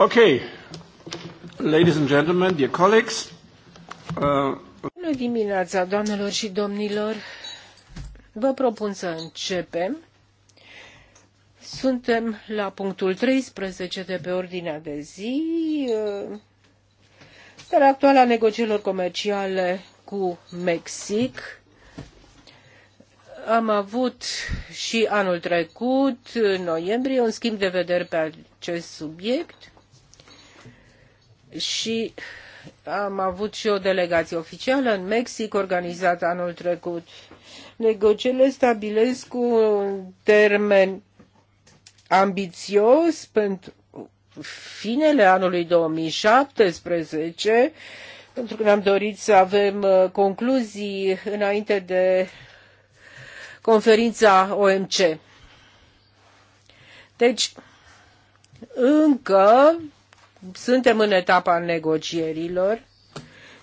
Okay, ladies and gentlemen, dear colleagues. Uh, Bună dimineața, doamnelor și domnilor. Vă propun să începem. Suntem la punctul 13 de pe ordinea de zi. Uh, starea actuală a negocierilor comerciale cu Mexic am avut și anul trecut, în noiembrie, un schimb de vederi pe acest subiect și am avut și o delegație oficială în Mexic organizată anul trecut. Negocierile stabilesc un termen ambițios pentru finele anului 2017, pentru că ne-am dorit să avem uh, concluzii înainte de conferința OMC. Deci, încă suntem în etapa negocierilor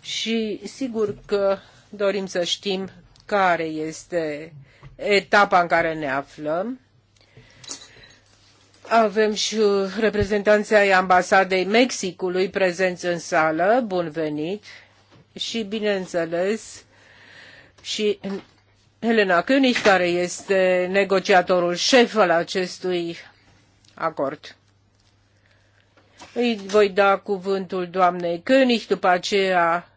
și sigur că dorim să știm care este etapa în care ne aflăm. Avem și reprezentanții ai ambasadei Mexicului prezenți în sală, bun venit, și bineînțeles și Helena König, care este negociatorul șef al acestui acord. Îi voi da cuvântul doamnei König, după aceea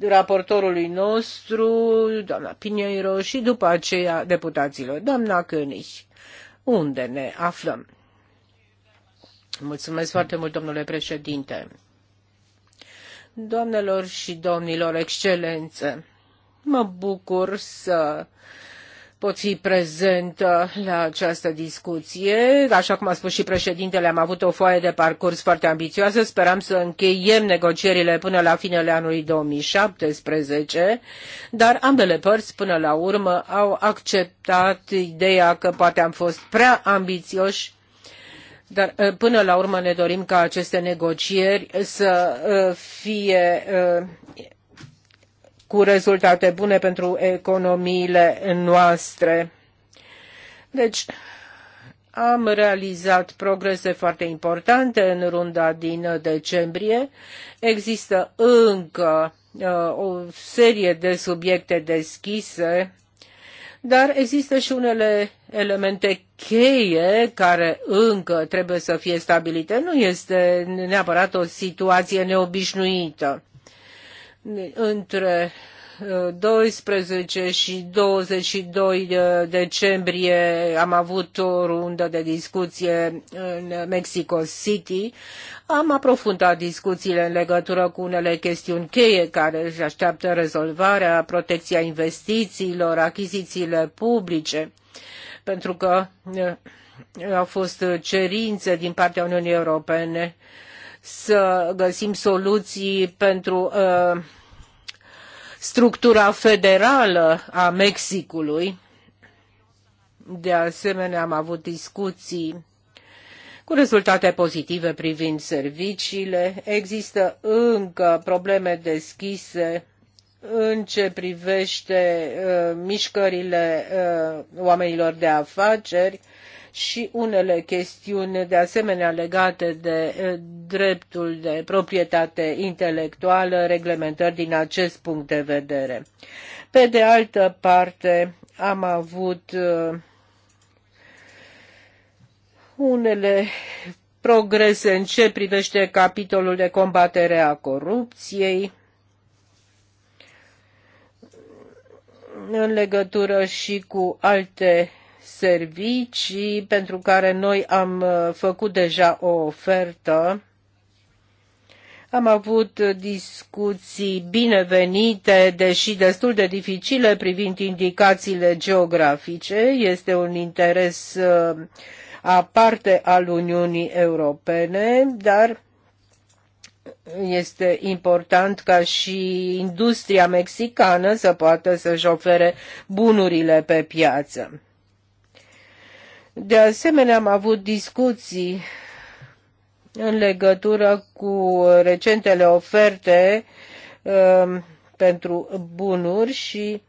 raportorului nostru, doamna Pinheiro și după aceea deputaților. Doamna König, unde ne aflăm? Mulțumesc foarte mult, domnule președinte. Doamnelor și domnilor, excelență, mă bucur să pot fi prezentă uh, la această discuție. Așa cum a spus și președintele, am avut o foaie de parcurs foarte ambițioasă. Speram să încheiem negocierile până la finele anului 2017, dar ambele părți până la urmă au acceptat ideea că poate am fost prea ambițioși dar uh, până la urmă ne dorim ca aceste negocieri să uh, fie cu rezultate bune pentru economiile noastre. Deci, am realizat progrese foarte importante în runda din decembrie. Există încă uh, o serie de subiecte deschise, dar există și unele elemente cheie care încă trebuie să fie stabilite. Nu este neapărat o situație neobișnuită între 12 uh, și 22 uh, decembrie am avut o rundă de discuție în Mexico City. Am aprofundat discuțiile în legătură cu unele chestiuni cheie care își așteaptă rezolvarea, protecția investițiilor, achizițiile publice, pentru că uh, au fost cerințe din partea Uniunii Europene uh, să găsim soluții pentru uh, structura federală a Mexicului. De asemenea, am avut discuții cu rezultate pozitive privind serviciile. Există încă probleme deschise în ce privește uh, mișcările uh, oamenilor de afaceri și unele chestiuni de asemenea legate de dreptul de proprietate intelectuală, reglementări din acest punct de vedere. Pe de altă parte, am avut unele progrese în ce privește capitolul de combatere a corupției, în legătură și cu alte servicii pentru care noi am uh, făcut deja o ofertă. Am avut discuții binevenite, deși destul de dificile privind indicațiile geografice. Este un interes uh, aparte al Uniunii Europene, dar este important ca și industria mexicană să poată să-și ofere bunurile pe piață. De asemenea, am avut discuții în legătură cu recentele oferte uh, pentru bunuri și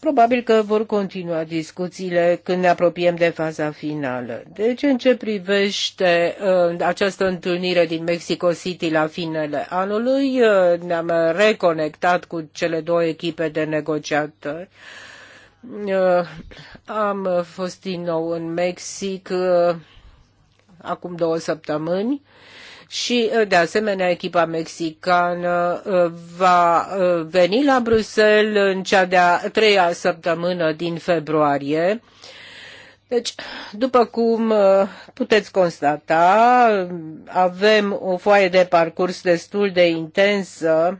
probabil că vor continua discuțiile când ne apropiem de faza finală. Deci, în ce privește uh, această întâlnire din Mexico City la finele anului, uh, ne-am reconectat cu cele două echipe de negociatori. Uh, Uh, am fost din nou în Mexic uh, acum două săptămâni și, uh, de asemenea, echipa mexicană va veni la Bruxelles în cea de-a treia săptămână din februarie. Deci, după cum puteți constata, avem o foaie de parcurs destul de intensă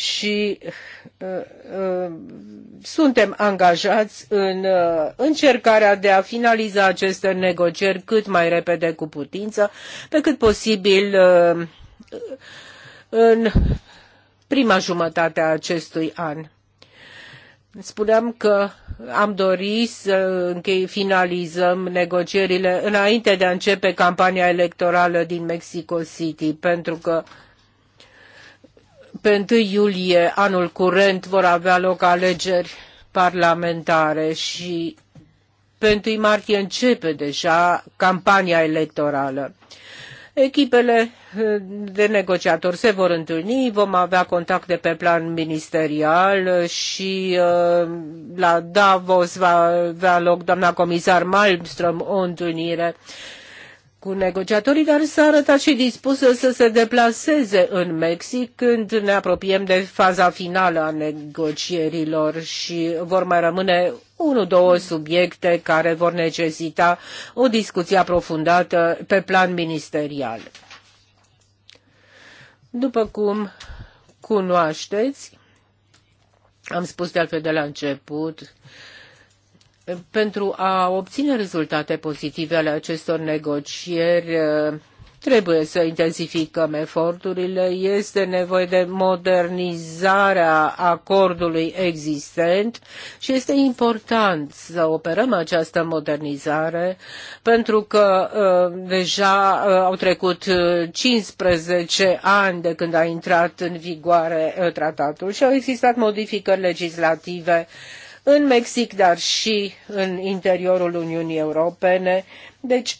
și uh, uh, suntem angajați în uh, încercarea de a finaliza aceste negocieri cât mai repede cu putință, pe cât posibil uh, în prima jumătate a acestui an. Spuneam că am dori să închei, finalizăm negocierile înainte de a începe campania electorală din Mexico City, pentru că uh, pe 1 iulie anul curent vor avea loc alegeri parlamentare și pe 1 martie începe deja campania electorală. Echipele eh, de negociatori se vor întâlni, vom avea contacte pe plan ministerial și eh, la Davos va avea loc doamna comisar Malmström o întâlnire cu negociatorii, dar s-a arătat și dispusă să se deplaseze în Mexic când ne apropiem de faza finală a negocierilor și vor mai rămâne unul, două subiecte care vor necesita o discuție aprofundată pe plan ministerial. După cum cunoașteți, am spus de altfel de la început, pentru a obține rezultate pozitive ale acestor negocieri, uh, trebuie să intensificăm eforturile, este nevoie de modernizarea acordului existent și este important să operăm această modernizare pentru că uh, deja uh, au trecut 15 ani de când a intrat în vigoare tratatul și au existat modificări legislative în Mexic, dar și în interiorul Uniunii Europene. Deci,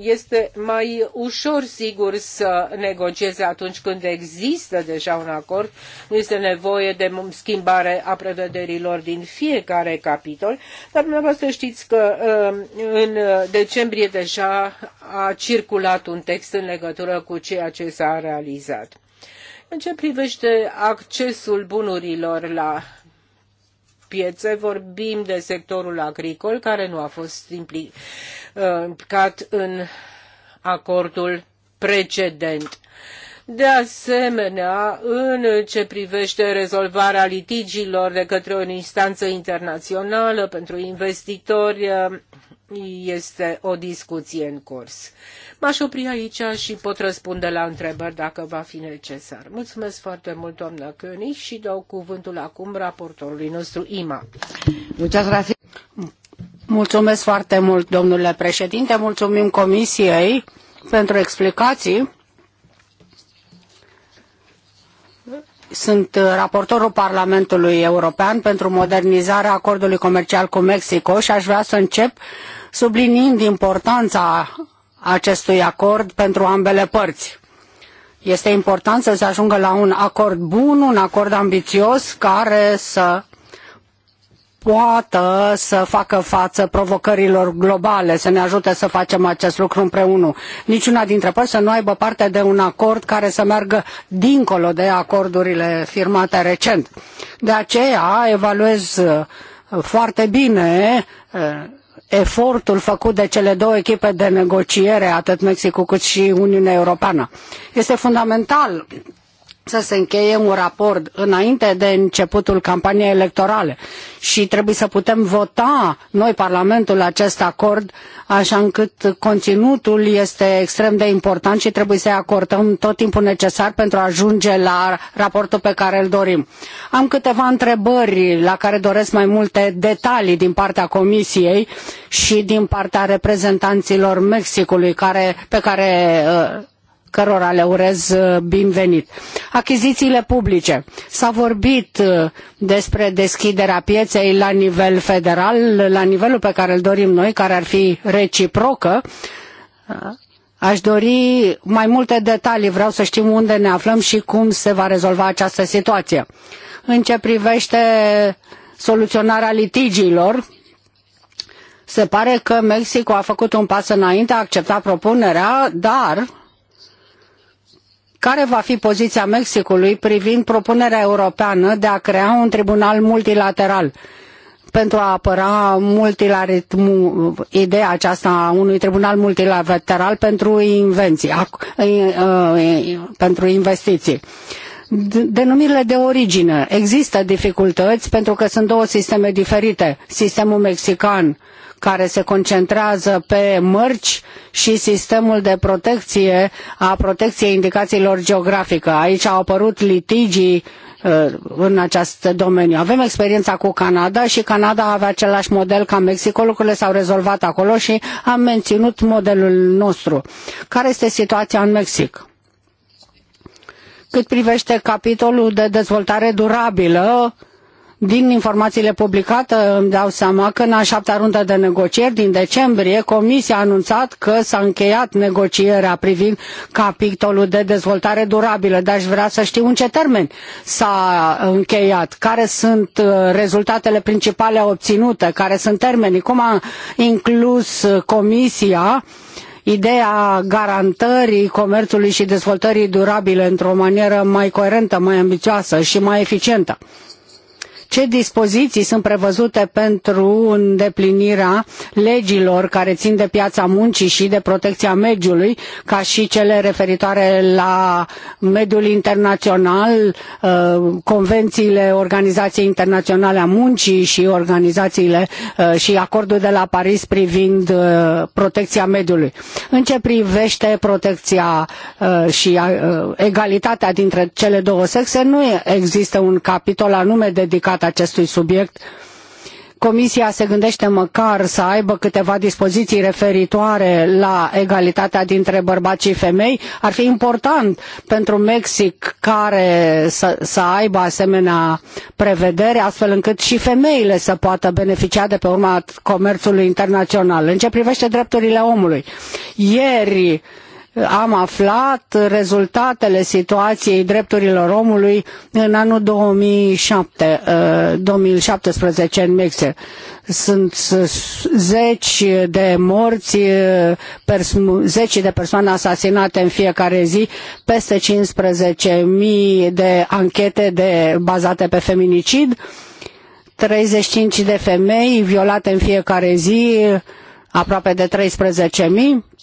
este mai ușor, sigur, să negocieze atunci când există deja un acord. Nu este nevoie de schimbare a prevederilor din fiecare capitol, dar dumneavoastră știți că uh, în decembrie deja a circulat un text în legătură cu ceea ce s-a realizat. În ce privește accesul bunurilor la piețe, vorbim de sectorul agricol care nu a fost uh, implicat în acordul precedent. De asemenea, în ce privește rezolvarea litigiilor de către o instanță internațională pentru investitori, uh, este o discuție în curs. M-aș opri aici și pot răspunde la întrebări dacă va fi necesar. Mulțumesc foarte mult, doamnă König, și dau cuvântul acum raportorului nostru, Ima. Mulțumesc, Mulțumesc foarte mult, domnule președinte. Mulțumim Comisiei pentru explicații. Sunt raportorul Parlamentului European pentru modernizarea acordului comercial cu Mexico și aș vrea să încep subliniind importanța acestui acord pentru ambele părți. Este important să se ajungă la un acord bun, un acord ambițios care să poată să facă față provocărilor globale, să ne ajute să facem acest lucru împreună. Niciuna dintre părți să nu aibă parte de un acord care să meargă dincolo de acordurile firmate recent. De aceea evaluez foarte bine efortul făcut de cele două echipe de negociere, atât Mexicul cât și Uniunea Europeană. Este fundamental să se încheie un raport înainte de începutul campaniei electorale și trebuie să putem vota noi Parlamentul acest acord așa încât conținutul este extrem de important și trebuie să-i acordăm tot timpul necesar pentru a ajunge la raportul pe care îl dorim. Am câteva întrebări la care doresc mai multe detalii din partea Comisiei și din partea reprezentanților Mexicului care, pe care uh, cărora le urez uh, binevenit. Achizițiile publice. S-a vorbit uh, despre deschiderea pieței la nivel federal, la nivelul pe care îl dorim noi, care ar fi reciprocă. Uh, aș dori mai multe detalii, vreau să știm unde ne aflăm și cum se va rezolva această situație. În ce privește soluționarea litigiilor, se pare că Mexicul a făcut un pas înainte, a acceptat propunerea, dar care va fi poziția Mexicului privind propunerea europeană de a crea un tribunal multilateral pentru a apăra multilaritmul, ideea aceasta a unui tribunal multilateral pentru invenții, uh, pentru investiții? denumirile de origine. Există dificultăți pentru că sunt două sisteme diferite. Sistemul mexican care se concentrează pe mărci și sistemul de protecție a protecției indicațiilor geografice. Aici au apărut litigii uh, în acest domeniu. Avem experiența cu Canada și Canada avea același model ca Mexico, lucrurile s-au rezolvat acolo și am menținut modelul nostru. Care este situația în Mexic? Cât privește capitolul de dezvoltare durabilă, din informațiile publicate îmi dau seama că în a șaptea rundă de negocieri din decembrie, Comisia a anunțat că s-a încheiat negocierea privind capitolul de dezvoltare durabilă, dar aș vrea să știu în ce termen s-a încheiat, care sunt uh, rezultatele principale obținute, care sunt termenii, cum a inclus uh, Comisia uh, Ideea garantării comerțului și dezvoltării durabile într-o manieră mai coerentă, mai ambițioasă și mai eficientă ce dispoziții sunt prevăzute pentru îndeplinirea legilor care țin de piața muncii și de protecția mediului, ca și cele referitoare la mediul internațional, uh, convențiile Organizației Internaționale a Muncii și organizațiile uh, și acordul de la Paris privind uh, protecția mediului. În ce privește protecția și egalitatea dintre cele două sexe, nu există un capitol anume dedicat acestui subiect. Comisia se gândește măcar să aibă câteva dispoziții referitoare la egalitatea dintre bărbați și femei, ar fi important pentru Mexic care să, să aibă asemenea prevedere, astfel încât și femeile să poată beneficia de pe urma comerțului internațional. În ce privește drepturile omului, ieri am aflat rezultatele situației drepturilor omului în anul 2007, 2017 uh, în Mexic. Sunt zeci de morți, uh, zeci de persoane asasinate în fiecare zi, peste 15.000 de anchete de, bazate pe feminicid, 35 de femei violate în fiecare zi, aproape de 13.000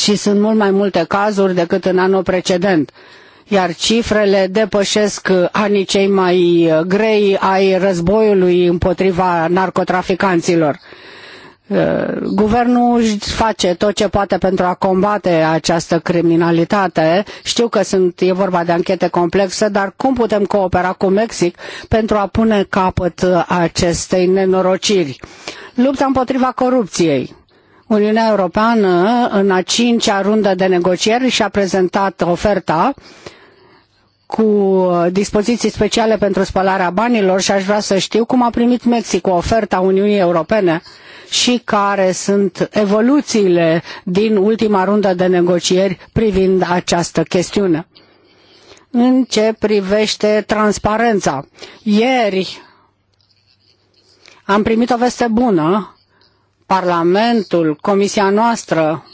și sunt mult mai multe cazuri decât în anul precedent iar cifrele depășesc uh, anii cei mai uh, grei ai războiului împotriva narcotraficanților. Uh, guvernul își face tot ce poate pentru a combate această criminalitate. Știu că sunt, e vorba de anchete complexe, dar cum putem coopera cu Mexic pentru a pune capăt acestei nenorociri? Lupta împotriva corupției Uniunea Europeană, în a cincea rundă de negocieri, și-a prezentat oferta cu dispoziții speciale pentru spălarea banilor și aș vrea să știu cum a primit Mexic oferta Uniunii Europene și care sunt evoluțiile din ultima rundă de negocieri privind această chestiune. În ce privește transparența, ieri am primit o veste bună Parlamentul, Comisia noastră,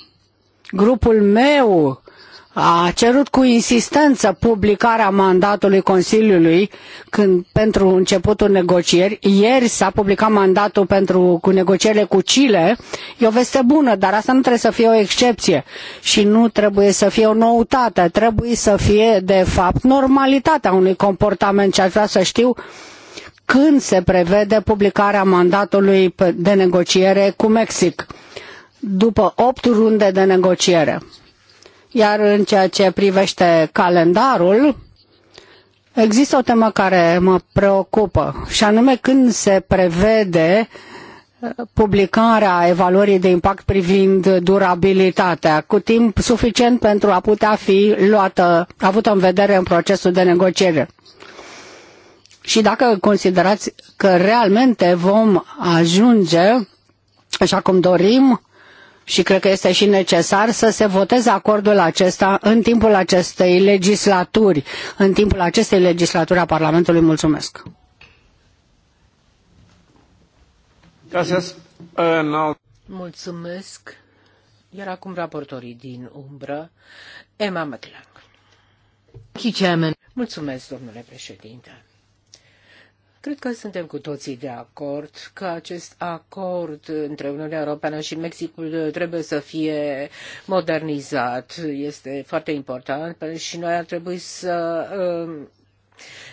grupul meu a cerut cu insistență publicarea mandatului Consiliului când, pentru începutul negocieri. Ieri s-a publicat mandatul pentru, cu negocierile cu Chile. E o veste bună, dar asta nu trebuie să fie o excepție și nu trebuie să fie o noutate. Trebuie să fie, de fapt, normalitatea unui comportament și aș vrea să știu când se prevede publicarea mandatului de negociere cu Mexic, după opt runde de negociere. Iar în ceea ce privește calendarul, există o temă care mă preocupă, și anume când se prevede uh, publicarea evaluării de impact privind durabilitatea, cu timp suficient pentru a putea fi luată, avută în vedere în procesul de negociere și dacă considerați că realmente vom ajunge, așa cum dorim, și cred că este și necesar să se voteze acordul acesta în timpul acestei legislaturi, în timpul acestei legislaturi a Parlamentului. Mulțumesc! Eh, Mulțumesc! Iar acum raportorii din umbră, Emma McLang. Mulțumesc, domnule președinte. Cred că suntem cu toții de acord că acest acord între Uniunea Europeană și Mexicul trebuie să fie modernizat. Este foarte important și noi ar trebui să um,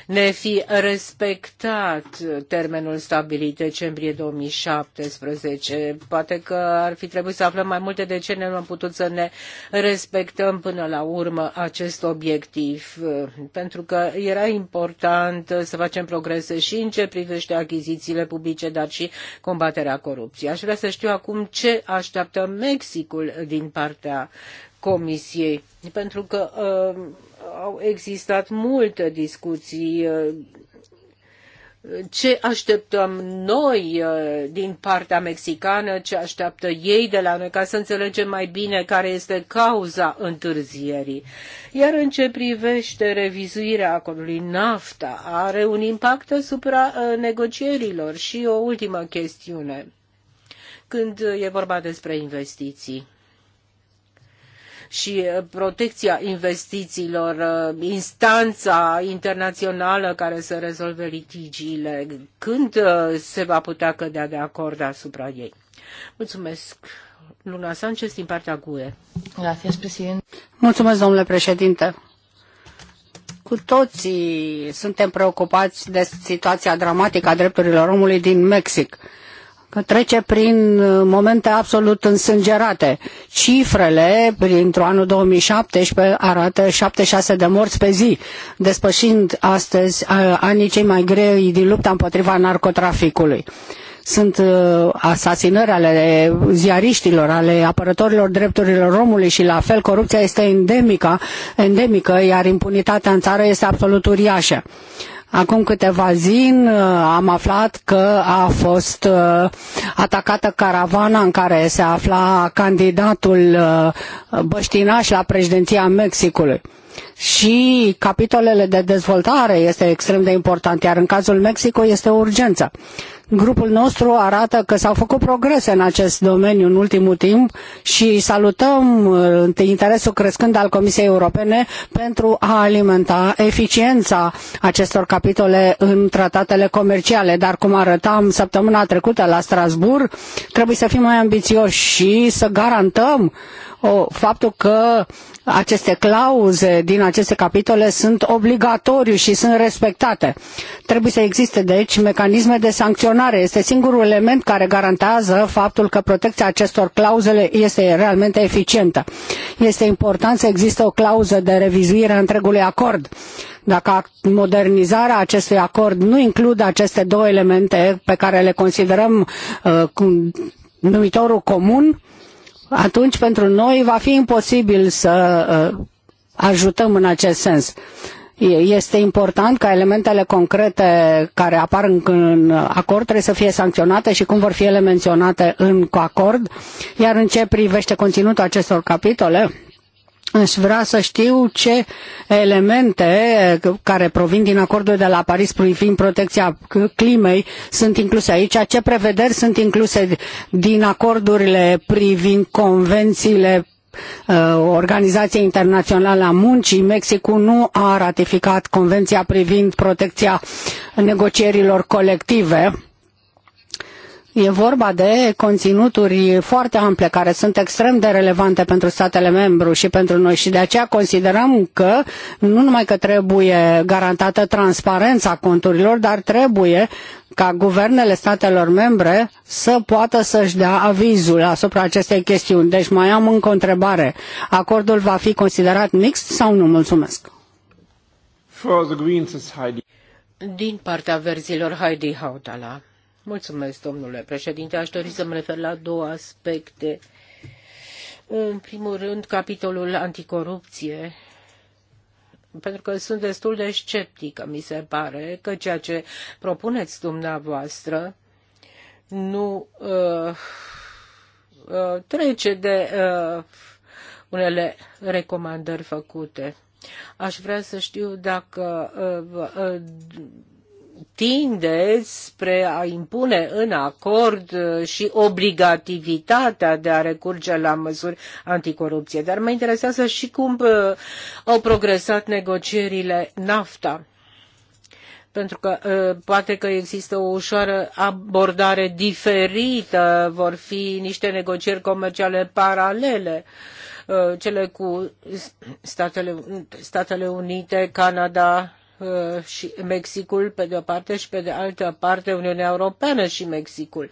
ne fi respectat termenul stabilit decembrie 2017. Poate că ar fi trebuit să aflăm mai multe de ce nu am putut să ne respectăm până la urmă acest obiectiv, pentru că era important să facem progrese și în ce privește achizițiile publice, dar și combaterea corupției. Aș vrea să știu acum ce așteaptă Mexicul din partea Comisiei, pentru că uh, au existat multe discuții uh, ce așteptăm noi uh, din partea mexicană, ce așteaptă ei de la noi, ca să înțelegem mai bine care este cauza întârzierii. Iar în ce privește revizuirea acordului NAFTA, are un impact asupra uh, negocierilor. Și o ultimă chestiune, când e vorba despre investiții și uh, protecția investițiilor, uh, instanța internațională care să rezolve litigiile, când uh, se va putea cădea de acord asupra ei. Mulțumesc. Luna Sanchez din partea GUE. Mulțumesc, domnule președinte. Cu toții suntem preocupați de situația dramatică a drepturilor omului din Mexic că trece prin uh, momente absolut însângerate. Cifrele pentru anul 2017 arată 76 de morți pe zi, despășind astăzi uh, anii cei mai grei din lupta împotriva narcotraficului. Sunt uh, asasinări ale ziariștilor, ale apărătorilor drepturilor omului și la fel corupția este endemică, endemică iar impunitatea în țară este absolut uriașă Acum câteva zile uh, am aflat că a fost uh, atacată caravana în care se afla candidatul uh, băștinaș la președinția Mexicului și capitolele de dezvoltare este extrem de important, iar în cazul Mexico este o urgență. Grupul nostru arată că s-au făcut progrese în acest domeniu în ultimul timp și salutăm uh, interesul crescând al Comisiei Europene pentru a alimenta eficiența acestor capitole în tratatele comerciale. Dar, cum arătam săptămâna trecută la Strasbourg, trebuie să fim mai ambițioși și să garantăm o, uh, faptul că aceste clauze din aceste capitole sunt obligatoriu și sunt respectate. Trebuie să existe, deci, mecanisme de sancționare. Este singurul element care garantează faptul că protecția acestor clauzele este realmente eficientă. Este important să existe o clauză de revizuire a întregului acord. Dacă modernizarea acestui acord nu include aceste două elemente pe care le considerăm uh, numitorul comun, uh, atunci pentru noi va fi imposibil să uh, ajutăm în acest sens. Este important ca elementele concrete care apar în, în acord trebuie să fie sancționate și cum vor fi ele menționate în acord, iar în ce privește conținutul acestor capitole, Aș vrea să știu ce elemente uh, care provin din acordul de la Paris privind protecția climei sunt incluse aici, ce prevederi sunt incluse din acordurile privind convențiile uh, Organizației Internaționale a Muncii, Mexicul nu a ratificat convenția privind protecția negocierilor colective E vorba de conținuturi foarte ample care sunt extrem de relevante pentru statele membru și pentru noi și de aceea considerăm că nu numai că trebuie garantată transparența conturilor, dar trebuie ca guvernele statelor membre să poată să-și dea avizul asupra acestei chestiuni. Deci mai am încă o întrebare. Acordul va fi considerat mixt sau nu? Mulțumesc. Din partea verzilor, Heidi Hautala. Mulțumesc, domnule președinte. Aș dori să mă refer la două aspecte. În primul rând, capitolul anticorupție pentru că sunt destul de sceptică, mi se pare, că ceea ce propuneți dumneavoastră nu uh, uh, trece de uh, unele recomandări făcute. Aș vrea să știu dacă uh, uh, tinde spre a impune în acord uh, și obligativitatea de a recurge la măsuri anticorupție. Dar mă interesează și cum uh, au progresat negocierile NAFTA pentru că uh, poate că există o ușoară abordare diferită, vor fi niște negocieri comerciale paralele, cele cu Statele, Statele Unite, Canada, Uh, și Mexicul pe de-o parte și pe de altă parte Uniunea Europeană și Mexicul.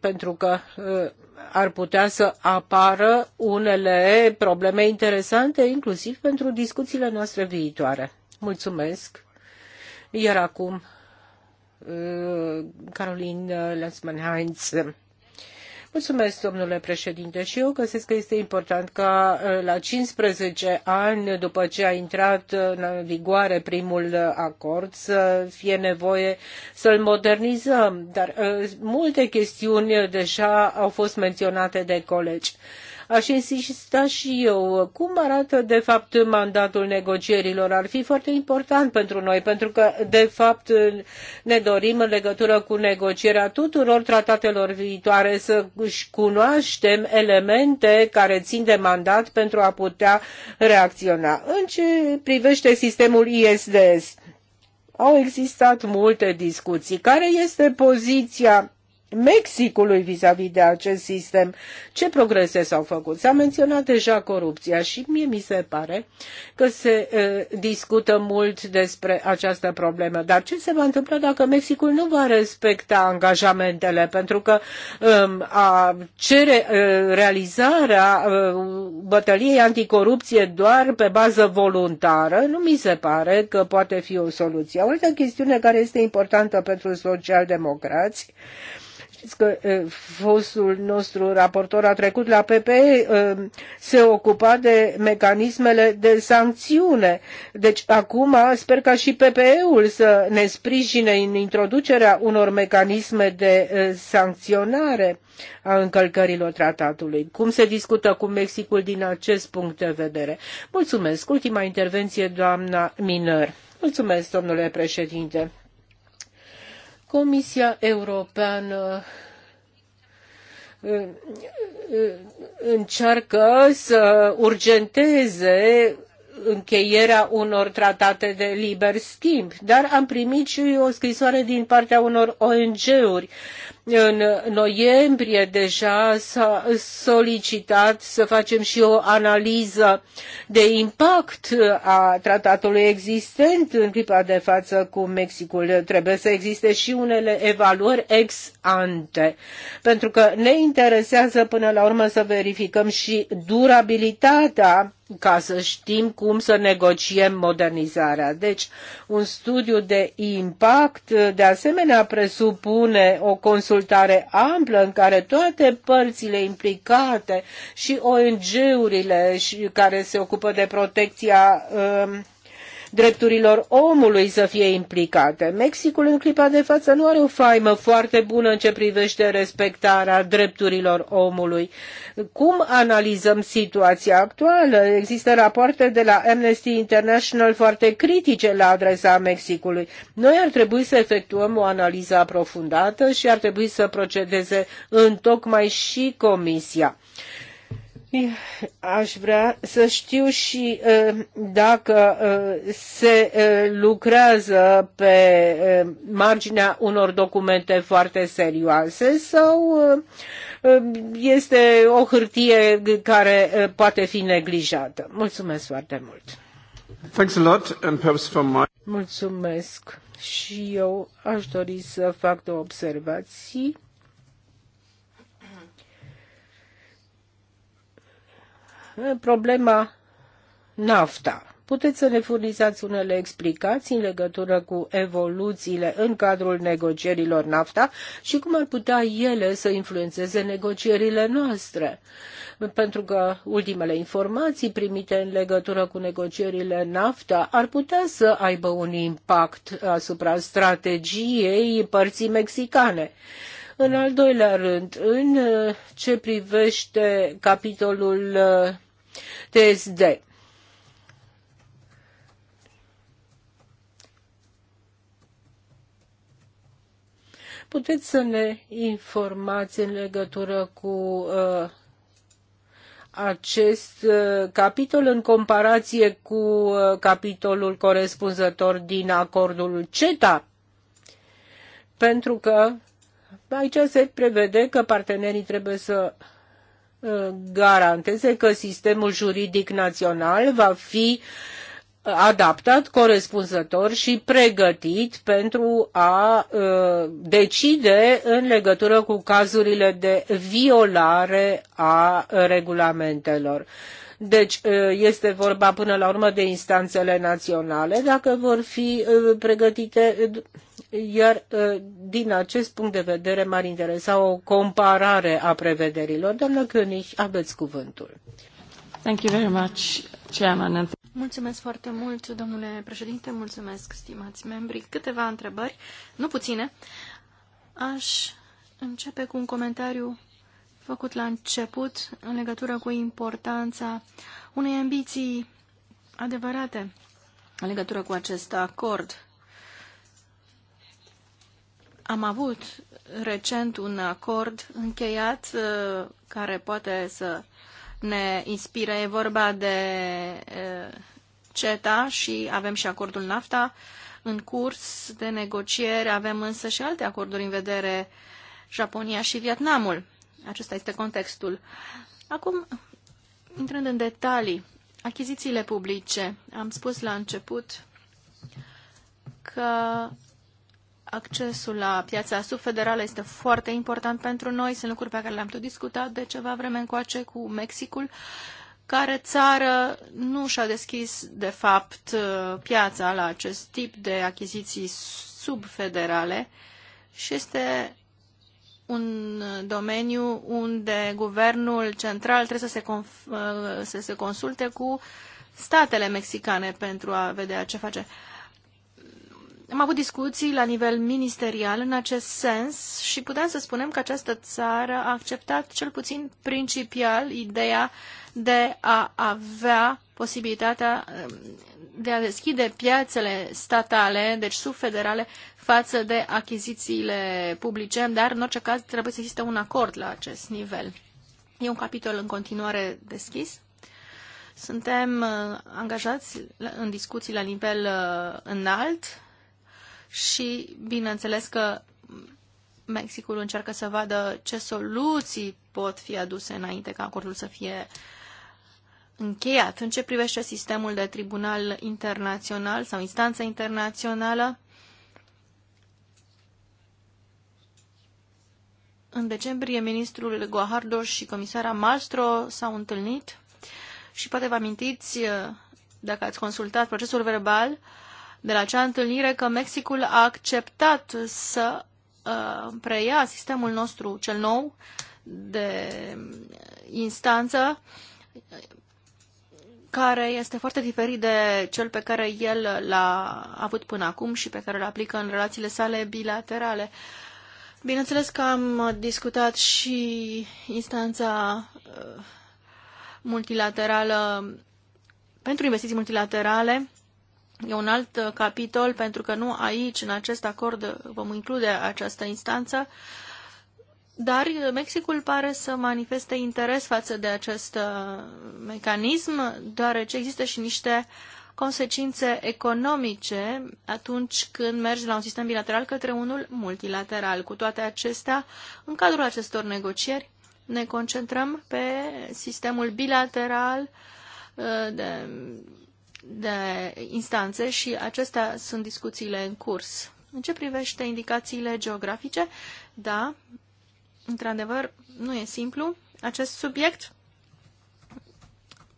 Pentru că uh, ar putea să apară unele probleme interesante, inclusiv pentru discuțiile noastre viitoare. Mulțumesc! Iar acum, uh, Caroline Lansman-Heinz. Mulțumesc, domnule președinte, și eu găsesc că este important ca uh, la 15 ani după ce a intrat în vigoare primul uh, acord să fie nevoie să-l modernizăm, dar uh, multe chestiuni deja au fost menționate de colegi. Aș insista și eu. Cum arată, de fapt, mandatul negocierilor? Ar fi foarte important pentru noi, pentru că, de fapt, ne dorim în legătură cu negocierea tuturor tratatelor viitoare să își cunoaștem elemente care țin de mandat pentru a putea reacționa. În ce privește sistemul ISDS? Au existat multe discuții. Care este poziția Mexicului vis-a-vis -vis de acest sistem. Ce progrese s-au făcut? S-a menționat deja corupția și mie mi se pare că se e, discută mult despre această problemă. Dar ce se va întâmpla dacă Mexicul nu va respecta angajamentele? Pentru că e, a cere e, realizarea e, bătăliei anticorupție doar pe bază voluntară, nu mi se pare că poate fi o soluție. O altă chestiune care este importantă pentru socialdemocrații că fostul nostru raportor a trecut la PPE, se ocupa de mecanismele de sancțiune. Deci acum sper ca și PPE-ul să ne sprijine în introducerea unor mecanisme de sancționare a încălcărilor tratatului. Cum se discută cu Mexicul din acest punct de vedere? Mulțumesc. Ultima intervenție, doamna Minăr. Mulțumesc, domnule președinte. Comisia Europeană uh, uh, încearcă să urgenteze încheierea unor tratate de liber schimb, dar am primit și o scrisoare din partea unor ONG-uri în noiembrie deja s-a solicitat să facem și o analiză de impact a tratatului existent în clipa de față cu Mexicul. Trebuie să existe și unele evaluări ex ante, pentru că ne interesează până la urmă să verificăm și durabilitatea ca să știm cum să negociem modernizarea. Deci, un studiu de impact, de asemenea, presupune o consultare amplă în care toate părțile implicate și ONG-urile care se ocupă de protecția uh, drepturilor omului să fie implicate. Mexicul în clipa de față nu are o faimă foarte bună în ce privește respectarea drepturilor omului. Cum analizăm situația actuală? Există rapoarte de la Amnesty International foarte critice la adresa Mexicului. Noi ar trebui să efectuăm o analiză aprofundată și ar trebui să procedeze în tocmai și Comisia. Aș vrea să știu și dacă se lucrează pe marginea unor documente foarte serioase sau este o hârtie care poate fi neglijată. Mulțumesc foarte mult! Thanks a lot and perhaps from my... Mulțumesc și eu aș dori să fac două observații problema NAFTA. Puteți să ne furnizați unele explicații în legătură cu evoluțiile în cadrul negocierilor NAFTA și cum ar putea ele să influențeze negocierile noastre? Pentru că ultimele informații primite în legătură cu negocierile NAFTA ar putea să aibă un impact asupra strategiei părții mexicane. În al doilea rând, în ce privește capitolul TSD. Deci, Puteți să ne informați în legătură cu uh, acest uh, capitol în comparație cu uh, capitolul corespunzător din acordul CETA? Pentru că aici se prevede că partenerii trebuie să Uh, garanteze că sistemul juridic național va fi uh, adaptat corespunzător și pregătit pentru a uh, decide în legătură cu cazurile de violare a regulamentelor. Deci este vorba până la urmă de instanțele naționale, dacă vor fi pregătite iar ă, din acest punct de vedere m-ar interesa o comparare a prevederilor. Doamnă König, aveți cuvântul. Thank you very much, Chairman. Mulțumesc foarte mult, domnule președinte, mulțumesc, stimați membri. Câteva întrebări, nu puține. Aș începe cu un comentariu făcut la început în legătură cu importanța unei ambiții adevărate în legătură cu acest acord. Am avut recent un acord încheiat uh, care poate să ne inspire. E vorba de uh, CETA și avem și acordul NAFTA în curs de negociere. Avem însă și alte acorduri în vedere, Japonia și Vietnamul. Acesta este contextul. Acum, intrând în detalii, achizițiile publice. Am spus la început că Accesul la piața subfederală este foarte important pentru noi. Sunt lucruri pe care le-am tot discutat de ceva vreme încoace cu Mexicul, care țară nu și-a deschis, de fapt, piața la acest tip de achiziții subfederale și este un domeniu unde guvernul central trebuie să se, să se consulte cu statele mexicane pentru a vedea ce face. Am avut discuții la nivel ministerial în acest sens și putem să spunem că această țară a acceptat cel puțin principial ideea de a avea posibilitatea um, de a deschide piațele statale, deci subfederale, față de achizițiile publice, dar în orice caz trebuie să existe un acord la acest nivel. E un capitol în continuare deschis. Suntem uh, angajați în discuții la nivel uh, înalt și bineînțeles că Mexicul încearcă să vadă ce soluții pot fi aduse înainte ca acordul să fie încheiat. În ce privește sistemul de tribunal internațional sau instanță internațională, în decembrie ministrul Guajardo și comisara Mastro s-au întâlnit și poate vă amintiți, dacă ați consultat procesul verbal, uh, de la acea întâlnire că Mexicul a acceptat să uh, preia sistemul nostru cel nou de instanță care este foarte diferit de cel pe care el l-a avut până acum și pe care îl aplică în relațiile sale bilaterale. Bineînțeles că am discutat și instanța uh, multilaterală pentru investiții multilaterale E un alt uh, capitol, pentru că nu aici, în acest acord, uh, vom include această instanță, dar uh, Mexicul pare să manifeste interes față de acest mecanism, deoarece există și niște consecințe economice atunci când mergi la un sistem bilateral către unul multilateral. Cu toate acestea, în cadrul acestor negocieri, ne concentrăm pe sistemul bilateral de de instanțe și acestea sunt discuțiile în curs. În ce privește indicațiile geografice, da, într-adevăr, nu e simplu acest subiect.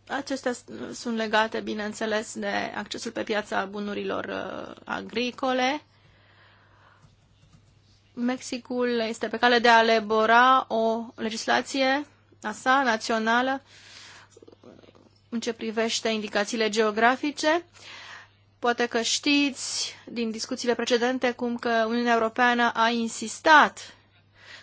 Acestea sunt legate, bineînțeles, de accesul pe piața bunurilor uh, agricole. Mexicul este pe cale de a elabora o legislație a sa națională uh, în ce privește indicațiile geografice. Poate că știți din discuțiile precedente cum că Uniunea Europeană a insistat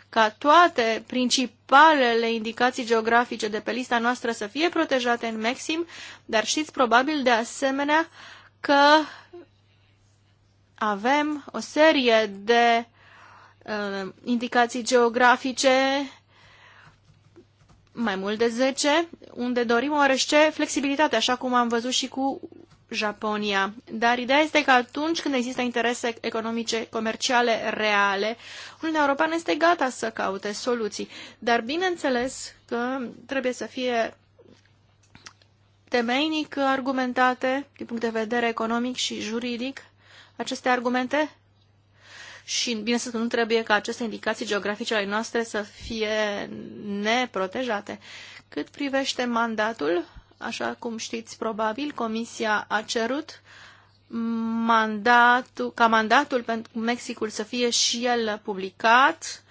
ca toate principalele indicații geografice de pe lista noastră să fie protejate în maxim, dar știți probabil de asemenea că avem o serie de uh, indicații geografice mai mult de 10, unde dorim oarește flexibilitate, așa cum am văzut și cu Japonia. Dar ideea este că atunci când există interese economice, comerciale, reale, Uniunea Europeană este gata să caute soluții. Dar bineînțeles că trebuie să fie temeinic argumentate din punct de vedere economic și juridic aceste argumente și bineînțeles că nu trebuie ca aceste indicații geografice ale noastre să fie neprotejate. Cât privește mandatul, așa cum știți probabil, Comisia a cerut mandatul, ca mandatul pentru Mexicul să fie și el publicat.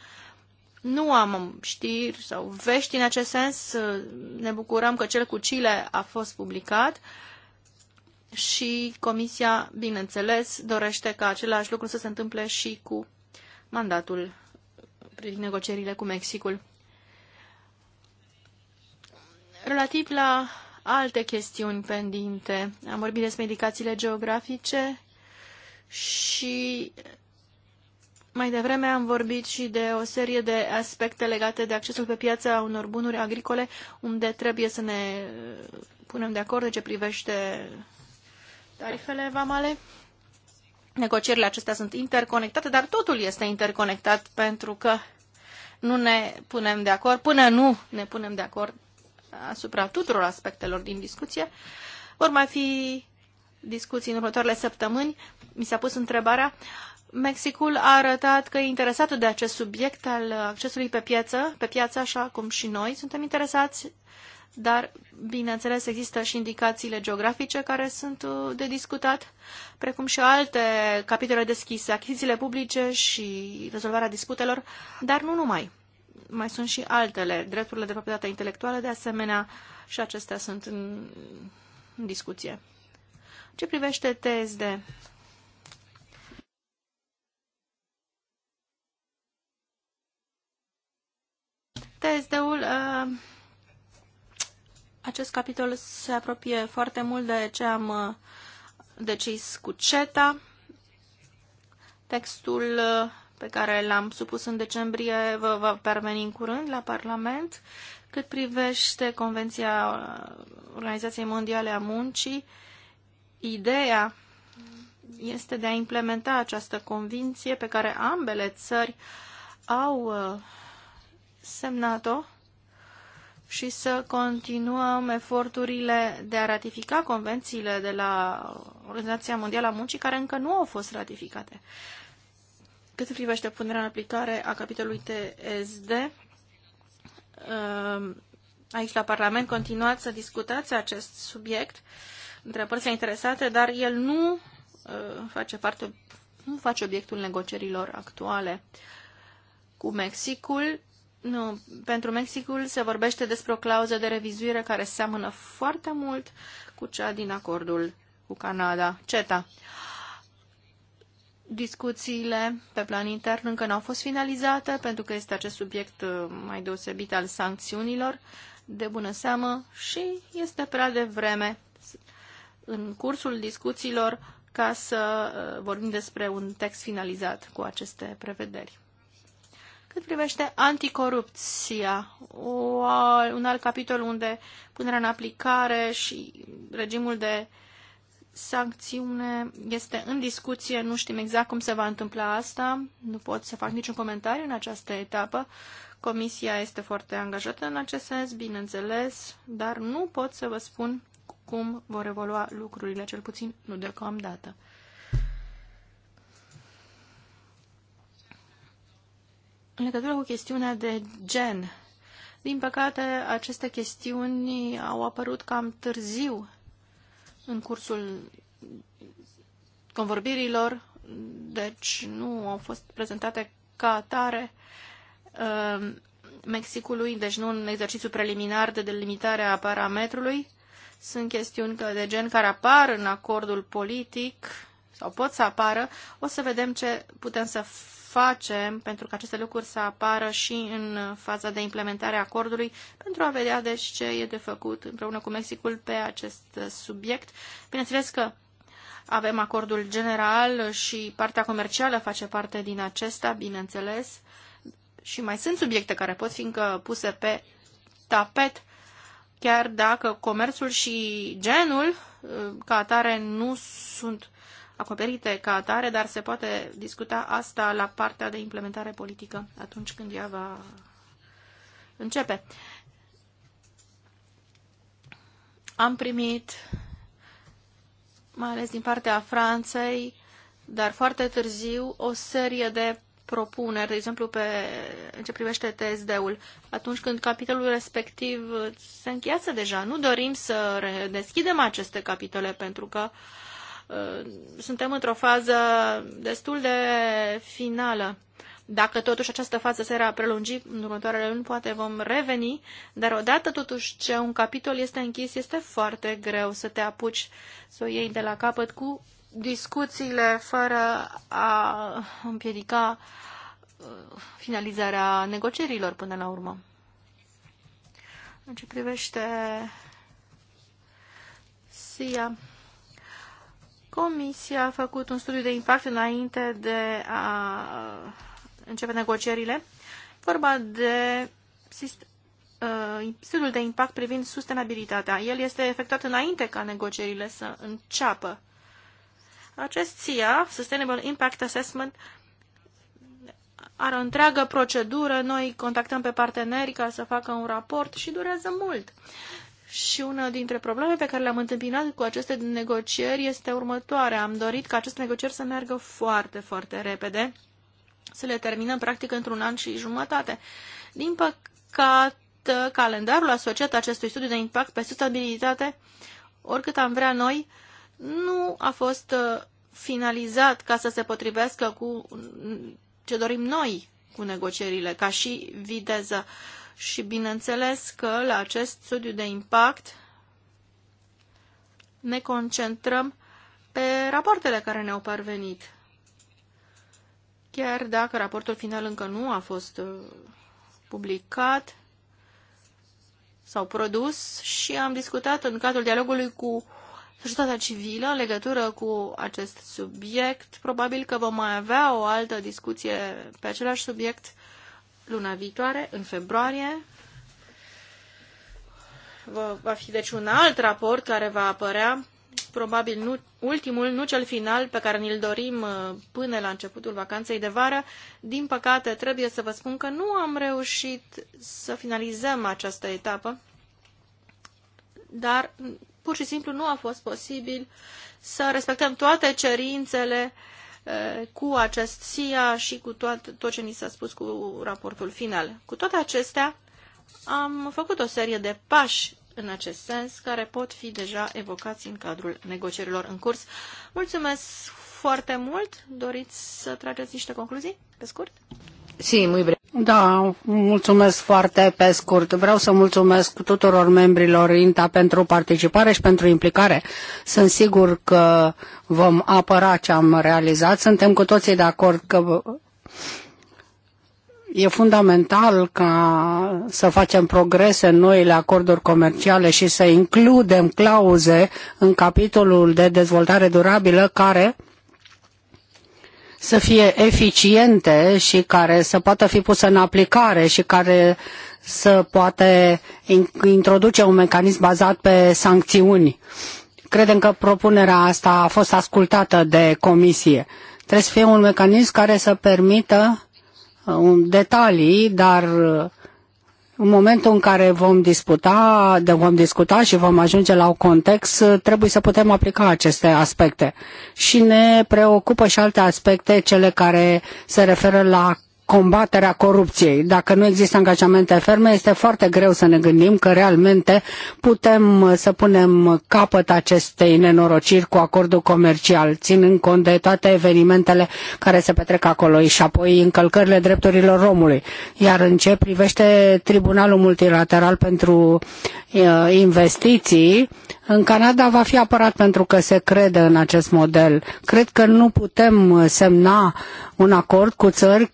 Nu am știri sau vești în acest sens. Ne bucurăm că cel cu Chile a fost publicat. Uh, și Comisia, bineînțeles, dorește ca același lucru să se întâmple și cu mandatul privind negocierile cu Mexicul. Relativ la alte chestiuni pendinte, am vorbit despre indicațiile geografice și mai devreme am vorbit și de o serie de aspecte legate de accesul pe piața unor bunuri agricole, unde trebuie să ne punem de acord de ce privește tarifele vamale. Negocierile acestea sunt interconectate, dar totul este interconectat pentru că nu ne punem de acord, până nu ne punem de acord asupra tuturor aspectelor din discuție. Vor mai fi discuții în următoarele săptămâni. Mi s-a pus întrebarea. Mexicul a arătat că e interesat de acest subiect al accesului pe piață, pe piață, așa cum și noi suntem interesați dar, bineînțeles, există și indicațiile geografice care sunt uh, de discutat, precum și alte capitole deschise, achizițiile publice și rezolvarea disputelor, dar nu numai. Mai sunt și altele, drepturile de proprietate intelectuală, de asemenea, și acestea sunt în, în discuție. Ce privește TSD? TSD-ul uh, acest capitol se apropie foarte mult de ce am uh, decis cu CETA. Textul uh, pe care l-am supus în decembrie vă va permeni în curând la Parlament. Cât privește Convenția uh, Organizației Mondiale a Muncii, ideea este de a implementa această convinție pe care ambele țări au semnat-o și să continuăm eforturile de a ratifica convențiile de la Organizația Mondială a Muncii, care încă nu au fost ratificate. Cât privește punerea în aplicare a capitolului TSD, um, aici la Parlament continuați să discutați acest subiect între părțile interesate, dar el nu uh, face parte, nu face obiectul negocierilor actuale cu Mexicul nu, pentru Mexicul se vorbește despre o clauză de revizuire care seamănă foarte mult cu cea din acordul cu Canada, CETA. Discuțiile pe plan intern încă nu au fost finalizate, pentru că este acest subiect uh, mai deosebit al sancțiunilor, de bună seamă și este prea de vreme în cursul discuțiilor ca să uh, vorbim despre un text finalizat cu aceste prevederi. Cât privește anticorupția, o, un alt capitol unde punerea în aplicare și regimul de sancțiune este în discuție, nu știm exact cum se va întâmpla asta, nu pot să fac niciun comentariu în această etapă. Comisia este foarte angajată în acest sens, bineînțeles, dar nu pot să vă spun cum vor evolua lucrurile, cel puțin nu deocamdată. În legătură cu chestiunea de gen, din păcate, aceste chestiuni au apărut cam târziu în cursul convorbirilor, deci nu au fost prezentate ca atare uh, Mexicului, deci nu în exercițiu preliminar de delimitare a parametrului. Sunt chestiuni de gen care apar în acordul politic sau pot să apară. O să vedem ce putem să facem pentru că aceste lucruri să apară și în faza de implementare a acordului, pentru a vedea deci ce e de făcut împreună cu Mexicul pe acest subiect. Bineînțeles că avem acordul general și partea comercială face parte din acesta, bineînțeles, și mai sunt subiecte care pot fi încă puse pe tapet, chiar dacă comerțul și genul uh, ca atare nu sunt acoperite ca atare, dar se poate discuta asta la partea de implementare politică, atunci când ea va începe. Am primit, mai ales din partea Franței, dar foarte târziu, o serie de propuneri, de exemplu, pe, în ce privește TSD-ul, atunci când capitolul respectiv se încheiase deja. Nu dorim să deschidem aceste capitole pentru că uh, Uh, suntem într-o fază destul de finală. Dacă totuși această fază se era prelungi în următoarele luni, poate vom reveni, dar odată totuși ce un capitol este închis, este foarte greu să te apuci să o iei de la capăt cu discuțiile fără a împiedica uh, finalizarea negocierilor până la urmă. În ce privește SIA, Comisia a făcut un studiu de impact înainte de a începe negocierile. Vorba de uh, studiul de impact privind sustenabilitatea. El este efectuat înainte ca negocierile să înceapă. Acest SIA, Sustainable Impact Assessment, are o întreagă procedură, noi contactăm pe parteneri ca să facă un raport și durează mult. Și una dintre probleme pe care le-am întâmpinat cu aceste negocieri este următoarea. Am dorit ca aceste negocieri să meargă foarte, foarte repede, să le terminăm practic într-un an și jumătate. Din păcate, calendarul asociat acestui studiu de impact pe sustenabilitate, oricât am vrea noi, nu a fost uh, finalizat ca să se potrivească cu ce dorim noi cu negocierile, ca și viteză. Uh, și bineînțeles că la acest studiu de impact ne concentrăm pe rapoartele care ne-au parvenit. Chiar dacă raportul final încă nu a fost uh, publicat sau produs și am discutat în cadrul dialogului cu societatea civilă în legătură cu acest subiect. Probabil că vom mai avea o altă discuție pe același subiect luna viitoare, în februarie. Va fi deci un alt raport care va apărea, probabil nu, ultimul, nu cel final, pe care ni-l dorim uh, până la începutul vacanței de vară. Din păcate, trebuie să vă spun că nu am reușit să finalizăm această etapă, dar pur și simplu nu a fost posibil să respectăm toate cerințele uh, Eh, cu acest SIA și cu tot, tot ce ni s-a spus cu raportul final. Cu toate acestea, am făcut o serie de pași în acest sens, care pot fi deja evocați în cadrul negocierilor în curs. Mulțumesc foarte mult! Doriți să trageți niște concluzii, pe scurt? Sí, muy breve. Da, mulțumesc foarte pe scurt. Vreau să mulțumesc tuturor membrilor INTA pentru participare și pentru implicare. Sunt sigur că vom apăra ce am realizat. Suntem cu toții de acord că e fundamental ca să facem progrese în noile acorduri comerciale și să includem clauze în capitolul de dezvoltare durabilă care să fie eficiente și care să poată fi pusă în aplicare și care să poate introduce un mecanism bazat pe sancțiuni. Credem că propunerea asta a fost ascultată de comisie. Trebuie să fie un mecanism care să permită uh, detalii, dar uh, în momentul în care vom discuta, de vom discuta și vom ajunge la un context, trebuie să putem aplica aceste aspecte. Și ne preocupă și alte aspecte, cele care se referă la combaterea corupției. Dacă nu există angajamente ferme, este foarte greu să ne gândim că realmente putem uh, să punem capăt acestei nenorociri cu acordul comercial, ținând cont de toate evenimentele care se petrec acolo și apoi încălcările drepturilor omului. Iar în ce privește Tribunalul Multilateral pentru uh, Investiții, în Canada va fi apărat pentru că se crede în acest model. Cred că nu putem uh, semna un acord cu țări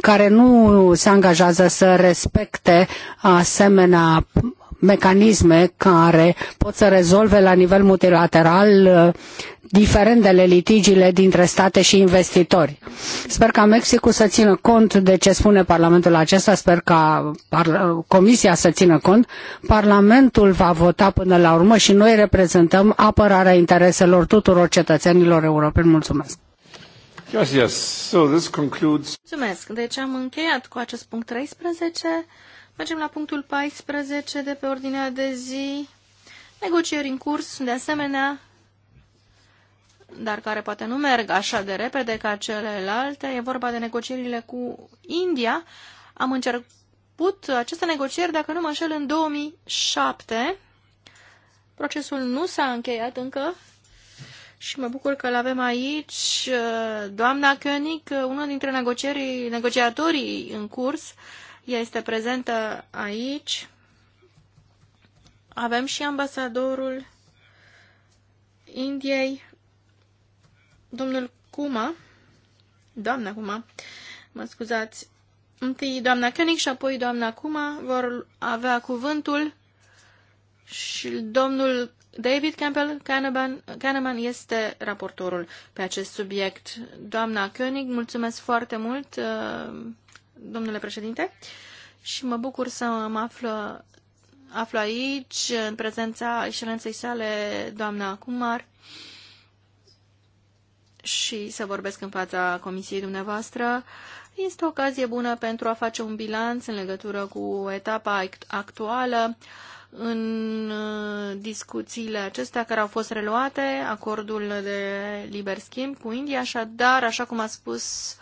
care nu se angajează să respecte asemenea mecanisme care pot să rezolve la nivel multilateral uh, diferendele litigiile dintre state și investitori. Sper ca Mexicul să țină cont de ce spune Parlamentul acesta, sper ca Comisia să țină cont. Parlamentul va vota până la urmă și noi reprezentăm apărarea intereselor tuturor cetățenilor europeni. Mulțumesc! Yes, yes. So this concludes... Mulțumesc. Deci am încheiat cu acest punct 13. Mergem la punctul 14 de pe ordinea de zi. Negocieri în curs, de asemenea, dar care poate nu merg așa de repede ca celelalte. E vorba de negocierile cu India. Am început aceste negocieri, dacă nu mă înșel, în 2007. Procesul nu s-a încheiat încă și mă bucur că l-avem aici. Uh, doamna König, uh, unul dintre negociatorii în curs, ea este prezentă aici. Avem și ambasadorul Indiei, domnul Kuma, doamna Kuma, mă scuzați, întâi doamna König și apoi doamna Kuma vor avea cuvântul și domnul David Campbell Kahneman, Kahneman este raportorul pe acest subiect. Doamna König, mulțumesc foarte mult, uh, domnule președinte, și mă bucur să mă află, aflu aici, în prezența excelenței sale, doamna Kumar, și să vorbesc în fața comisiei dumneavoastră. Este o ocazie bună pentru a face un bilanț în legătură cu etapa actuală în uh, discuțiile acestea care au fost reluate, acordul de liber schimb cu India, așadar, așa cum a spus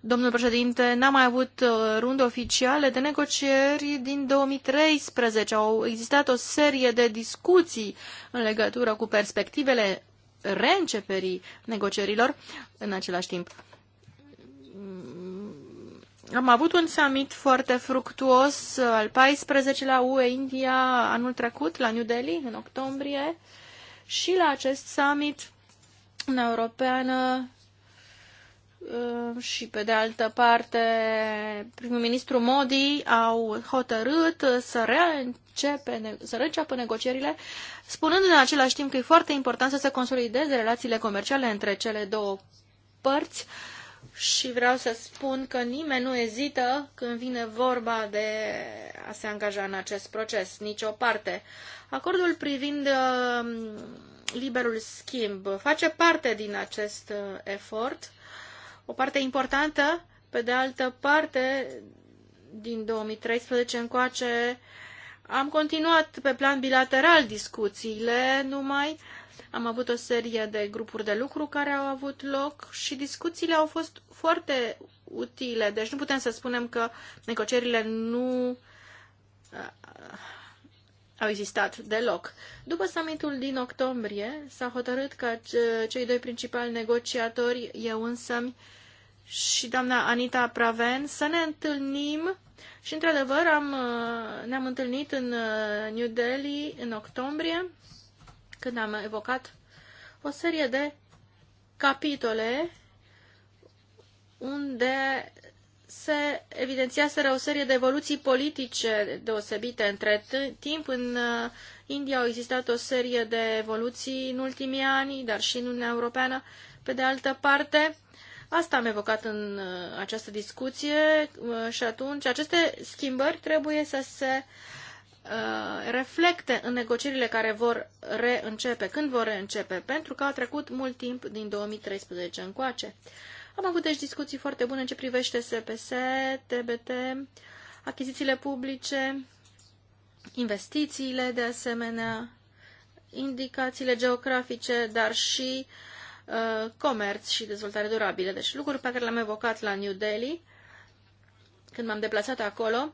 domnul președinte, n a mai avut uh, runde oficiale de negocieri din 2013. Au existat o serie de discuții în legătură cu perspectivele reînceperii negocierilor în același timp. Am avut un summit foarte fructuos uh, al 14-lea UE-India anul trecut la New Delhi, în octombrie, și la acest summit în Europeană uh, și pe de altă parte prim-ministru Modi au hotărât să reîncepe, să reînceapă negocierile, spunând în același timp că e foarte important să se consolideze relațiile comerciale între cele două părți, uh, și vreau să spun că nimeni nu ezită când vine vorba de a se angaja în acest proces, nicio parte. Acordul privind uh, liberul schimb face parte din acest uh, efort, o parte importantă, pe de altă parte, din 2013 încoace am continuat pe plan bilateral discuțiile, numai uh, am avut o serie de grupuri de lucru care au avut loc și discuțiile au fost foarte utile. Deci nu putem să spunem că negocierile nu uh, au existat deloc. După summitul din octombrie s-a hotărât că uh, cei doi principali negociatori, eu însămi și doamna Anita Praven, să ne întâlnim și într-adevăr am, uh, ne-am întâlnit în New Delhi în octombrie când am evocat o serie de capitole unde se evidențiaseră o serie de evoluții politice deosebite. Între timp, în uh, India au existat o serie de evoluții în ultimii ani, dar și în Uniunea Europeană. Pe de altă parte, asta am evocat în uh, această discuție uh, și atunci aceste schimbări trebuie să se uh, Uh, reflecte în negocierile care vor reîncepe, când vor reîncepe, pentru că a trecut mult timp din 2013 încoace. Am avut deci discuții foarte bune în ce privește SPS, TBT, achizițiile publice, investițiile de asemenea, indicațiile geografice, dar și uh, comerț și dezvoltare durabilă. Deci lucruri pe care le-am evocat la New Delhi, când m-am deplasat acolo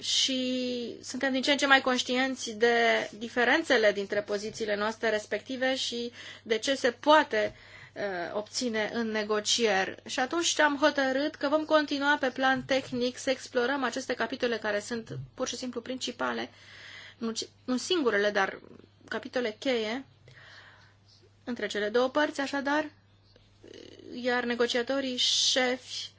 și suntem din ce în ce mai conștienți de diferențele dintre pozițiile noastre respective și de ce se poate uh, obține în negocieri. Și atunci am hotărât că vom continua pe plan tehnic să explorăm aceste capitole care sunt pur și simplu principale, nu, nu singurele, dar capitole cheie între cele două părți, așadar, iar negociatorii șefi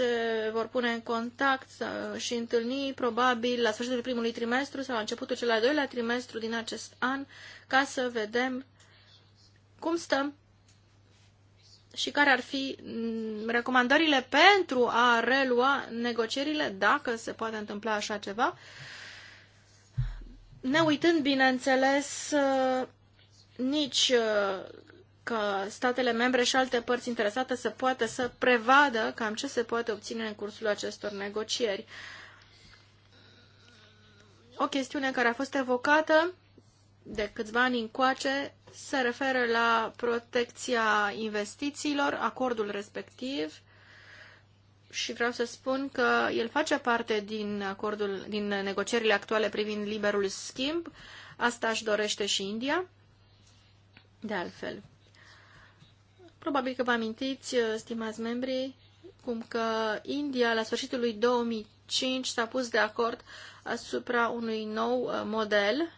se vor pune în contact și întâlni probabil la sfârșitul primului trimestru sau la începutul cel al doilea trimestru din acest an ca să vedem cum stăm și care ar fi mm, recomandările pentru a relua negocierile, dacă se poate întâmpla așa ceva, ne uitând, bineînțeles, nici că statele membre și alte părți interesate să poată să prevadă cam ce se poate obține în cursul acestor negocieri. O chestiune care a fost evocată de câțiva ani încoace se referă la protecția investițiilor, acordul respectiv, și vreau să spun că el face parte din acordul, din negocierile actuale privind liberul schimb. Asta își dorește și India, de altfel. Probabil că vă amintiți, uh, stimați membri, cum că India, la sfârșitul lui 2005, s-a pus de acord asupra unui nou uh, model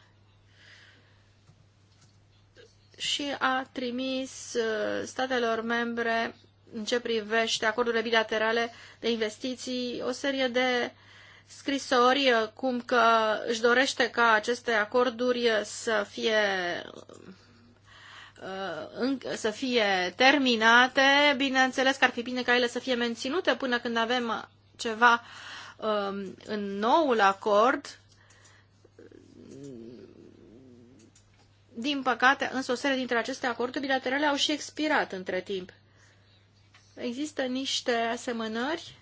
și a trimis uh, statelor membre în ce privește acordurile bilaterale de investiții o serie de scrisori cum că își dorește ca aceste acorduri să fie Uh, să fie terminate, bineînțeles că ar fi bine ca ele să fie menținute până când avem ceva um, în noul acord. Din păcate, însă o serie dintre aceste acorduri bilaterale au și expirat între timp. Există niște asemănări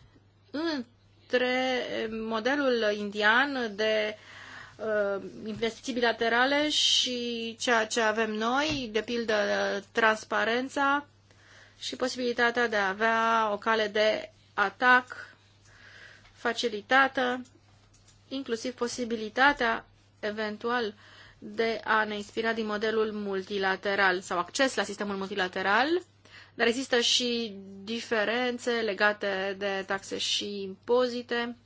între modelul indian de uh, Uh, investiții bilaterale și ceea ce avem noi, de pildă transparența și posibilitatea de a avea o cale de atac facilitată, inclusiv posibilitatea eventual de a ne inspira din modelul multilateral sau acces la sistemul multilateral, dar există și diferențe legate de taxe și impozite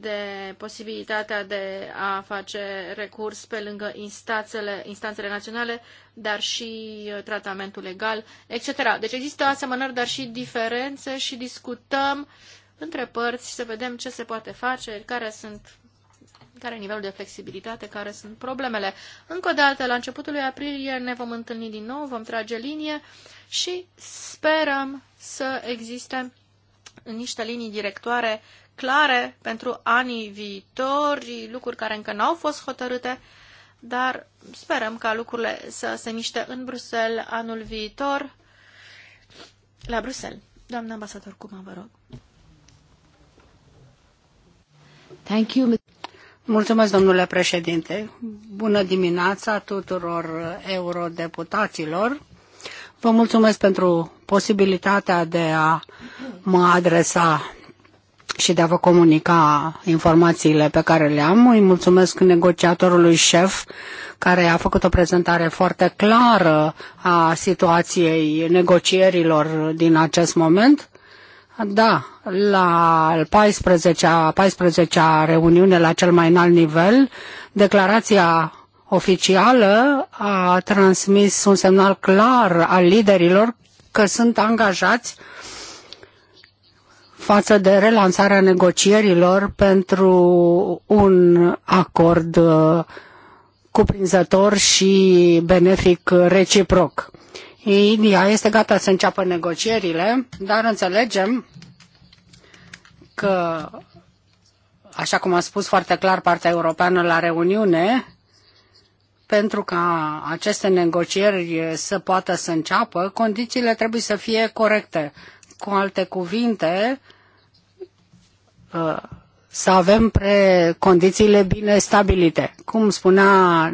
de posibilitatea de a face recurs pe lângă instanțele, instanțele naționale, dar și uh, tratamentul legal, etc. Deci există asemănări, dar și diferențe și discutăm între părți să vedem ce se poate face, care sunt care e nivelul de flexibilitate, care sunt problemele. Încă o dată, la începutul lui aprilie ne vom întâlni din nou, vom trage linie și sperăm să existe niște linii directoare clare pentru anii viitori, lucruri care încă n-au fost hotărâte, dar sperăm ca lucrurile să se miște în Bruxelles anul viitor. La Bruxelles. Doamna ambasador cum vă rog. Thank you. Mulțumesc, domnule președinte. Bună dimineața tuturor eurodeputaților. Vă mulțumesc pentru posibilitatea de a mă adresa și de a vă comunica informațiile pe care le am. Îi mulțumesc negociatorului șef care a făcut o prezentare foarte clară a situației negocierilor din acest moment. Da, la 14-a 14 reuniune la cel mai înalt nivel, declarația oficială a transmis un semnal clar al liderilor că sunt angajați uh, față de relansarea negocierilor pentru un acord uh, cuprinzător și benefic reciproc. India este gata să înceapă negocierile, dar înțelegem că, așa cum a spus foarte clar partea europeană la reuniune, pentru ca aceste negocieri să poată să înceapă, condițiile trebuie să fie corecte. Cu alte cuvinte, să avem precondițiile bine stabilite. Cum spunea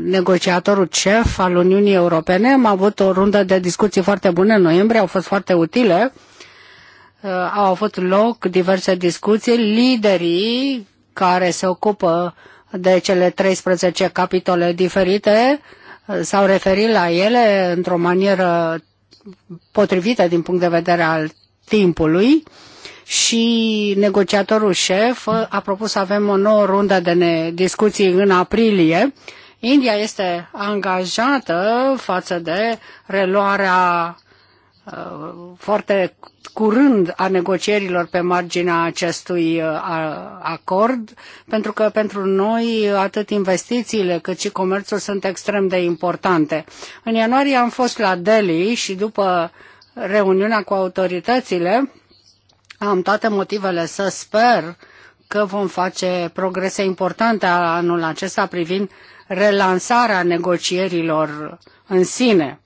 negociatorul șef al Uniunii Europene, am avut o rundă de discuții foarte bune în noiembrie, au fost foarte utile. Uh, au avut loc diverse discuții. Liderii care se ocupă de cele 13 capitole diferite uh, s-au referit la ele într-o manieră potrivită din punct de vedere al timpului. Uh, și negociatorul șef a propus să avem o nouă rundă de discuții în aprilie. India este angajată față de reluarea uh, foarte curând a negocierilor pe marginea acestui uh, acord, pentru că pentru noi atât investițiile cât și comerțul sunt extrem de importante. În ianuarie am fost la Delhi și după reuniunea cu autoritățile, am toate motivele să sper că vom face progrese importante anul acesta privind relansarea negocierilor în sine.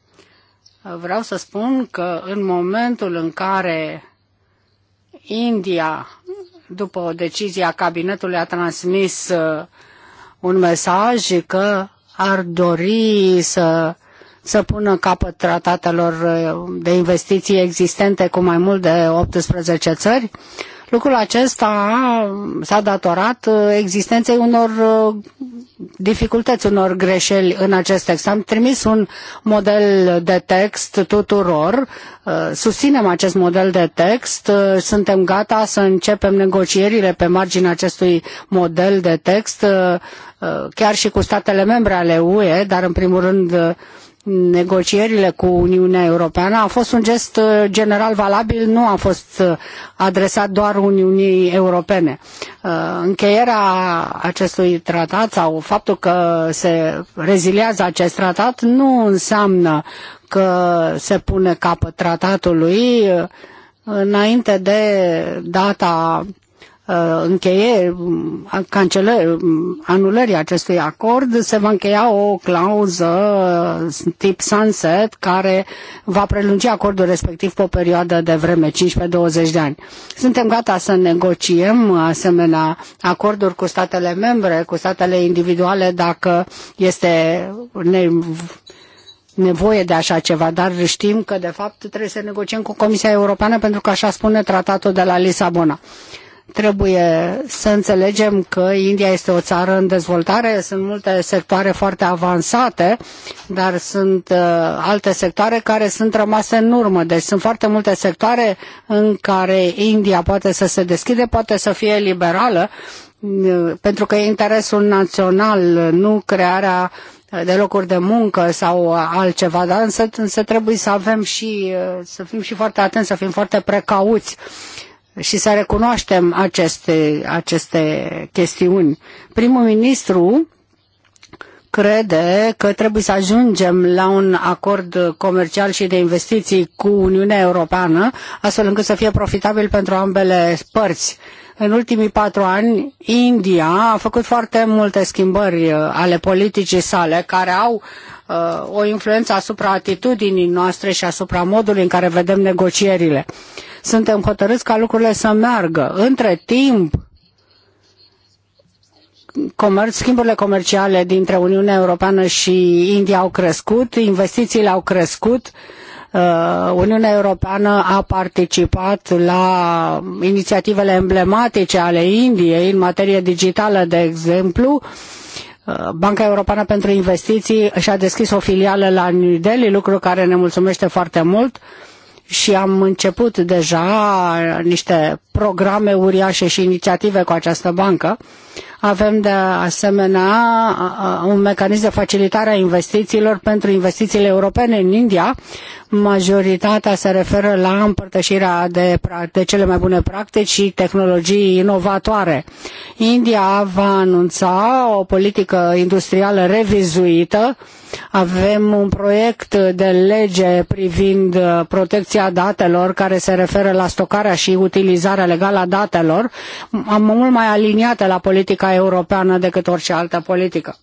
Vreau să spun că în momentul în care India, după o decizie a cabinetului, a transmis uh, un mesaj că ar dori să să pună capăt tratatelor uh, de investiții existente cu mai mult de 18 țări. Lucrul acesta s-a datorat uh, existenței unor uh, dificultăți, unor greșeli în acest text. Am trimis un model de text tuturor, susținem acest model de text, suntem gata să începem negocierile pe marginea acestui model de text, chiar și cu statele membre ale UE, dar în primul rând negocierile cu Uniunea Europeană a fost un gest uh, general valabil, nu a fost uh, adresat doar Uniunii Europene. Uh, încheierea acestui tratat sau faptul că se reziliază acest tratat nu înseamnă că se pune capăt tratatului înainte de data Uh, încheieri, um, cancelări, um, anulării acestui acord, se va încheia o clauză uh, tip sunset care va prelungi acordul respectiv pe o perioadă de vreme, 15-20 de ani. Suntem gata să negociem asemenea acorduri cu statele membre, cu statele individuale, dacă este ne nevoie de așa ceva, dar știm că de fapt trebuie să negociem cu Comisia Europeană pentru că așa spune tratatul de la Lisabona. Trebuie să înțelegem că India este o țară în dezvoltare, sunt multe sectoare foarte avansate, dar sunt uh, alte sectoare care sunt rămase în urmă. Deci sunt foarte multe sectoare în care India poate să se deschide, poate să fie liberală, uh, pentru că e interesul național, nu crearea de locuri de muncă sau altceva, dar însă, însă trebuie să avem și, uh, să fim și foarte atenți, să fim foarte precauți și să recunoaștem aceste, aceste chestiuni. Primul ministru crede că trebuie să ajungem la un acord comercial și de investiții cu Uniunea Europeană, astfel încât să fie profitabil pentru ambele părți. În ultimii patru ani, India a făcut foarte multe schimbări uh, ale politicii sale, care au o influență asupra atitudinii noastre și asupra modului în care vedem negocierile. Suntem hotărâți ca lucrurile să meargă. Între timp, comerț, schimburile comerciale dintre Uniunea Europeană și India au crescut, investițiile au crescut, uh, Uniunea Europeană a participat la inițiativele emblematice ale Indiei în materie digitală, de exemplu, Banca Europeană pentru Investiții și-a deschis o filială la New Delhi, lucru care ne mulțumește foarte mult și am început deja niște programe uriașe și inițiative cu această bancă avem de asemenea un mecanism de facilitare a investițiilor pentru investițiile europene în India. Majoritatea se referă la împărtășirea de, de cele mai bune practici și tehnologii inovatoare. India va anunța o politică industrială revizuită avem un proiect de lege privind uh, protecția datelor care se referă la stocarea și utilizarea legală a datelor, mult mai aliniate la politica europeană decât orice altă politică.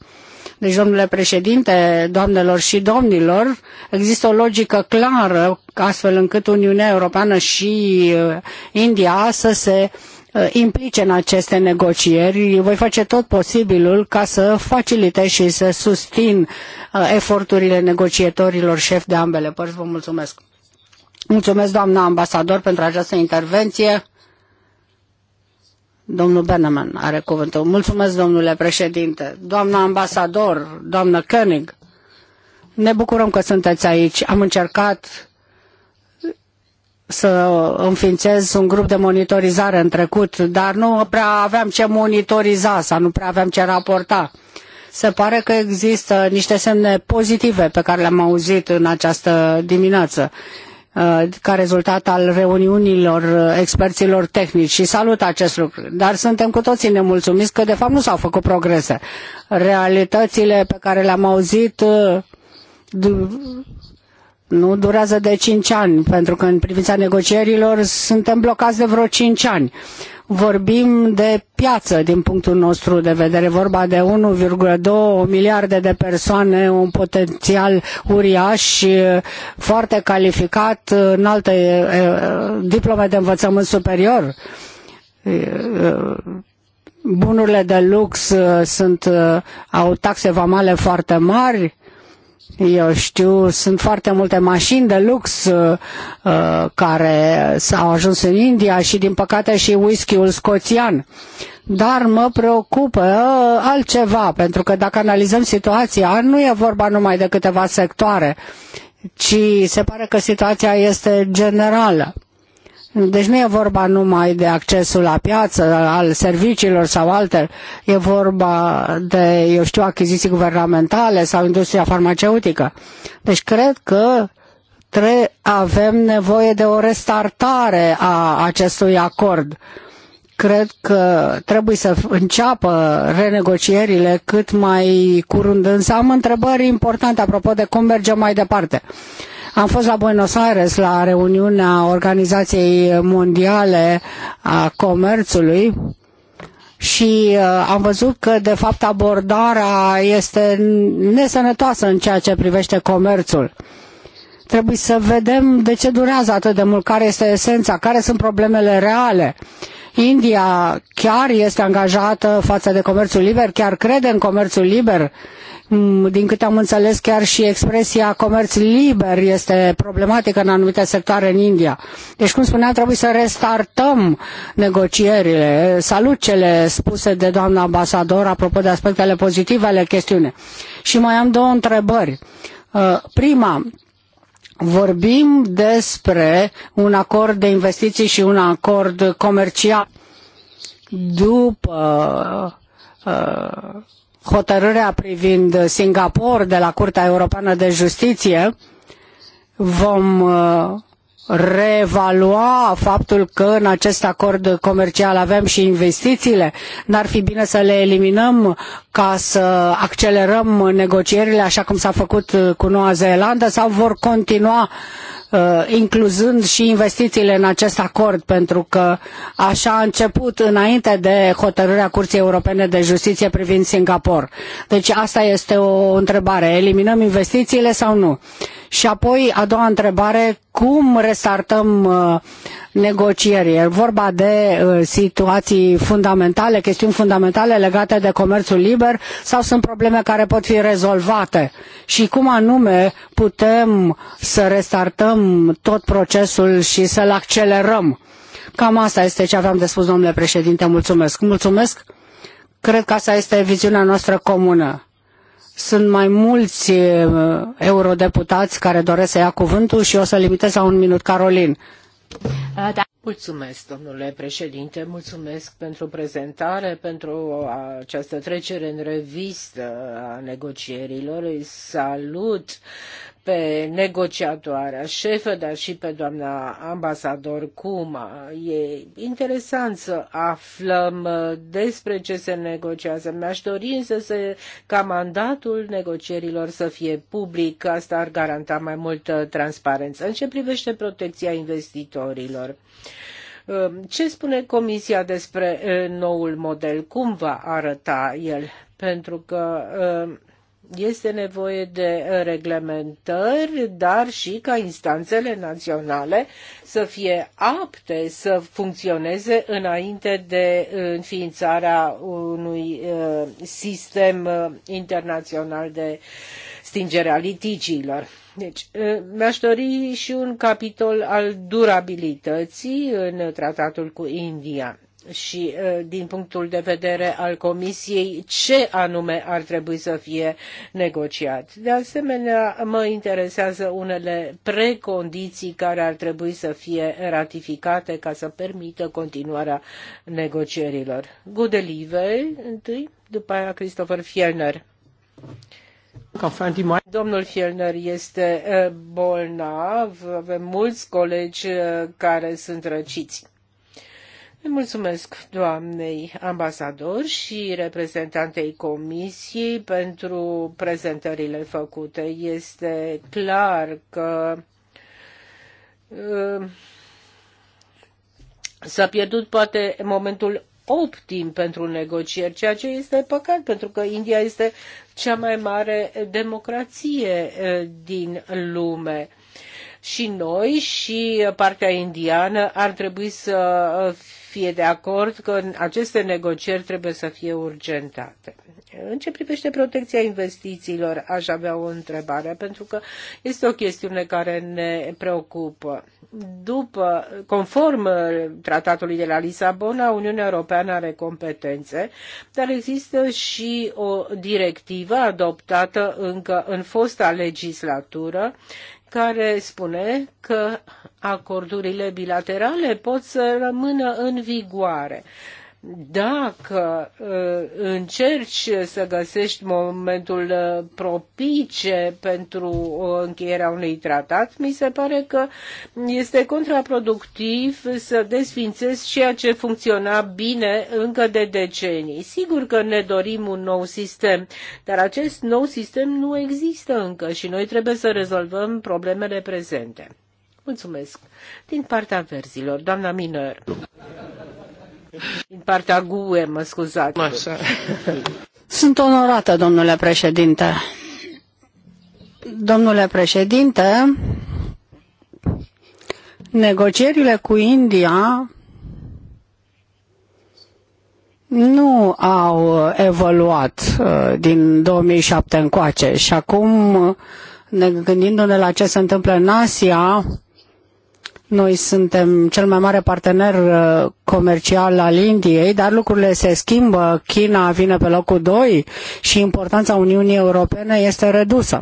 Deci, domnule președinte, doamnelor și domnilor, există o logică clară astfel încât Uniunea Europeană și uh, India să se uh, Uh, implice în aceste negocieri. Voi face tot posibilul ca să facilitez și să susțin uh, eforturile negociatorilor șef de ambele părți. Vă mulțumesc. Mulțumesc, doamna ambasador, pentru această intervenție. Domnul Beneman are cuvântul. Mulțumesc, domnule președinte. Doamna ambasador, doamnă König, ne bucurăm că sunteți aici. Am încercat să înființez un grup de monitorizare în trecut, dar nu prea aveam ce monitoriza sau nu prea aveam ce raporta. Se pare că există niște semne pozitive pe care le-am auzit în această dimineață uh, ca rezultat al reuniunilor experților tehnici și salut acest lucru. Dar suntem cu toții nemulțumiți că de fapt nu s-au făcut progrese. Realitățile pe care le-am auzit uh, nu durează de 5 ani, pentru că în privința negocierilor suntem blocați de vreo 5 ani. Vorbim de piață din punctul nostru de vedere, vorba de 1,2 miliarde de persoane, un potențial uriaș, foarte calificat, în alte diplome de învățământ superior. Bunurile de lux sunt, au taxe vamale foarte mari, eu știu, sunt foarte multe mașini de lux uh, uh, care s-au ajuns în India și din păcate și whisky-ul scoțian. Dar mă preocupă uh, altceva, pentru că dacă analizăm situația, nu e vorba numai de câteva sectoare, ci se pare că situația este generală. Deci nu e vorba numai de accesul la piață, al serviciilor sau altele, e vorba de, eu știu, achiziții guvernamentale sau industria farmaceutică. Deci cred că tre- avem nevoie de o restartare a acestui acord. Cred că trebuie să înceapă renegocierile cât mai curând, însă am întrebări importante apropo de cum mergem mai departe. Uh, am fost la Buenos Aires la reuniunea Organizației Mondiale a Comerțului și uh, am văzut că, de fapt, abordarea este nesănătoasă în ceea ce privește comerțul. Trebuie să vedem de ce durează atât de mult, care este esența, care sunt problemele reale. India chiar este angajată față de comerțul liber, chiar crede în comerțul liber, Mm, din câte am înțeles, chiar și expresia comerț liber este problematică în anumite sectoare în India. Deci, cum spuneam, trebuie să restartăm negocierile. Salut cele spuse de doamna ambasador apropo de aspectele pozitive ale chestiunii. Și mai am două întrebări. Uh, prima, vorbim despre un acord de investiții și un acord comercial după uh, hotărârea privind Singapore de la Curtea Europeană de Justiție, vom uh, reevalua faptul că în acest acord comercial avem și investițiile. N-ar fi bine să le eliminăm ca să accelerăm negocierile așa cum s-a făcut uh, cu Noua Zeelandă sau vor continua uh, Uh, incluzând și investițiile în acest acord, pentru că așa a început înainte de hotărârea Curții Europene de Justiție privind Singapore. Deci asta este o întrebare. Eliminăm investițiile sau nu? Și apoi, a doua întrebare, cum restartăm uh, negocieri. E vorba de uh, situații fundamentale, chestiuni fundamentale legate de comerțul liber sau sunt probleme care pot fi rezolvate? Și cum anume putem să restartăm tot procesul și să-l accelerăm? Cam asta este ce aveam de spus, domnule președinte. Mulțumesc. Mulțumesc. Cred că asta este viziunea noastră comună sunt mai mulți uh, eurodeputați care doresc să ia cuvântul și o să limitez la un minut. Carolin. Da. Mulțumesc, domnule președinte, mulțumesc pentru prezentare, pentru această trecere în revistă a negocierilor. Îi salut pe negociatoarea șefă, dar și pe doamna ambasador Cuma. E interesant să aflăm despre ce se negociază. Mi-aș dori însă să, ca mandatul negocierilor să fie public, asta ar garanta mai multă transparență. În ce privește protecția investitorilor? Ehm, ce spune Comisia despre noul model? Cum va arăta el? Pentru că ehm, este nevoie de reglementări, dar și ca instanțele naționale să fie apte să funcționeze înainte de înființarea unui sistem internațional de stingerea litigiilor. Deci, mi-aș dori și un capitol al durabilității în tratatul cu India și din punctul de vedere al Comisiei ce anume ar trebui să fie negociat. De asemenea, mă interesează unele precondiții care ar trebui să fie ratificate ca să permită continuarea negocierilor. Gudelive, întâi, după aia Christopher Fielner. Domnul Fielner este bolnav, avem mulți colegi care sunt răciți. Îi mulțumesc doamnei ambasador și reprezentantei comisiei pentru prezentările făcute. Este clar că s-a pierdut poate momentul optim pentru negocieri, ceea ce este păcat, pentru că India este cea mai mare democrație din lume. Și noi și partea indiană ar trebui să fie de acord că aceste negocieri trebuie să fie urgentate. În ce privește protecția investițiilor, aș avea o întrebare, pentru că este o chestiune care ne preocupă. După, conform tratatului de la Lisabona, Uniunea Europeană are competențe, dar există și o directivă adoptată încă în fosta legislatură care spune că acordurile bilaterale pot să rămână în vigoare dacă uh, încerci să găsești momentul uh, propice pentru uh, încheierea unui tratat, mi se pare că este contraproductiv să desfințezi ceea ce funcționa bine încă de decenii. Sigur că ne dorim un nou sistem, dar acest nou sistem nu există încă și noi trebuie să rezolvăm problemele prezente. Mulțumesc. Din partea verzilor, doamna Miner. Din partea GUE, mă scuzați. Așa. Sunt onorată, domnule președinte. Domnule președinte, negocierile cu India nu au evoluat uh, din 2007 încoace și acum, gândindu-ne la ce se întâmplă în Asia, noi suntem cel mai mare partener uh, comercial al Indiei, dar lucrurile se schimbă. China vine pe locul 2 și importanța Uniunii Europene este redusă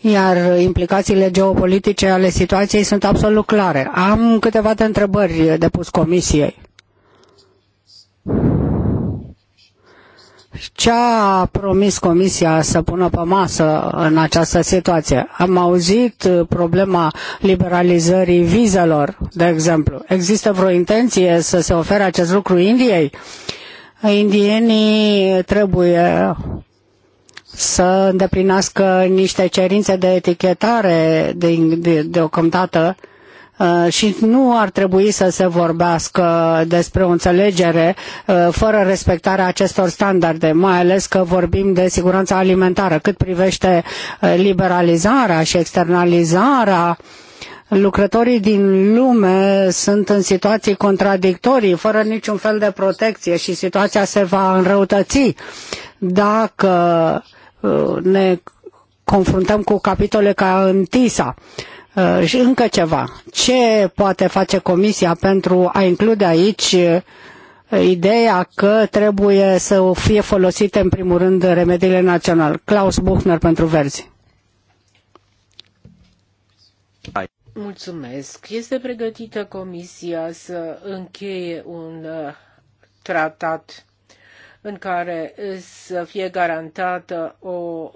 iar implicațiile geopolitice ale situației sunt absolut clare. Am câteva de întrebări de pus comisiei ce a promis Comisia să pună pe masă în această situație? Am auzit uh, problema liberalizării vizelor, de exemplu. Există vreo intenție să se ofere acest lucru Indiei? Indienii trebuie să îndeplinească niște cerințe de etichetare de, de, deocamdată de Uh, și nu ar trebui să se vorbească despre o înțelegere uh, fără respectarea acestor standarde, mai ales că vorbim de siguranța alimentară. Cât privește uh, liberalizarea și externalizarea lucrătorii din lume sunt în situații contradictorii, fără niciun fel de protecție și situația se va înrăutăți dacă ne confruntăm cu capitole ca în TISA. Uh, Uh, și încă ceva. Ce poate face Comisia pentru a include aici uh, ideea că trebuie să fie folosite în primul rând remediile naționale? Klaus Buchner pentru Verzi. Mulțumesc. Este pregătită Comisia să încheie un uh, tratat în care să fie garantată o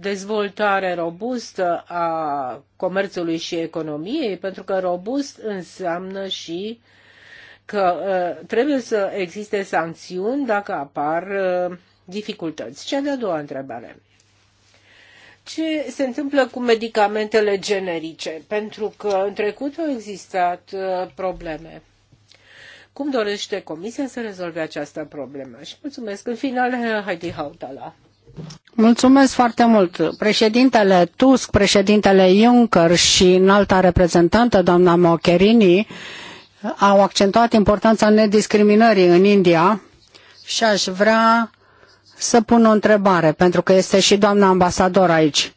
dezvoltare robustă a comerțului și economiei, pentru că robust înseamnă și că trebuie să existe sancțiuni dacă apar dificultăți. Cea de-a doua întrebare. Ce se întâmplă cu medicamentele generice? Pentru că în trecut au existat probleme cum dorește Comisia să rezolve această problemă? Și mulțumesc. În final, Heidi Hautala. Mulțumesc foarte mult. Președintele Tusk, președintele Juncker și înalta reprezentantă, doamna Mocherini au accentuat importanța nediscriminării în India și aș vrea să pun o întrebare, pentru că este și doamna ambasador aici.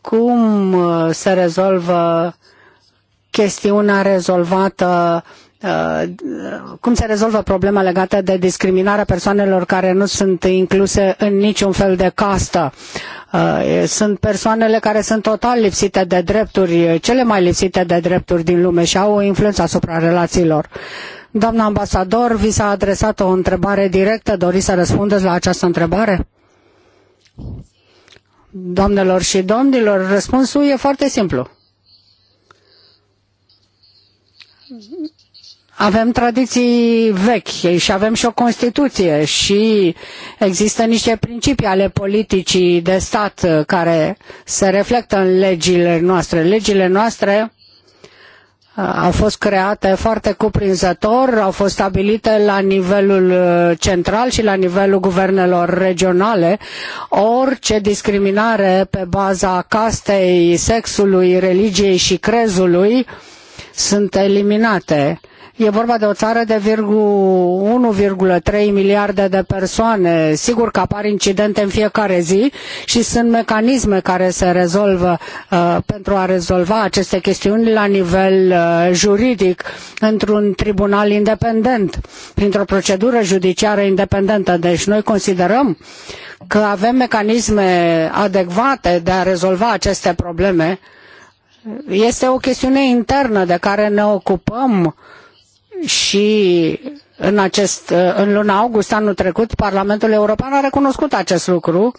Cum uh, se rezolvă chestiunea rezolvată Uh, cum se rezolvă problema legată de discriminarea persoanelor care nu sunt incluse în niciun fel de castă. Uh, sunt persoanele care sunt total lipsite de drepturi, uh, cele mai lipsite de drepturi din lume și au o influență asupra relațiilor. Doamna ambasador, vi s-a adresat o întrebare directă. Doriți să răspundeți la această întrebare? Doamnelor și domnilor, răspunsul e foarte simplu avem tradiții vechi și avem și o Constituție și există niște principii ale politicii de stat uh, care se reflectă în legile noastre. Legile noastre uh, au fost create foarte cuprinzător, au fost stabilite la nivelul uh, central și la nivelul guvernelor regionale. Orice discriminare pe baza castei, sexului, religiei și crezului sunt eliminate E vorba de o țară de 1,3 miliarde de persoane. Sigur că apar incidente în fiecare zi și sunt mecanisme care se rezolvă uh, pentru a rezolva aceste chestiuni la nivel uh, juridic într-un tribunal independent, printr-o procedură judiciară independentă. Deci noi considerăm că avem mecanisme adecvate de a rezolva aceste probleme. Este o chestiune internă de care ne ocupăm și în, acest, în luna august anul trecut, Parlamentul European a recunoscut acest lucru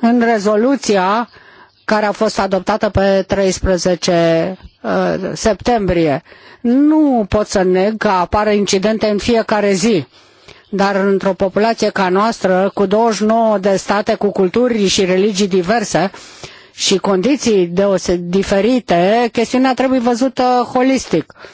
în rezoluția care a fost adoptată pe 13 uh, septembrie. Nu pot să neg că apar incidente în fiecare zi, dar într-o populație ca noastră, cu 29 de state cu culturi și religii diverse și condiții diferite, chestiunea trebuie văzută holistic. Uh,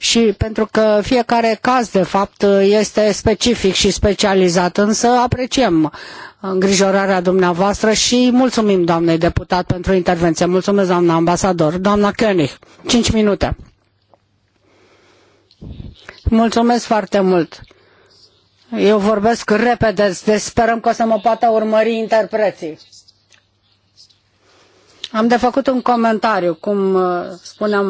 și pentru că fiecare caz, de fapt, este specific și specializat, însă apreciem îngrijorarea dumneavoastră și mulțumim doamnei deputat pentru intervenție. Mulțumesc, doamna ambasador. Doamna König, 5 minute. Mulțumesc foarte mult. Eu vorbesc repede, deci sperăm că o să mă poată urmări interpreții. Am de făcut un comentariu, cum, uh, spuneam,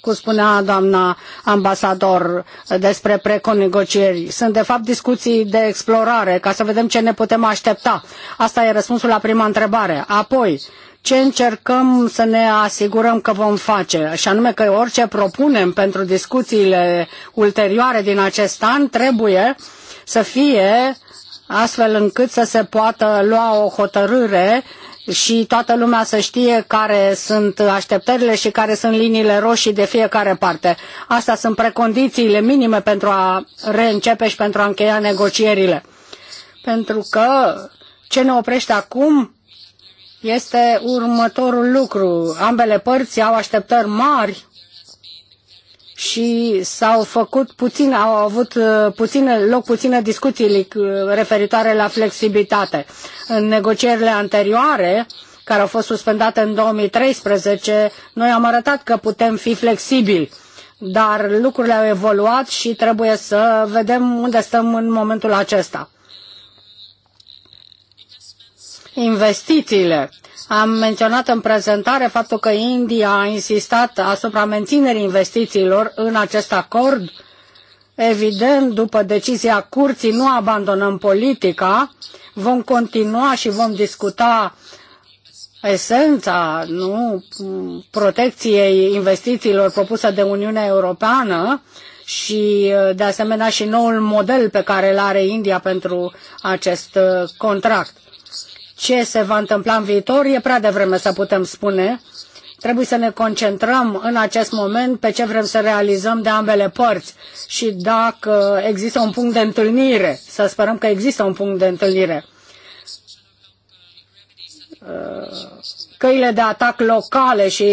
cum spunea doamna ambasador uh, despre preconegocieri. Sunt de fapt discuții de explorare, ca să vedem ce ne putem aștepta. Asta e răspunsul la prima întrebare. Apoi, ce încercăm să ne asigurăm că vom face, și anume că orice propunem pentru discuțiile ulterioare din acest an trebuie să fie astfel încât să se poată lua o hotărâre uh, și toată lumea să știe care sunt așteptările și care sunt liniile roșii de fiecare parte. Astea sunt precondițiile minime pentru a reîncepe și pentru a încheia negocierile. Pentru că ce ne oprește acum este următorul lucru. Ambele părți au așteptări mari și s-au făcut puțin, au avut uh, puține, loc puține discuții uh, referitoare la flexibilitate. În negocierile anterioare, care au fost suspendate în 2013, noi am arătat că putem fi flexibili, dar lucrurile au evoluat și trebuie să vedem unde stăm în momentul acesta investițiile. Am menționat în prezentare faptul că India a insistat asupra menținerii investițiilor în acest acord. Evident, după decizia curții, nu abandonăm politica, vom continua și vom discuta esența nu, protecției investițiilor propusă de Uniunea Europeană și de asemenea și noul model pe care îl are India pentru acest uh, contract ce se va întâmpla în viitor e prea devreme să putem spune. Trebuie să ne concentrăm în acest moment pe ce vrem să realizăm de ambele părți și dacă există un punct de întâlnire, să sperăm că există un punct de întâlnire. Uh căile de atac locale și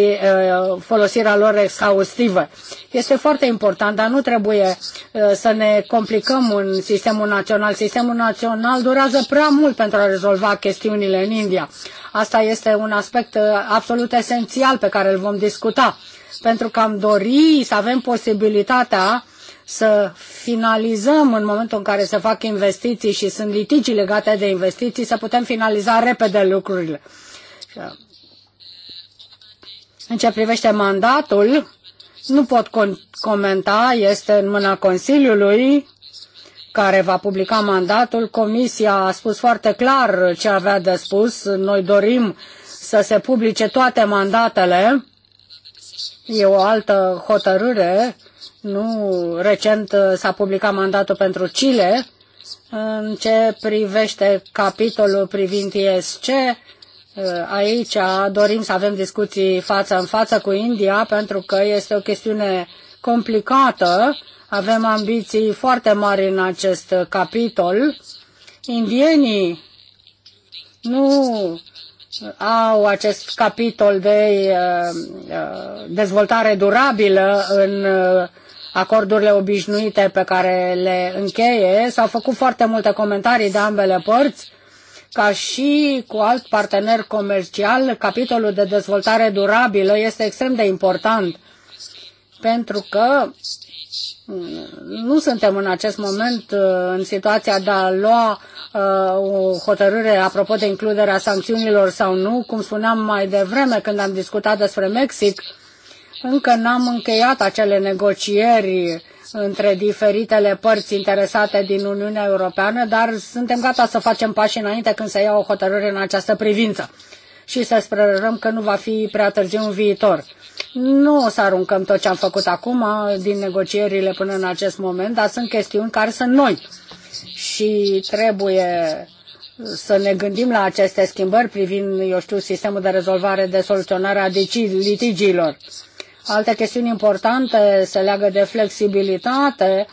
uh, folosirea lor exhaustivă. Este foarte important, dar nu trebuie uh, să ne complicăm un sistemul național. Sistemul național durează prea mult pentru a rezolva chestiunile în India. Asta este un aspect uh, absolut esențial pe care îl vom discuta, pentru că am dori să avem posibilitatea să finalizăm în momentul în care se fac investiții și sunt litigi legate de investiții, să putem finaliza repede lucrurile. În ce privește mandatul, nu pot comenta, este în mâna Consiliului care va publica mandatul. Comisia a spus foarte clar ce avea de spus. Noi dorim să se publice toate mandatele. E o altă hotărâre. Nu recent s-a publicat mandatul pentru Chile. În ce privește capitolul privind ISC, Uh, aici dorim să avem discuții față în față cu India pentru că este o chestiune complicată. Avem ambiții foarte mari în acest capitol. Indienii nu au acest capitol de uh, uh, dezvoltare durabilă în acordurile obișnuite pe care le încheie. S-au făcut foarte multe comentarii de ambele părți ca și cu alt partener comercial, capitolul de dezvoltare durabilă este extrem de important pentru că mm, nu suntem în acest moment uh, în situația de a lua uh, o hotărâre apropo de includerea sancțiunilor sau nu. Cum spuneam mai devreme când am discutat despre Mexic, încă n-am încheiat acele negocieri între diferitele părți interesate din Uniunea Europeană, dar suntem gata să facem pași înainte când se ia o hotărâre în această privință și să sperăm că nu va fi prea târziu în viitor. Nu o să aruncăm tot ce am făcut acum din negocierile până în acest moment, dar sunt chestiuni care sunt noi și trebuie să ne gândim la aceste schimbări privind, eu știu, sistemul de rezolvare, de soluționare a deci- litigiilor. Alte chestiuni importante se leagă de flexibilitate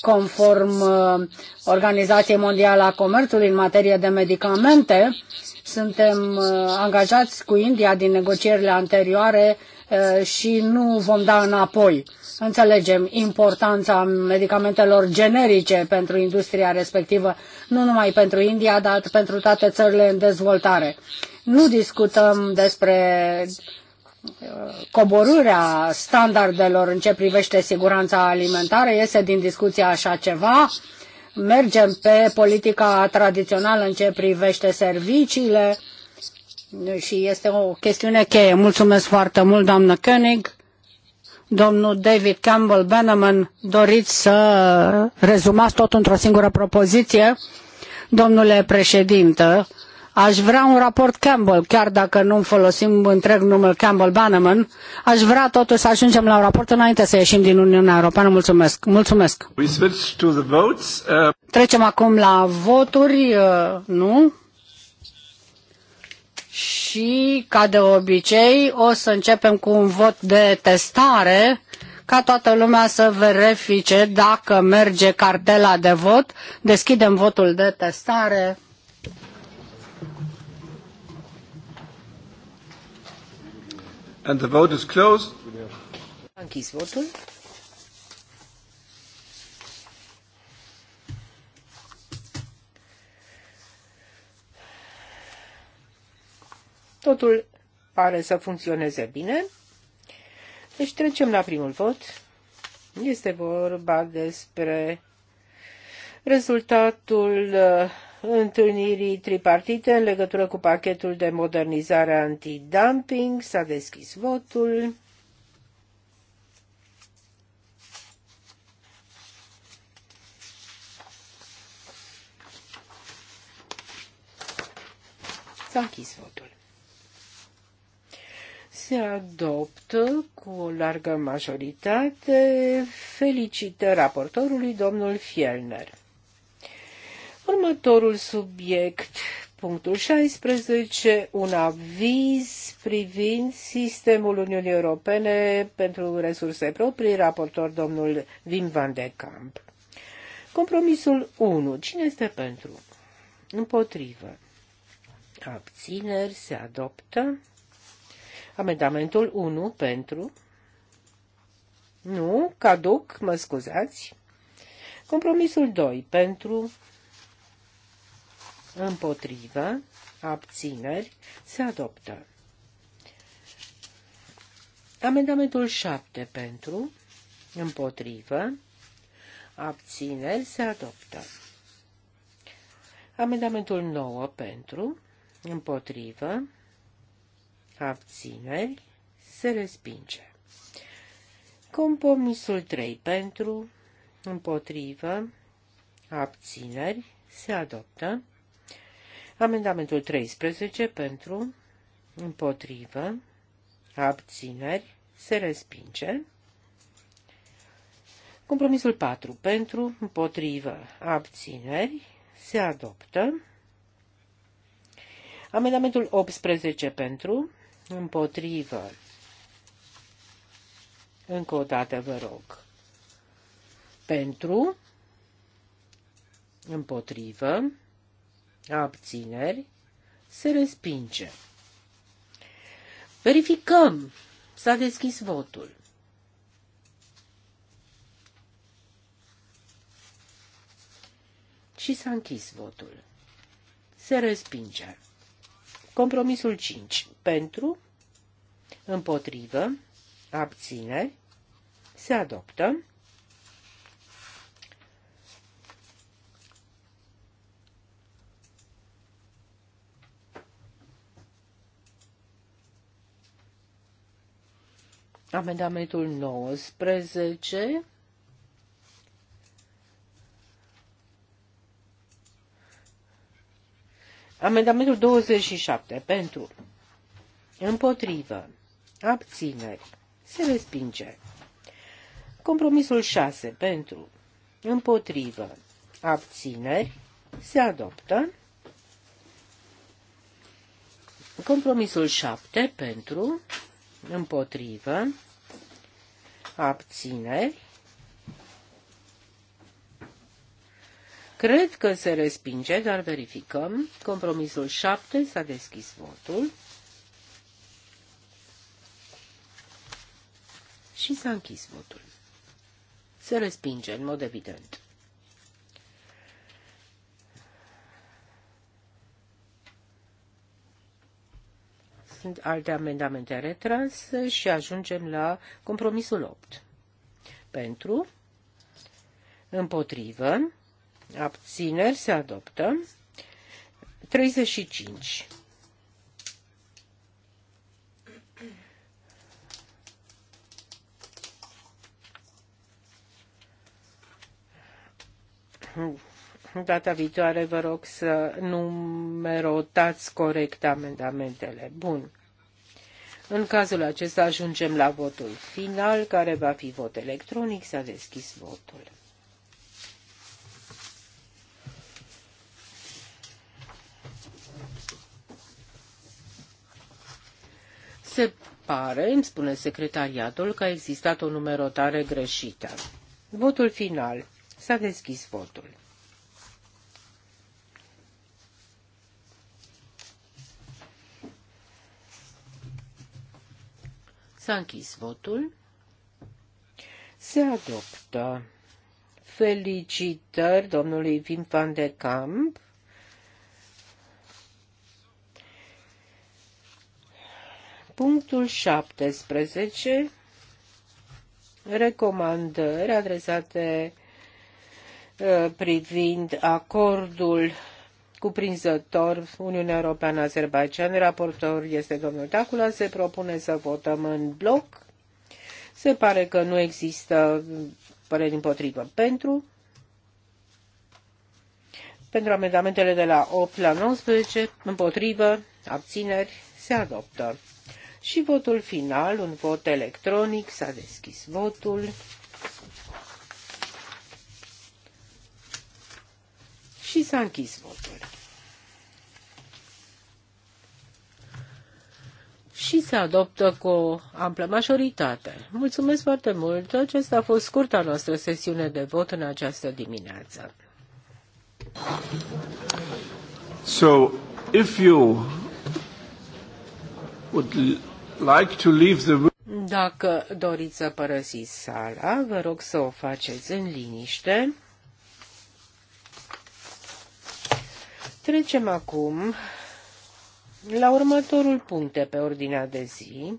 conform uh, Organizației Mondiale a Comerțului în materie de medicamente. Suntem uh, angajați cu India din negocierile anterioare uh, și nu vom da înapoi. Înțelegem importanța medicamentelor generice pentru industria respectivă, nu numai pentru India, dar pentru toate țările în dezvoltare. Nu discutăm despre coborârea standardelor în ce privește siguranța alimentară, iese din discuția așa ceva. Mergem pe politica tradițională în ce privește serviciile și este o chestiune cheie. Mulțumesc foarte mult, doamnă Koenig. Domnul David Campbell Bannerman, doriți să rezumați tot într-o singură propoziție? Domnule președinte, Aș vrea un raport Campbell, chiar dacă nu folosim întreg numele Campbell Bannerman. Aș vrea totuși să ajungem la un raport înainte să ieșim din Uniunea Europeană. Mulțumesc. Mulțumesc. We switch to the votes. Uh... Trecem acum la voturi, uh, nu? Și, ca de obicei, o să începem cu un vot de testare ca toată lumea să verifice dacă merge cartela de vot. Deschidem votul de testare. And the vote is closed. A închis votul. Totul pare să funcționeze bine. Deci trecem la primul vot. Este vorba despre rezultatul uh, întâlnirii tripartite în legătură cu pachetul de modernizare antidumping. S-a deschis votul. S-a închis votul. Se adoptă cu o largă majoritate. Felicită raportorului, domnul Fielner. Următorul subiect, punctul 16, un aviz privind sistemul Uniunii Europene pentru resurse proprii, raportor domnul Wim van de Kamp. Compromisul 1. Cine este pentru? Împotrivă. Abțineri se adoptă. Amendamentul 1 pentru. Nu, caduc, mă scuzați. Compromisul 2 pentru împotrivă, abțineri, se adoptă. Amendamentul 7 pentru, împotrivă, abțineri, se adoptă. Amendamentul 9 pentru, împotrivă, abțineri, se respinge. Compromisul 3 pentru, împotrivă, abțineri, se adoptă. Amendamentul 13 pentru, împotrivă, abțineri, se respinge. Compromisul 4 pentru, împotrivă, abțineri, se adoptă. Amendamentul 18 pentru, împotrivă, încă o dată vă rog, pentru, împotrivă, abțineri, se respinge. Verificăm. S-a deschis votul. Și s-a închis votul. Se respinge. Compromisul 5. Pentru, împotrivă, abține, se adoptă. Amendamentul 19 Amendamentul 27 pentru împotrivă abțineri se respinge. Compromisul 6 pentru împotrivă abțineri se adoptă. Compromisul 7 pentru împotrivă, abțineri. Cred că se respinge, dar verificăm. Compromisul 7 s-a deschis votul. Și s-a închis votul. Se respinge, în mod evident. sunt alte amendamente retras și ajungem la compromisul 8. Pentru, împotrivă, abțineri se adoptă, 35 data viitoare vă rog să numerotați corect amendamentele. Bun. În cazul acesta ajungem la votul final, care va fi vot electronic. S-a deschis votul. Se pare, îmi spune secretariatul, că a existat o numerotare greșită. Votul final. S-a deschis votul. S-a închis votul. Se adoptă. Felicitări domnului Vin van de Camp. Punctul 17. Recomandări adresate uh, privind acordul cuprinzător Uniunea Europeană Azerbaidjan. Raportor este domnul Dacula. Se propune să votăm în bloc. Se pare că nu există păreri împotrivă pentru. Pentru amendamentele de la 8 la 19, împotrivă, abțineri, se adoptă. Și votul final, un vot electronic, s-a deschis votul. și s-a închis votul. și se adoptă cu o amplă majoritate. Mulțumesc foarte mult. Acesta a fost scurta noastră sesiune de vot în această dimineață. So, if you would like to leave the room... Dacă doriți să părăsiți sala, vă rog să o faceți în liniște. Trecem acum la următorul punct de pe ordinea de zi,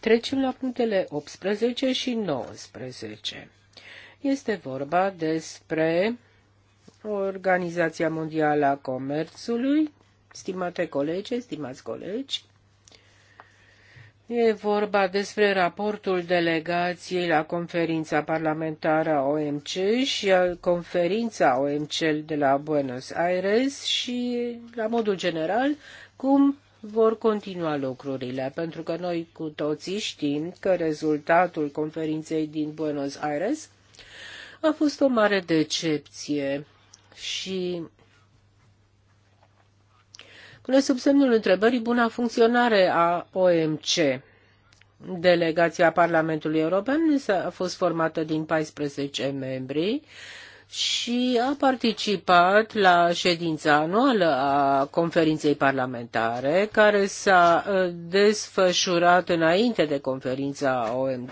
Trecem la punctele 18 și 19. Este vorba despre Organizația Mondială a Comerțului, stimate colegi, stimați colegi. E vorba despre raportul delegației la conferința parlamentară OMC și conferința OMC de la Buenos Aires și, la modul general, cum vor continua lucrurile, pentru că noi cu toții știm că rezultatul conferinței din Buenos Aires a fost o mare decepție și pune sub semnul întrebării buna funcționare a OMC. Delegația Parlamentului European a fost formată din 14 membri, și a participat la ședința anuală a conferinței parlamentare, care s-a uh, desfășurat înainte de conferința OMC.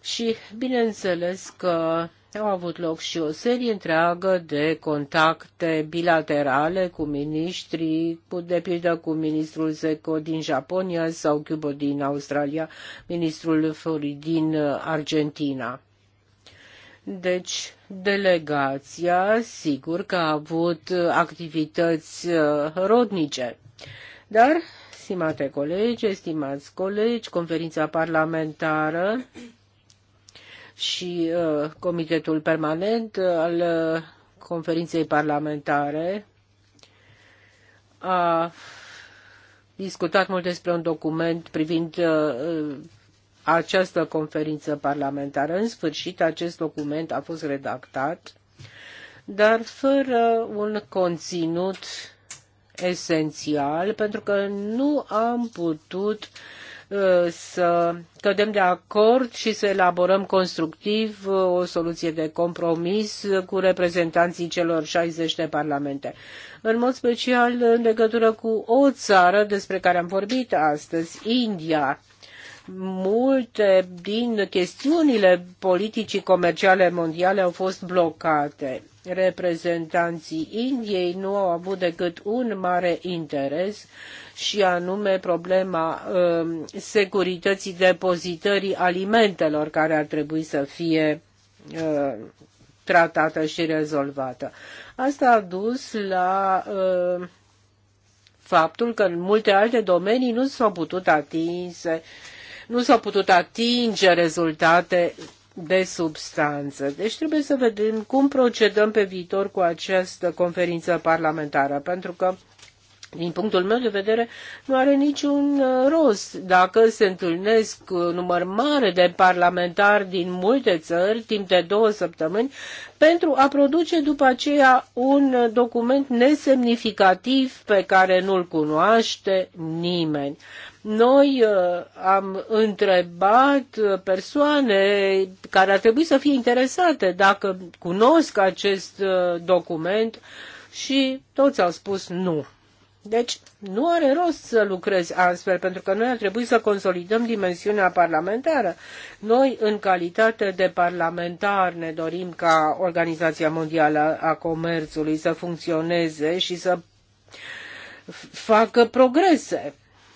Și bineînțeles că au avut loc și o serie întreagă de contacte bilaterale cu miniștrii, cu, de pildă cu ministrul Seco din Japonia sau Cubo din Australia, ministrul Fori din Argentina. Deci, delegația, sigur că a avut uh, activități uh, rodnice. Dar, stimate colegi, estimați colegi, conferința parlamentară și uh, Comitetul Permanent al uh, conferinței parlamentare a discutat mult despre un document privind uh, această conferință parlamentară. În sfârșit, acest document a fost redactat, dar fără un conținut esențial, pentru că nu am putut uh, să cădem de acord și să elaborăm constructiv uh, o soluție de compromis uh, cu reprezentanții celor 60 de parlamente. În mod special în legătură cu o țară despre care am vorbit astăzi, India multe din chestiunile politicii comerciale mondiale au fost blocate. Reprezentanții Indiei nu au avut decât un mare interes și anume problema um, securității depozitării alimentelor care ar trebui să fie uh, tratată și rezolvată. Asta a dus la uh, faptul că în multe alte domenii nu s-au putut atinse uh, nu s-au putut atinge rezultate de substanță. Deci trebuie să vedem cum procedăm pe viitor cu această conferință parlamentară, pentru că din punctul meu de vedere, nu are niciun uh, rost dacă se întâlnesc număr mare de parlamentari din multe țări timp de două săptămâni pentru a produce după aceea un uh, document nesemnificativ pe care nu-l cunoaște nimeni. Noi uh, am întrebat uh, persoane care ar trebui să fie interesate dacă cunosc acest uh, document și toți au spus nu. Deci nu are rost să lucrezi astfel, pentru că noi ar trebui să consolidăm dimensiunea parlamentară. Noi, în calitate de parlamentar, ne dorim ca Organizația Mondială a Comerțului să funcționeze și să facă progrese.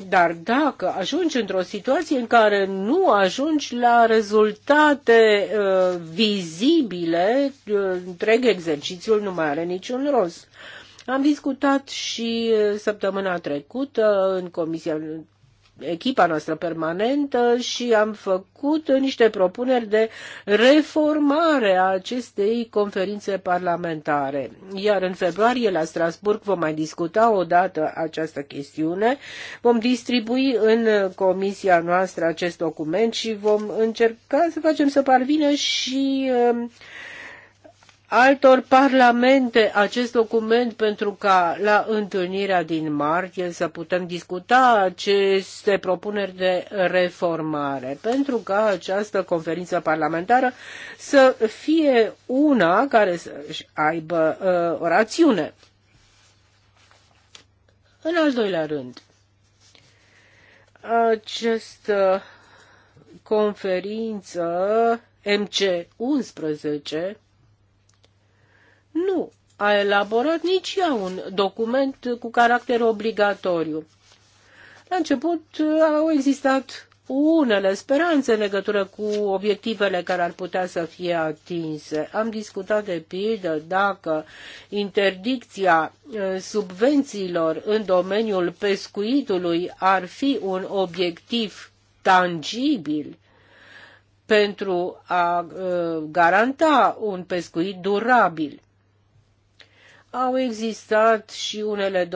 Dar dacă ajungi într-o situație în care nu ajungi la rezultate uh, vizibile, uh, întreg exercițiul nu mai are niciun rost. Am discutat și uh, săptămâna trecută în Comisia echipa noastră permanentă și am făcut niște propuneri de reformare a acestei conferințe parlamentare. Iar în februarie la Strasburg vom mai discuta o dată această chestiune. Vom distribui în comisia noastră acest document și vom încerca să facem să parvină și uh, altor parlamente acest document pentru ca la întâlnirea din martie să putem discuta aceste propuneri de reformare, pentru ca această conferință parlamentară să fie una care să aibă uh, o rațiune. În al doilea rând, această conferință MC11 nu a elaborat nici ea un document cu caracter obligatoriu. La început uh, au existat unele speranțe în legătură cu obiectivele care ar putea să fie atinse. Am discutat de pildă dacă interdicția uh, subvențiilor în domeniul pescuitului ar fi un obiectiv tangibil pentru a uh, garanta un pescuit durabil au existat și unele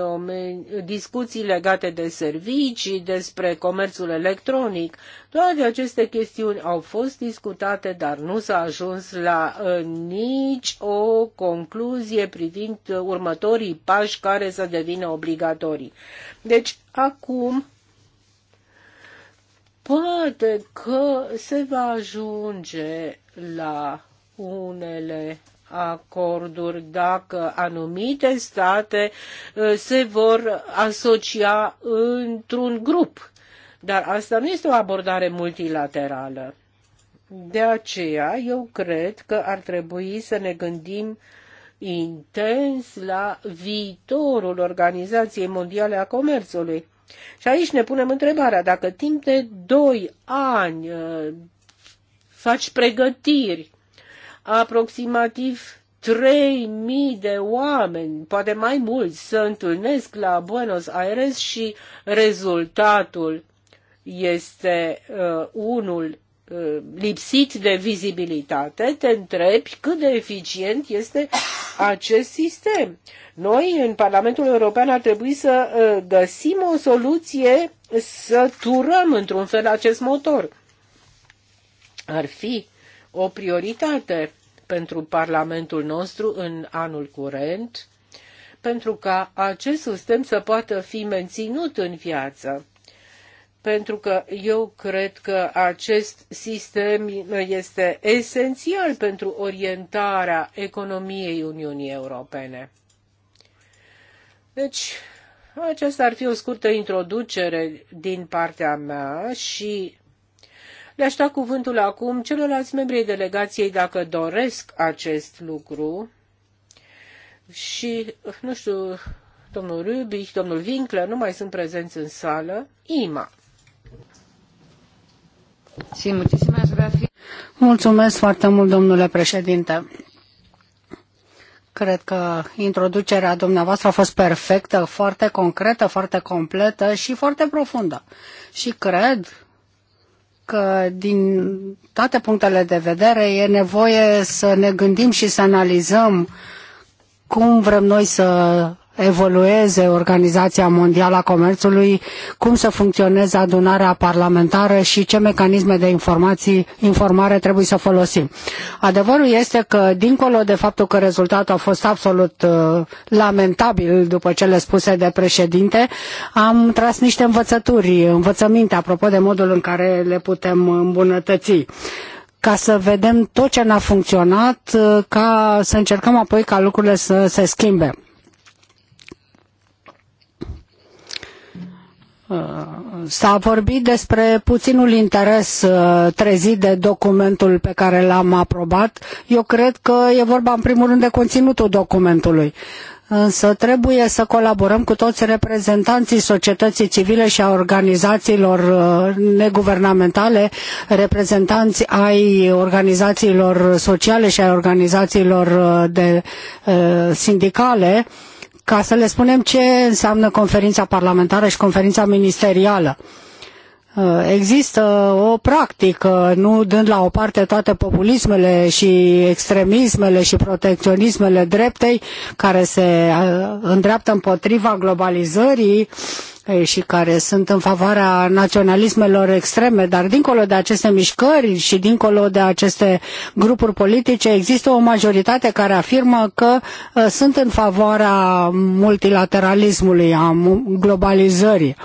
discuții legate de servicii, despre comerțul electronic. Toate aceste chestiuni au fost discutate, dar nu s-a ajuns la uh, nici o concluzie privind următorii pași care să devină obligatorii. Deci, acum, poate că se va ajunge la unele acorduri dacă anumite state uh, se vor asocia într-un grup. Dar asta nu este o abordare multilaterală. De aceea, eu cred că ar trebui să ne gândim intens la viitorul Organizației Mondiale a Comerțului. Și aici ne punem întrebarea dacă timp de doi ani uh, faci pregătiri aproximativ 3.000 de oameni, poate mai mulți, se întâlnesc la Buenos Aires și rezultatul este uh, unul uh, lipsit de vizibilitate, te întrebi cât de eficient este acest sistem. Noi, în Parlamentul European, ar trebui să uh, găsim o soluție să turăm într-un fel acest motor. Ar fi o prioritate pentru Parlamentul nostru în anul curent, pentru ca acest sistem să poată fi menținut în viață. Pentru că eu cred că acest sistem este esențial pentru orientarea economiei Uniunii Europene. Deci, aceasta ar fi o scurtă introducere din partea mea și le-aș da cuvântul acum celorlalți membrii delegației dacă doresc acest lucru. Și, nu știu, domnul Rubic, domnul Winkler nu mai sunt prezenți în sală. Ima. Mulțumesc foarte mult, domnule președinte. Cred că introducerea dumneavoastră a fost perfectă, foarte concretă, foarte completă și foarte profundă. Și cred că din toate punctele de vedere e nevoie să ne gândim și să analizăm cum vrem noi să evolueze Organizația Mondială a Comerțului, cum să funcționeze adunarea parlamentară și ce mecanisme de informații, informare trebuie să folosim. Adevărul este că, dincolo de faptul că rezultatul a fost absolut uh, lamentabil după cele spuse de președinte, am tras niște învățături, învățăminte apropo de modul în care le putem îmbunătăți ca să vedem tot ce n-a funcționat, uh, ca să încercăm apoi ca lucrurile să se schimbe. S-a vorbit despre puținul interes uh, trezit de documentul pe care l-am aprobat. Eu cred că e vorba în primul rând de conținutul documentului. Însă trebuie să colaborăm cu toți reprezentanții societății civile și a organizațiilor uh, neguvernamentale, reprezentanți ai organizațiilor sociale și ai organizațiilor uh, de, sindicale, uh, ca să le spunem ce înseamnă conferința parlamentară și conferința ministerială. Uh, există o practică, nu dând la o parte toate populismele și extremismele și protecționismele dreptei care se uh, îndreaptă împotriva globalizării, și care sunt în favoarea naționalismelor extreme, dar dincolo de aceste mișcări și dincolo de aceste grupuri politice, există o majoritate care afirmă că uh, sunt în favoarea multilateralismului, a globalizării.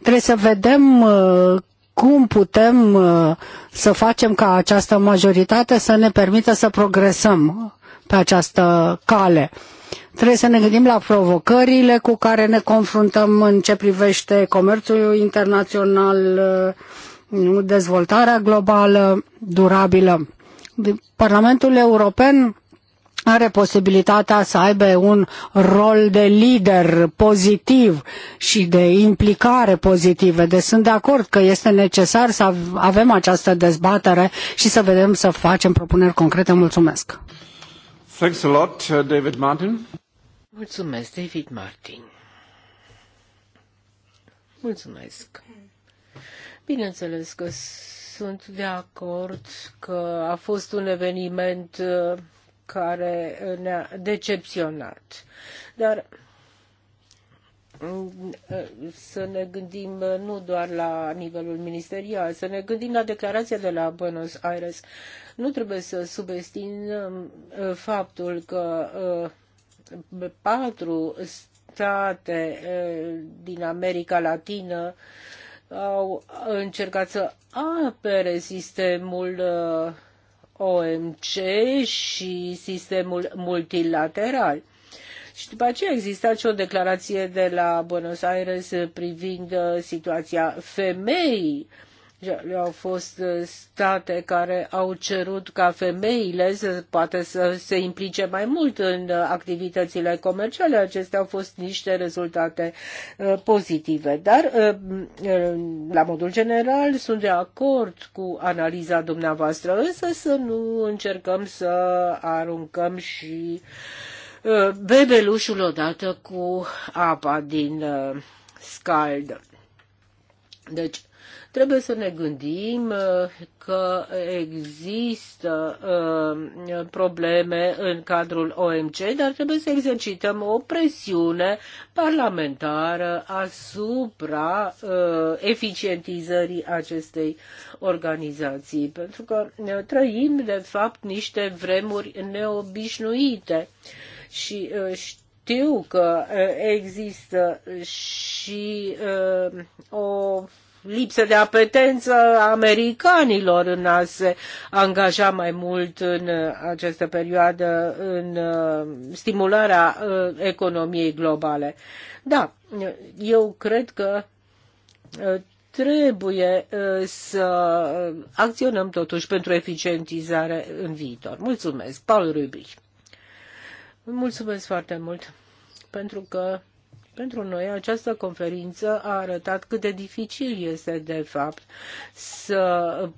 Trebuie să vedem uh, cum putem uh, să facem ca această majoritate să ne permită să progresăm pe această cale. Trebuie să ne gândim la provocările cu care ne confruntăm în ce privește comerțul internațional, dezvoltarea globală durabilă. Parlamentul European are posibilitatea să aibă un rol de lider pozitiv și de implicare pozitivă. Deci sunt de acord că este necesar să avem această dezbatere și să vedem să facem propuneri concrete. Mulțumesc! Thanks a lot, uh, David Martin. Mulțumesc, David Martin. Mulțumesc. Bineînțeles că sunt de acord că a fost un eveniment uh, care ne-a decepționat. Dar mm, uh, să ne gândim uh, nu doar la nivelul ministerial, să ne gândim la declarația de la Buenos Aires. Nu trebuie să subestimăm faptul că uh, patru state eh, din America Latină au încercat să apere sistemul eh, OMC și sistemul multilateral. Și după aceea a existat și o declarație de la Buenos Aires privind eh, situația femeii uh, au fost uh, state care au cerut ca femeile să poate să se implice mai mult în uh, activitățile comerciale. Acestea au fost niște rezultate uh, pozitive. Dar, la modul general, sunt de acord cu analiza dumneavoastră, însă să nu încercăm să aruncăm și bebelușul odată cu apa din scaldă. Deci, Trebuie să ne gândim uh, că există uh, probleme în cadrul OMC, dar trebuie să exercităm o presiune parlamentară asupra uh, eficientizării acestei organizații, pentru că trăim, de fapt, niște vremuri neobișnuite și știu că există și o lipsă de apetență a americanilor în a se angaja mai mult în această perioadă în uh, stimularea uh, economiei globale. Da, eu cred că uh, trebuie să acționăm totuși pentru eficientizare în viitor. Mulțumesc, Paul Rubic. Mulțumesc foarte mult pentru că pentru noi această conferință a arătat cât de dificil este de fapt să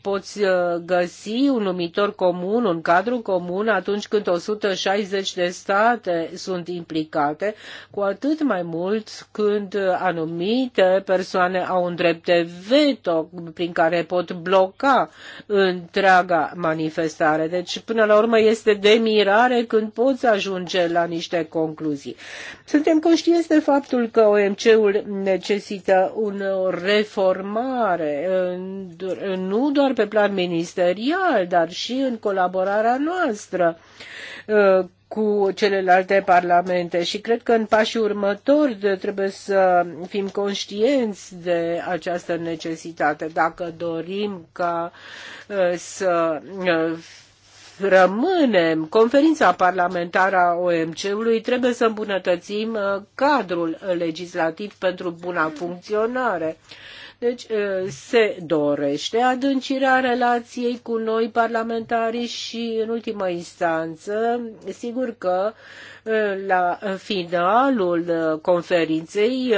poți uh, găsi un numitor comun, un cadru comun atunci când 160 de state sunt implicate, cu atât mai mult când anumite persoane au un drept de veto prin care pot bloca întreaga manifestare. Deci până la urmă este de mirare când poți ajunge la niște concluzii. Suntem conștienți de fapt faptul că OMC-ul necesită o reformare, nu doar pe plan ministerial, dar și în colaborarea noastră uh, cu celelalte parlamente și cred că în pașii următori trebuie să fim conștienți de această necesitate dacă dorim ca uh, să uh, rămânem conferința parlamentară a OMC-ului, trebuie să îmbunătățim uh, cadrul legislativ pentru buna funcționare. Deci uh, se dorește adâncirea relației cu noi parlamentari și, în ultimă instanță, sigur că uh, la finalul conferinței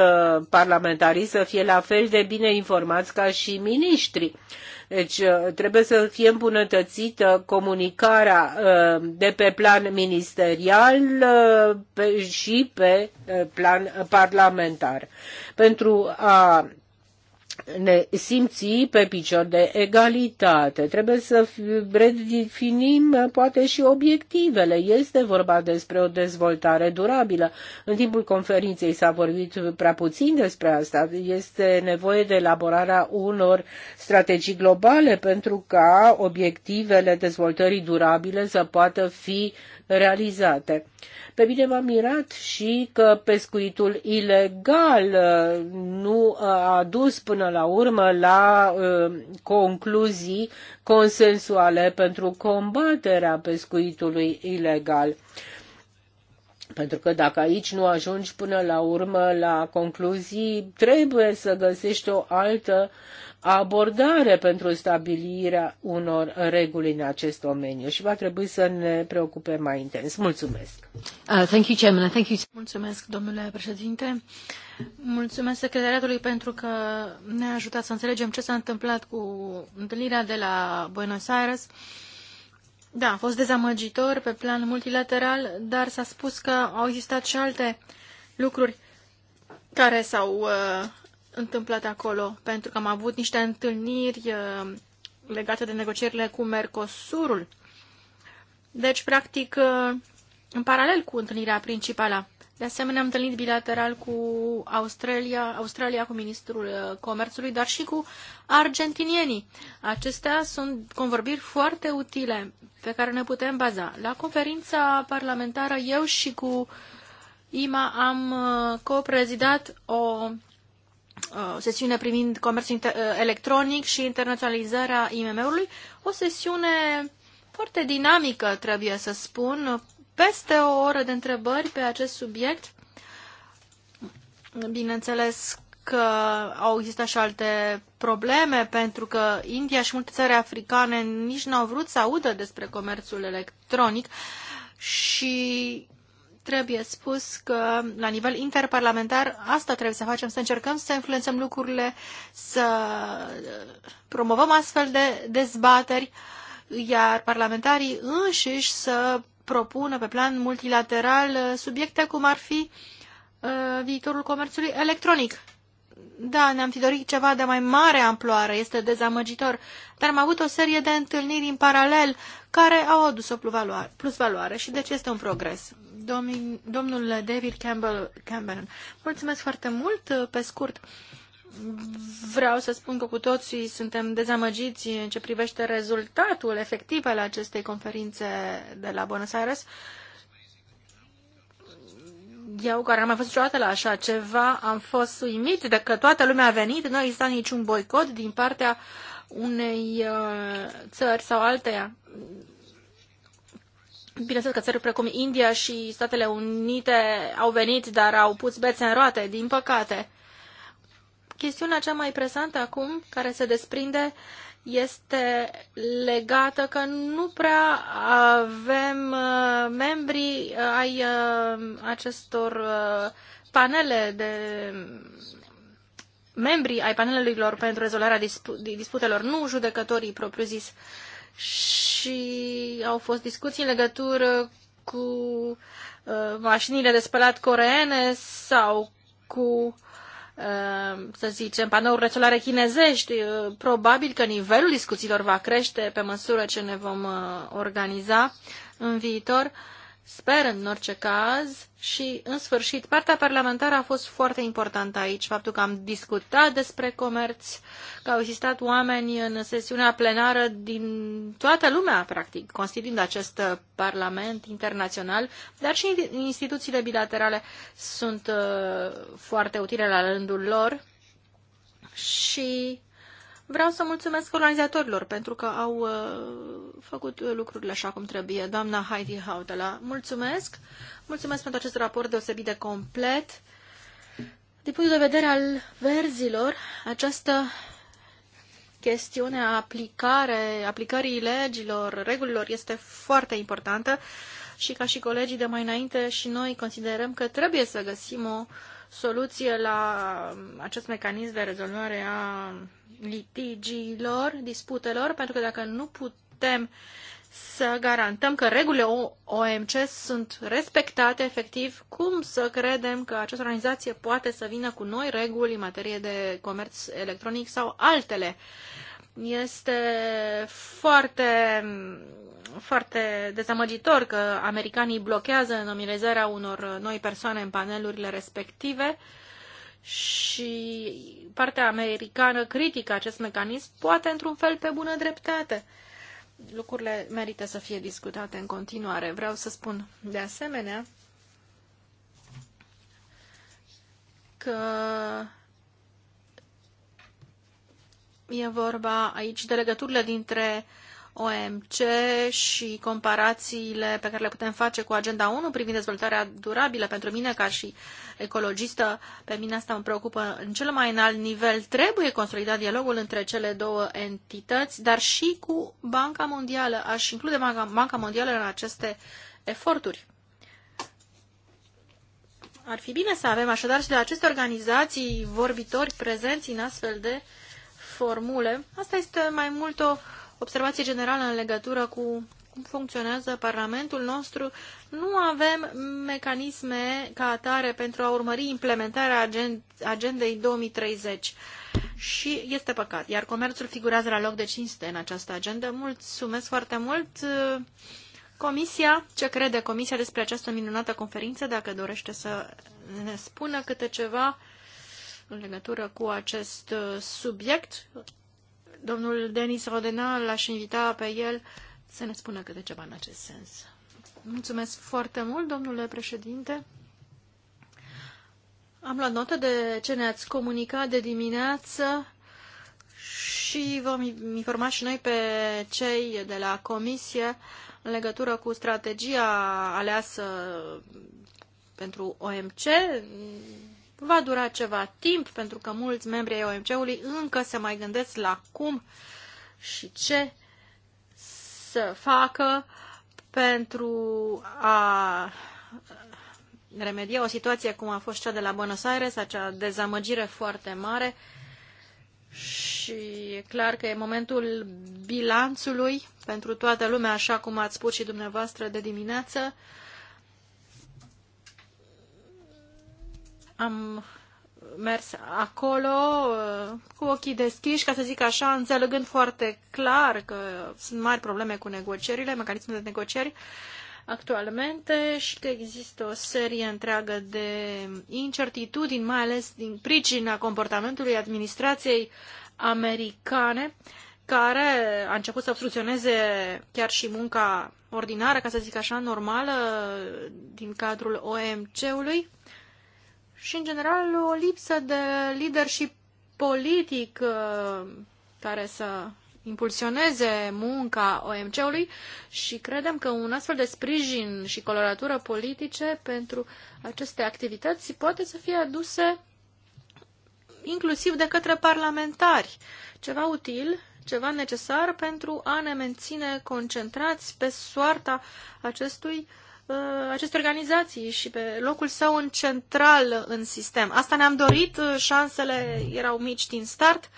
parlamentarii să fie la fel de bine informați ca și miniștrii. Deci uh, trebuie să fie îmbunătățită comunicarea uh, de pe plan ministerial uh, și pe plan parlamentar pentru a ne simți pe picior de egalitate. Trebuie să redefinim poate și obiectivele. Este vorba despre o dezvoltare durabilă. În timpul conferinței s-a vorbit prea puțin despre asta. Este nevoie de elaborarea unor strategii globale pentru ca obiectivele dezvoltării durabile să poată fi realizate. Pe mine m-a mirat și că pescuitul ilegal uh, nu uh, a dus până la urmă la uh, concluzii consensuale pentru combaterea pescuitului ilegal. Pentru că dacă aici nu ajungi până la urmă la concluzii, trebuie să găsești o altă uh, abordare pentru stabilirea unor reguli în acest domeniu și va trebui să ne preocupe mai intens. Mulțumesc! Uh, thank you, Chairman. Thank you. Mulțumesc, domnule președinte. Mulțumesc secretariatului pentru că ne-a ajutat să înțelegem ce s-a întâmplat cu întâlnirea de la Buenos Aires. Da, a fost dezamăgitor pe plan multilateral, dar s-a spus că au existat și alte lucruri care s-au uh, întâmplat acolo, pentru că am avut niște întâlniri uh, legate de negocierile cu Mercosurul. Deci, practic, uh, în paralel cu întâlnirea principală. De asemenea, am întâlnit bilateral cu Australia, Australia cu ministrul uh, comerțului, dar și cu argentinienii. Acestea sunt convorbiri foarte utile pe care ne putem baza. La conferința parlamentară, eu și cu IMA am coprezidat o Uh, sesiune privind comerțul uh, electronic și internaționalizarea IMM-ului, o sesiune foarte dinamică, trebuie să spun, peste o oră de întrebări pe acest subiect. Bineînțeles că au existat și alte probleme, pentru că India și multe țări africane nici n-au vrut să audă despre comerțul electronic și Trebuie spus că la nivel interparlamentar asta trebuie să facem, să încercăm să influențăm lucrurile, să uh, promovăm astfel de dezbateri, iar parlamentarii înșiși să propună pe plan multilateral uh, subiecte cum ar fi uh, viitorul comerțului electronic. Da, ne-am fi dorit ceva de mai mare amploare, este dezamăgitor, dar am avut o serie de întâlniri în paralel care au adus o plusvaloare și deci este un progres domnule domnul David Campbell, Cameron. Mulțumesc foarte mult, pe scurt. Vreau să spun că cu toții suntem dezamăgiți în ce privește rezultatul efectiv al acestei conferințe de la Buenos Aires. Eu, care am mai fost niciodată la așa ceva, am fost uimit de că toată lumea a venit, nu a existat niciun boicot din partea unei uh, țări sau alteia Bineînțeles că țări precum India și Statele Unite au venit, dar au pus bețe în roate, din păcate. Chestiunea cea mai presantă acum, care se desprinde, este legată că nu prea avem uh, membri uh, ai uh, acestor panele de membri ai panelelor pentru rezolvarea disputelor, nu judecătorii propriu-zis. Uh, și au fost discuții în legătură cu uh, mașinile de spălat coreene sau cu, uh, să zicem, panourile solare chinezești. Uh, probabil că nivelul discuțiilor va crește pe măsură ce ne vom organiza în viitor. Uh, Sper în orice caz și, în sfârșit, partea parlamentară a fost foarte importantă aici. Faptul că am discutat despre comerț, că au existat oameni în sesiunea plenară din toată lumea, practic, constituind acest uh, parlament internațional, dar și instituțiile bilaterale sunt uh, foarte utile la rândul lor și Vreau să mulțumesc organizatorilor pentru că au uh, făcut uh, lucrurile așa cum trebuie. Doamna Heidi Hautala, mulțumesc! Mulțumesc pentru acest raport deosebit de complet. Din punctul de vedere al verzilor, această chestiune a aplicare, aplicării legilor, regulilor este foarte importantă și ca și colegii de mai înainte și noi considerăm că trebuie să găsim o uh, soluție la acest mecanism de rezolvare a litigiilor, disputelor, pentru că dacă nu putem să garantăm că regulile OMC sunt respectate efectiv, cum să credem că această organizație poate să vină cu noi reguli în materie de comerț electronic sau altele? Uh, este foarte, foarte dezamăgitor că americanii blochează nominalizarea unor noi persoane în panelurile respective și partea americană critică acest mecanism, poate într-un fel pe bună dreptate. Lucrurile merită să fie discutate în continuare. Vreau să spun de asemenea că E vorba aici de legăturile dintre OMC și comparațiile pe care le putem face cu Agenda 1 privind dezvoltarea durabilă. Pentru mine, ca și ecologistă, pe mine asta mă preocupă în cel mai înalt nivel. Trebuie consolidat dialogul între cele două entități, dar și cu Banca Mondială. Aș include Banca, Banca Mondială în aceste eforturi. Ar fi bine să avem așadar și de aceste organizații vorbitori prezenți în astfel de uh, formule. Asta este mai mult o observație generală în legătură cu cum funcționează Parlamentul nostru. Nu avem mecanisme ca atare pentru a urmări implementarea agendei 2030. Și este păcat, iar comerțul figurează la loc de cinste în această agendă. Mulțumesc foarte mult! Comisia, ce crede Comisia despre această minunată conferință, dacă dorește să ne spună câte ceva în legătură cu acest uh, subiect. Domnul Denis Rodena l-aș invita pe el să ne spună câte ceva în acest sens. Mulțumesc foarte mult, domnule președinte. Am luat notă de ce ne-ați comunicat de dimineață și vom informa și noi pe cei de la comisie în legătură cu strategia aleasă pentru OMC. Va dura ceva timp pentru că mulți membri ai OMC-ului încă se mai gândesc la cum și ce să facă pentru a remedia o situație cum a fost cea de la Buenos Aires, acea dezamăgire foarte mare și e clar că e momentul bilanțului pentru toată lumea, așa cum ați spus și dumneavoastră de dimineață. am mers acolo uh, cu ochii deschiși, ca să zic așa, înțelegând foarte clar că sunt mari probleme cu negocierile, mecanismul de negocieri actualmente și că există o serie întreagă de incertitudini, mai ales din pricina comportamentului administrației americane, care a început să obstrucționeze chiar și munca ordinară, ca să zic așa, normală, din cadrul OMC-ului și, în general, o lipsă de leadership politic uh, care să impulsioneze munca OMC-ului și credem că un astfel de sprijin și coloratură politice pentru aceste activități poate să fie aduse inclusiv de către parlamentari. Ceva util, ceva necesar pentru a ne menține concentrați pe soarta acestui uh, Uh, aceste organizații și pe locul său în central în sistem. Asta ne-am dorit, uh, șansele erau mici din start.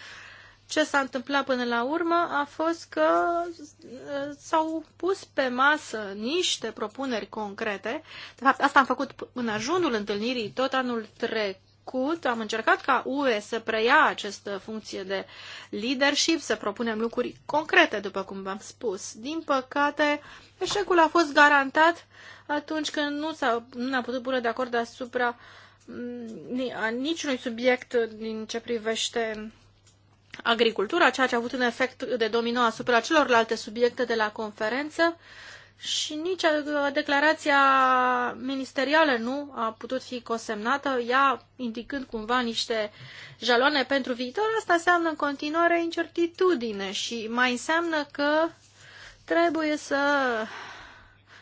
Ce s-a întâmplat până la urmă a fost că uh, s-au pus pe masă niște propuneri concrete. De fapt, asta am făcut în ajunul întâlnirii tot anul trecut trecut, am încercat ca UE să preia această funcție de leadership, să propunem lucruri concrete, după cum v-am spus. Din păcate, eșecul a fost garantat atunci când nu, s-a, nu ne-a putut pune de acord asupra mm, a niciunui subiect din ce privește agricultura, ceea ce a avut un efect de domino asupra celorlalte subiecte de la conferență și nici uh, declarația ministerială nu a putut fi consemnată, ea indicând cumva niște jaloane pentru viitor, asta înseamnă în continuare incertitudine și mai înseamnă că trebuie să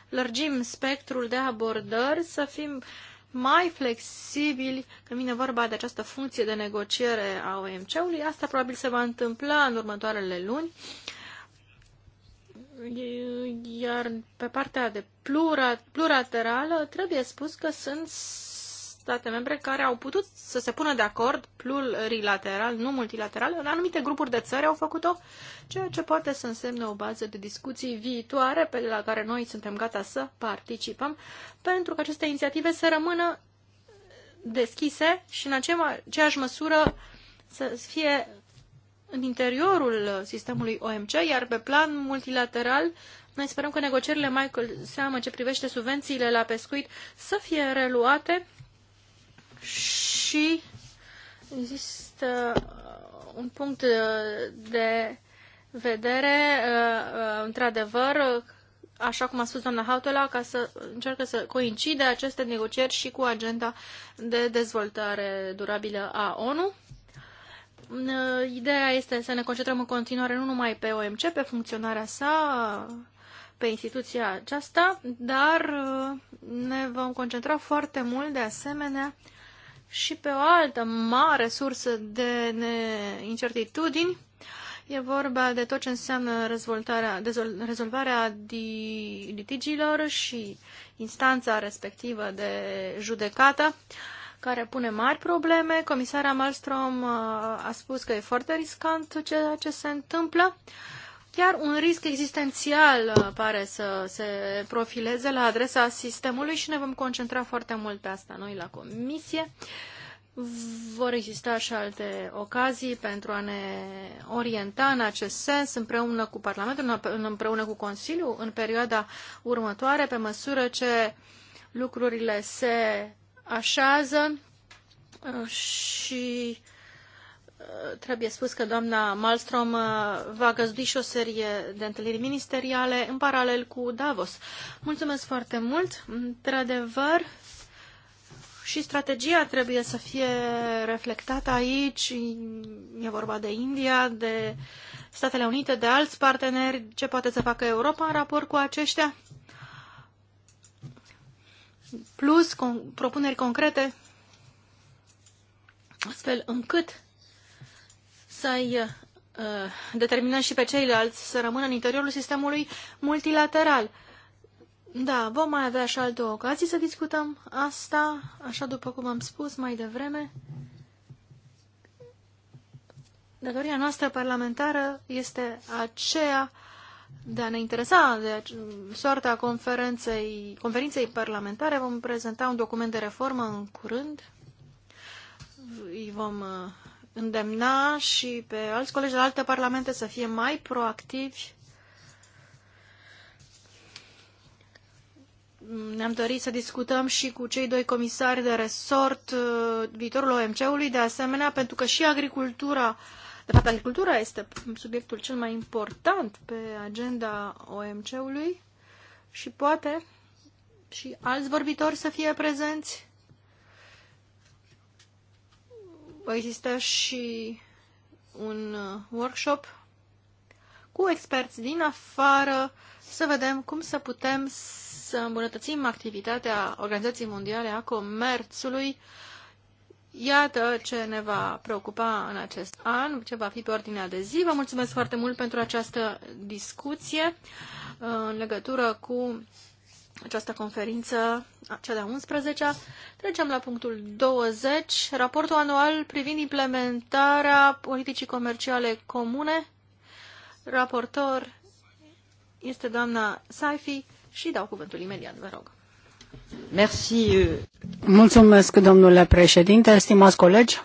lărgim spectrul de abordări, să fim mai flexibili când vine vorba de această funcție de negociere a OMC-ului. Asta probabil se va întâmpla în următoarele luni iar pe partea de plura, pluraterală trebuie spus că sunt state membre care au putut să se pună de acord plurilateral, nu multilateral, în anumite grupuri de țări au făcut-o, ceea ce poate să însemne o bază de discuții viitoare pe la care noi suntem gata să participăm, pentru că aceste inițiative să rămână deschise și în aceeași măsură să fie în interiorul sistemului OMC, iar pe plan multilateral, noi sperăm că negocierile mai seamă ce privește subvențiile la pescuit să fie reluate și există uh, un punct uh, de vedere, uh, într-adevăr, așa cum a spus doamna Hautela, ca să încearcă să coincide aceste negocieri și cu agenda de dezvoltare durabilă a ONU. Ideea este să ne concentrăm în continuare nu numai pe OMC, pe funcționarea sa, pe instituția aceasta, dar uh, ne vom concentra foarte mult de asemenea și pe o altă mare sursă de incertitudini. E vorba de tot ce înseamnă rezolvarea litigiilor și instanța respectivă de judecată. Uh, care pune mari probleme. Comisara Malmström uh, a spus că e foarte riscant ceea ce se întâmplă. Chiar un risc existențial uh, pare să se profileze la adresa sistemului și ne vom concentra foarte mult pe asta noi la comisie. Vor exista și alte ocazii pentru a ne orienta în acest sens împreună cu Parlamentul, împreună cu Consiliul în perioada următoare, pe măsură ce lucrurile se așează uh, și uh, trebuie spus că doamna Malmström uh, va găzdui și o serie de întâlniri ministeriale în paralel cu Davos. Mulțumesc foarte mult! Într-adevăr, și strategia trebuie să fie reflectată aici. E vorba de India, de Statele Unite, de alți parteneri, ce poate să facă Europa în raport cu aceștia plus con, propuneri concrete, astfel încât să-i uh, determinăm și pe ceilalți să rămână în interiorul sistemului multilateral. Da, vom mai avea și alte ocazii să discutăm asta, așa după cum am spus mai devreme. Datoria noastră parlamentară este aceea de a ne interesa de soarta conferinței, conferinței parlamentare, vom prezenta un document de reformă în curând. Îi vom uh, îndemna și pe alți colegi de alte parlamente să fie mai proactivi. Ne-am dorit să discutăm și cu cei doi comisari de resort uh, viitorul OMC-ului, de asemenea, pentru că și agricultura uh, de fapt, agricultura este subiectul cel mai important pe agenda OMC-ului și poate și alți vorbitori să fie prezenți. Va exista și un uh, workshop cu experți din afară să vedem cum să putem să îmbunătățim activitatea Organizației Mondiale a Comerțului Iată ce ne va preocupa în acest an, ce va fi pe ordinea de zi. Vă mulțumesc foarte mult pentru această discuție în legătură cu această conferință, cea de-a 11-a. Trecem la punctul 20, raportul anual privind implementarea politicii comerciale comune. Raportor este doamna Saifi și dau cuvântul imediat, vă rog. Merci. Euh. Mulțumesc, domnule președinte, stimați colegi.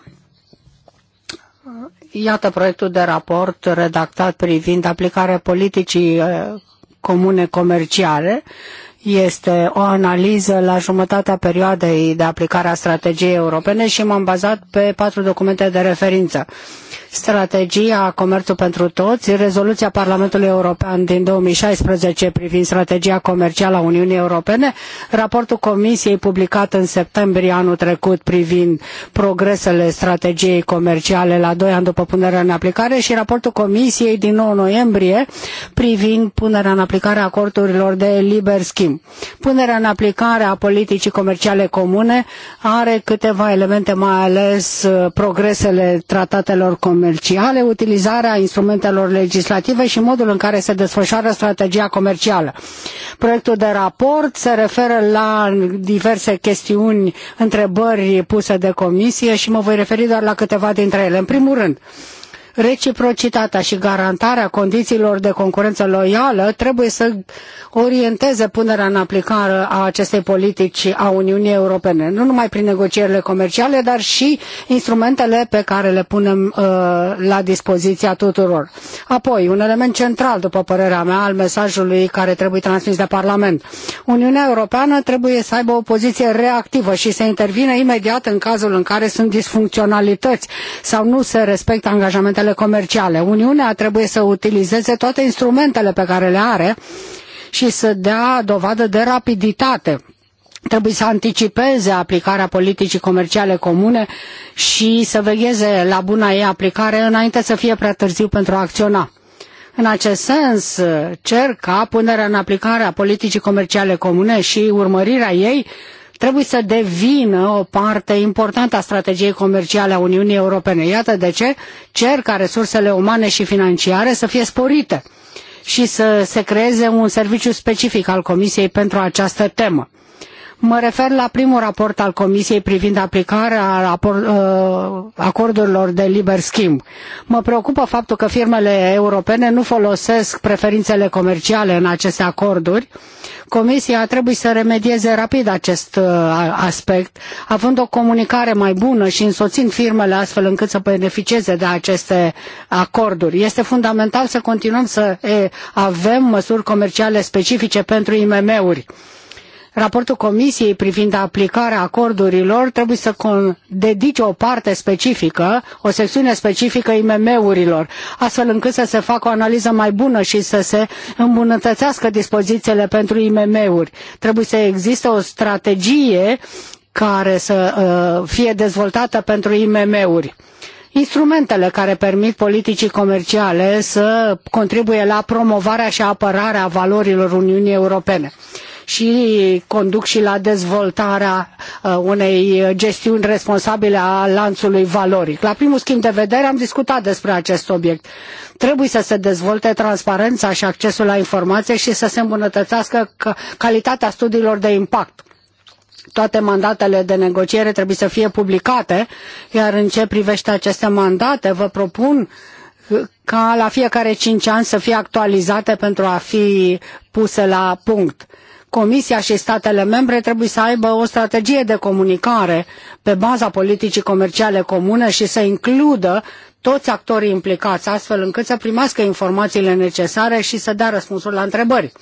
Iată proiectul de raport redactat privind aplicarea politicii uh, comune comerciale. Este o analiză la jumătatea perioadei de aplicare a strategiei europene și m-am bazat pe patru documente de referință strategia Comerțul pentru Toți, rezoluția Parlamentului European din 2016 privind strategia comercială a Uniunii Europene, raportul Comisiei publicat în septembrie anul trecut privind progresele strategiei comerciale la doi ani după punerea în aplicare și raportul Comisiei din 9 noiembrie privind punerea în aplicare a acordurilor de liber schimb. Punerea în aplicare a politicii comerciale comune are câteva elemente, mai ales uh, progresele tratatelor comerciale comerciale, utilizarea instrumentelor legislative și modul în care se desfășoară strategia comercială. Proiectul de raport se referă la diverse chestiuni, întrebări puse de comisie și mă voi referi doar la câteva dintre ele. În primul rând, reciprocitatea și garantarea condițiilor de concurență loială trebuie să orienteze punerea în aplicare a acestei politici a Uniunii Europene, nu numai prin negocierile comerciale, dar și instrumentele pe care le punem uh, la dispoziția tuturor. Apoi, un element central, după părerea mea, al mesajului care trebuie transmis de Parlament. Uniunea Europeană trebuie să aibă o poziție reactivă și să intervină imediat în cazul în care sunt disfuncționalități sau nu se respectă angajamentele balanțele comerciale. Uniunea trebuie să utilizeze toate instrumentele pe care le are și să dea dovadă de rapiditate trebuie să anticipeze aplicarea politicii comerciale comune și să vegheze la buna ei aplicare înainte să fie prea târziu pentru a acționa. În acest sens, cer ca punerea în aplicare a politicii comerciale comune și urmărirea ei trebuie să devină o parte importantă a strategiei comerciale a Uniunii Europene. Iată de ce cer ca resursele umane și financiare să fie sporite și să se creeze un serviciu specific al Comisiei pentru această temă. Mă refer la primul raport al Comisiei privind aplicarea ă, acordurilor de liber schimb. Mă preocupă faptul că firmele europene nu folosesc preferințele comerciale în aceste acorduri. Comisia trebuie să remedieze rapid acest ă, aspect, având o comunicare mai bună și însoțind firmele astfel încât să beneficieze de aceste acorduri. Este fundamental să continuăm să avem măsuri comerciale specifice pentru IMM-uri raportul Comisiei privind aplicarea acordurilor trebuie să dedice o parte specifică, o secțiune specifică IMM-urilor, astfel încât să se facă o analiză mai bună și să se îmbunătățească dispozițiile pentru IMM-uri. Trebuie să existe o strategie care să uh, fie dezvoltată pentru IMM-uri instrumentele care permit politicii comerciale să contribuie la promovarea și apărarea valorilor Uniunii Europene și conduc și la dezvoltarea uh, unei gestiuni responsabile a lanțului valoric. La primul schimb de vedere am discutat despre acest obiect. Trebuie să se dezvolte transparența și accesul la informație și să se îmbunătățească calitatea studiilor de impact toate mandatele de negociere trebuie să fie publicate, iar în ce privește aceste mandate, vă propun uh, ca la fiecare cinci ani să fie actualizate pentru a fi puse la punct. Comisia și statele membre trebuie să aibă o strategie de comunicare pe baza politicii comerciale comune și să includă toți actorii implicați, astfel încât să primească informațiile necesare și să dea răspunsuri la întrebări.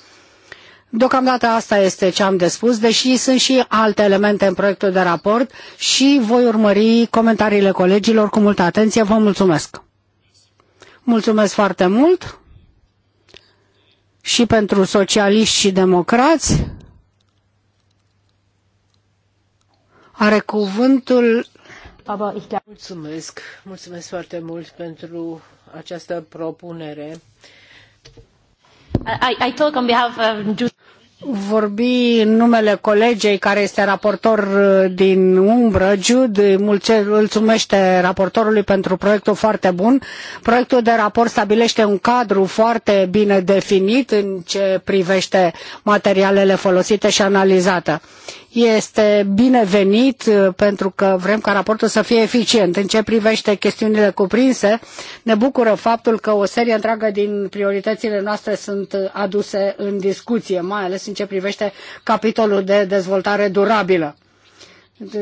Deocamdată asta este ce am de spus, deși sunt și alte elemente în proiectul de raport și voi urmări comentariile colegilor cu multă atenție. Vă mulțumesc! Mulțumesc foarte mult! și pentru socialiști și democrați. Are cuvântul. Mulțumesc, mulțumesc foarte mult pentru această propunere. I, I talk on behalf of vorbi în numele colegei care este raportor uh, din umbră, Jude, mulțumește raportorului pentru proiectul foarte bun. Proiectul de raport stabilește un cadru foarte bine definit în ce privește materialele folosite și analizate este binevenit uh, pentru că vrem ca raportul să fie eficient. În ce privește chestiunile cuprinse, ne bucură faptul că o serie întreagă din prioritățile noastre sunt uh, aduse în discuție, mai ales în ce privește capitolul de dezvoltare durabilă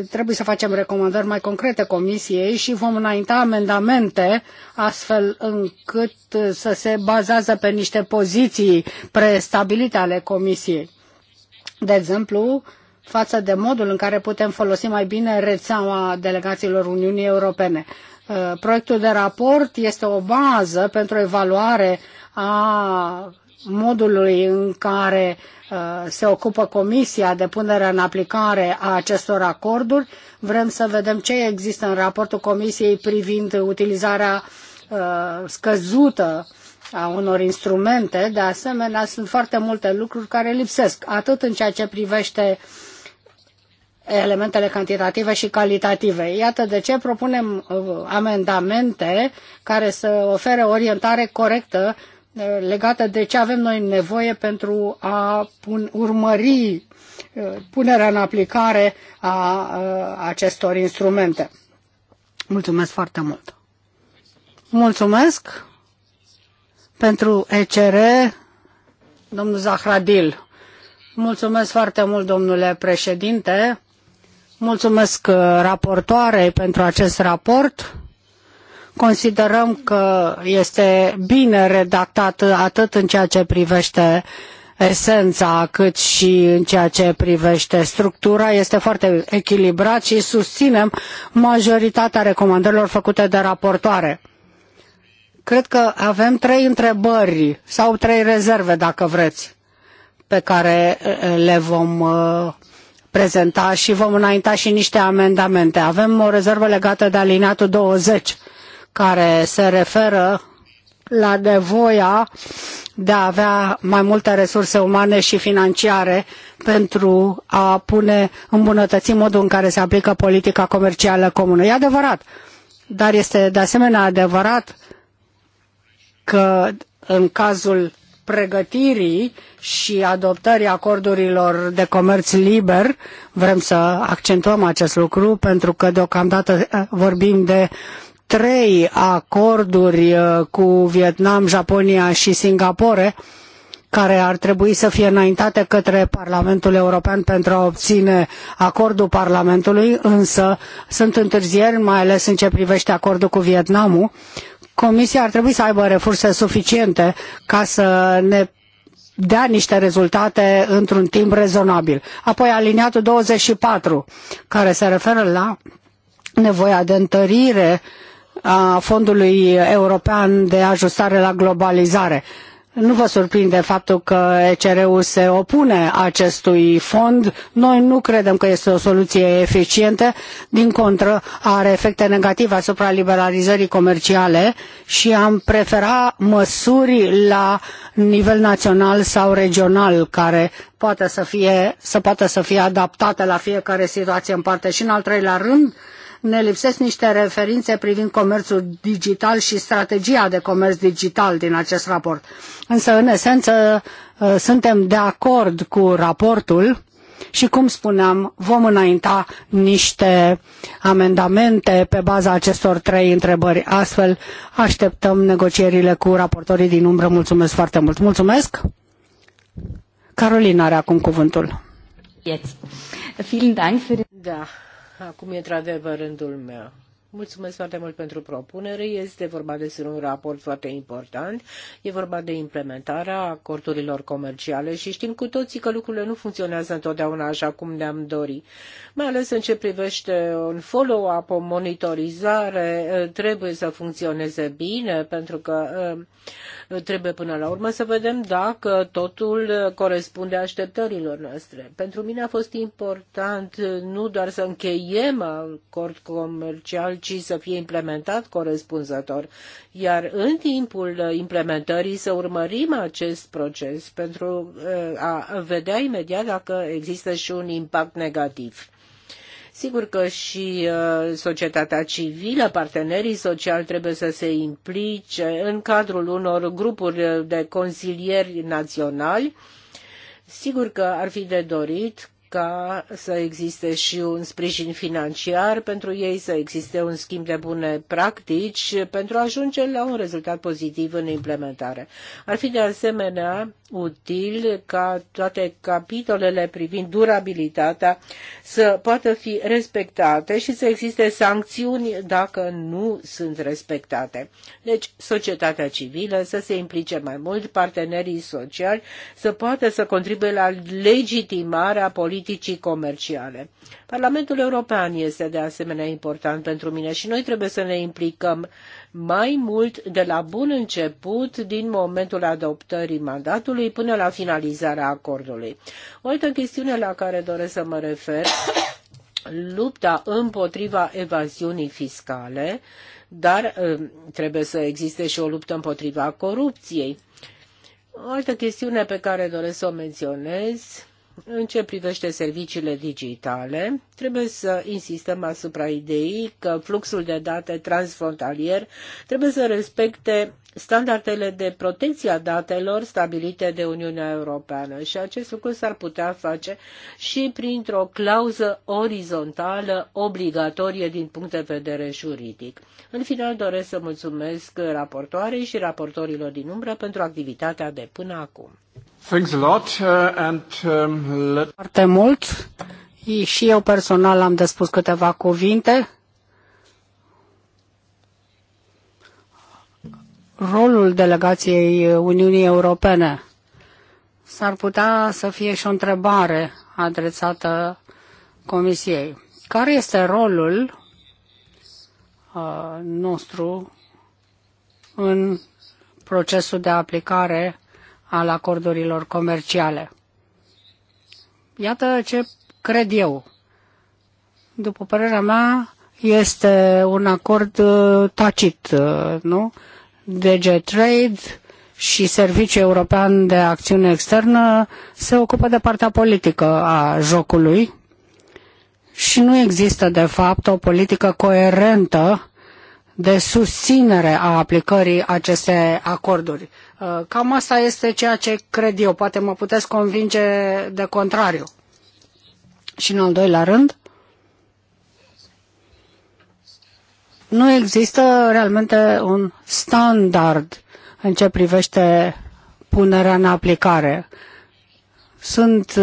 trebuie să facem recomandări mai concrete comisiei și vom înainta amendamente astfel încât uh, să se bazează pe niște poziții prestabilite ale comisiei. De exemplu, față de modul în care putem folosi mai bine rețeaua delegațiilor Uniunii Europene. Uh, proiectul de raport este o bază pentru evaluare a modului în care uh, se ocupă Comisia de punerea în aplicare a acestor acorduri. Vrem să vedem ce există în raportul Comisiei privind utilizarea uh, scăzută a unor instrumente. De asemenea, sunt foarte multe lucruri care lipsesc, atât în ceea ce privește uh, elementele cantitative și calitative. Iată de ce propunem uh, amendamente care să ofere orientare corectă uh, legată de ce avem noi nevoie pentru a pun, urmări uh, punerea în aplicare a acestor instrumente. Mulțumesc foarte mult! Mulțumesc pentru ECR, domnul Zahradil. Mulțumesc foarte mult, domnule președinte. Mulțumesc uh, raportoarei pentru acest raport. Considerăm că este bine redactat atât în ceea ce privește esența, cât și în ceea ce privește structura. Este foarte echilibrat și susținem majoritatea recomandărilor făcute de raportoare. Cred că avem trei întrebări sau trei rezerve, dacă vreți, pe care uh, le vom uh, prezenta și vom înainta și niște amendamente. Avem o rezervă legată de alineatul 20, care se referă la nevoia de a avea mai multe resurse umane și financiare pentru a pune, îmbunătăți modul în care se aplică politica comercială comună. E adevărat, dar este de asemenea adevărat că în cazul pregătirii și adoptării acordurilor de comerț liber. Vrem să accentuăm acest lucru pentru că deocamdată eh, vorbim de trei acorduri eh, cu Vietnam, Japonia și Singapore care ar trebui să fie înaintate către Parlamentul European pentru a obține acordul Parlamentului, însă sunt întârzieri, mai ales în ce privește acordul cu Vietnamul, Comisia ar trebui să aibă resurse suficiente ca să ne dea niște rezultate într-un timp rezonabil. Apoi aliniatul 24, care se referă la nevoia de întărire a Fondului European de Ajustare la Globalizare. Nu vă surprinde faptul că ECR-ul se opune acestui fond. Noi nu credem că este o soluție eficientă, din contră are efecte negative asupra liberalizării comerciale și am prefera măsuri la nivel național sau regional care poate să, fie, să poată să fie adaptate la fiecare situație în parte. Și în al treilea rând, ne lipsesc niște referințe privind comerțul digital și strategia de comerț digital din acest raport. Însă, în esență, uh, suntem de acord cu raportul și, cum spuneam, vom înainta niște amendamente pe baza acestor trei întrebări. Astfel, așteptăm negocierile cu raportorii din umbră. Mulțumesc foarte mult! Mulțumesc! Carolina are acum cuvântul. Da, Acum intră într-adevăr rândul meu. Mulțumesc foarte mult pentru propunere. Este vorba despre un raport foarte important. E vorba de implementarea acordurilor comerciale și știm cu toții că lucrurile nu funcționează întotdeauna așa cum ne-am dori. Mai ales în ce privește un follow-up, o monitorizare, eh, trebuie să funcționeze bine pentru că eh, trebuie până la urmă să vedem dacă totul corespunde așteptărilor noastre. Pentru mine a fost important eh, nu doar să încheiem acord comercial, ci să fie implementat corespunzător, iar în timpul implementării să urmărim acest proces pentru eh, a vedea imediat dacă există și un impact negativ. Sigur că și eh, societatea civilă, partenerii sociali trebuie să se implice în cadrul unor grupuri de consilieri naționali. Sigur că ar fi de dorit ca să existe și un sprijin financiar pentru ei, să existe un schimb de bune practici pentru a ajunge la un rezultat pozitiv în implementare. Ar fi de asemenea util ca toate capitolele privind durabilitatea să poată fi respectate și să existe sancțiuni dacă nu sunt respectate. Deci, societatea civilă să se implice mai mult, partenerii sociali să poată să contribuie la legitimarea politicii politicii comerciale. Parlamentul European este de asemenea important pentru mine și noi trebuie să ne implicăm mai mult de la bun început, din momentul adoptării mandatului până la finalizarea acordului. O altă chestiune la care doresc să mă refer lupta împotriva evaziunii fiscale, dar um, trebuie să existe și o luptă împotriva corupției. O altă chestiune pe care doresc să o menționez în ce privește serviciile digitale, trebuie să insistăm asupra ideii că fluxul de date transfrontalier trebuie să respecte standardele de protecție a datelor stabilite de Uniunea Europeană și acest lucru s-ar putea face și printr-o clauză orizontală obligatorie din punct de vedere juridic. În final doresc să mulțumesc raportoarei și raportorilor din umbră pentru activitatea de până acum. Thanks a lot uh, and um, let... Foarte mult și eu personal am de spus câteva cuvinte. Rolul delegației Uniunii Europene s-ar putea să fie și o întrebare adresată Comisiei. Care este rolul uh, nostru în procesul de aplicare al acordurilor comerciale. Iată ce cred eu. După părerea mea, este un acord uh, tacit, uh, nu? DG Trade și Serviciul European de Acțiune Externă se ocupă de partea politică a jocului și nu există, de fapt, o politică coerentă de susținere a aplicării acestor acorduri. Uh, cam asta este ceea ce cred eu. Poate mă puteți convinge de contrariu. Și în al doilea rând, nu există realmente un standard în ce privește punerea în aplicare. Sunt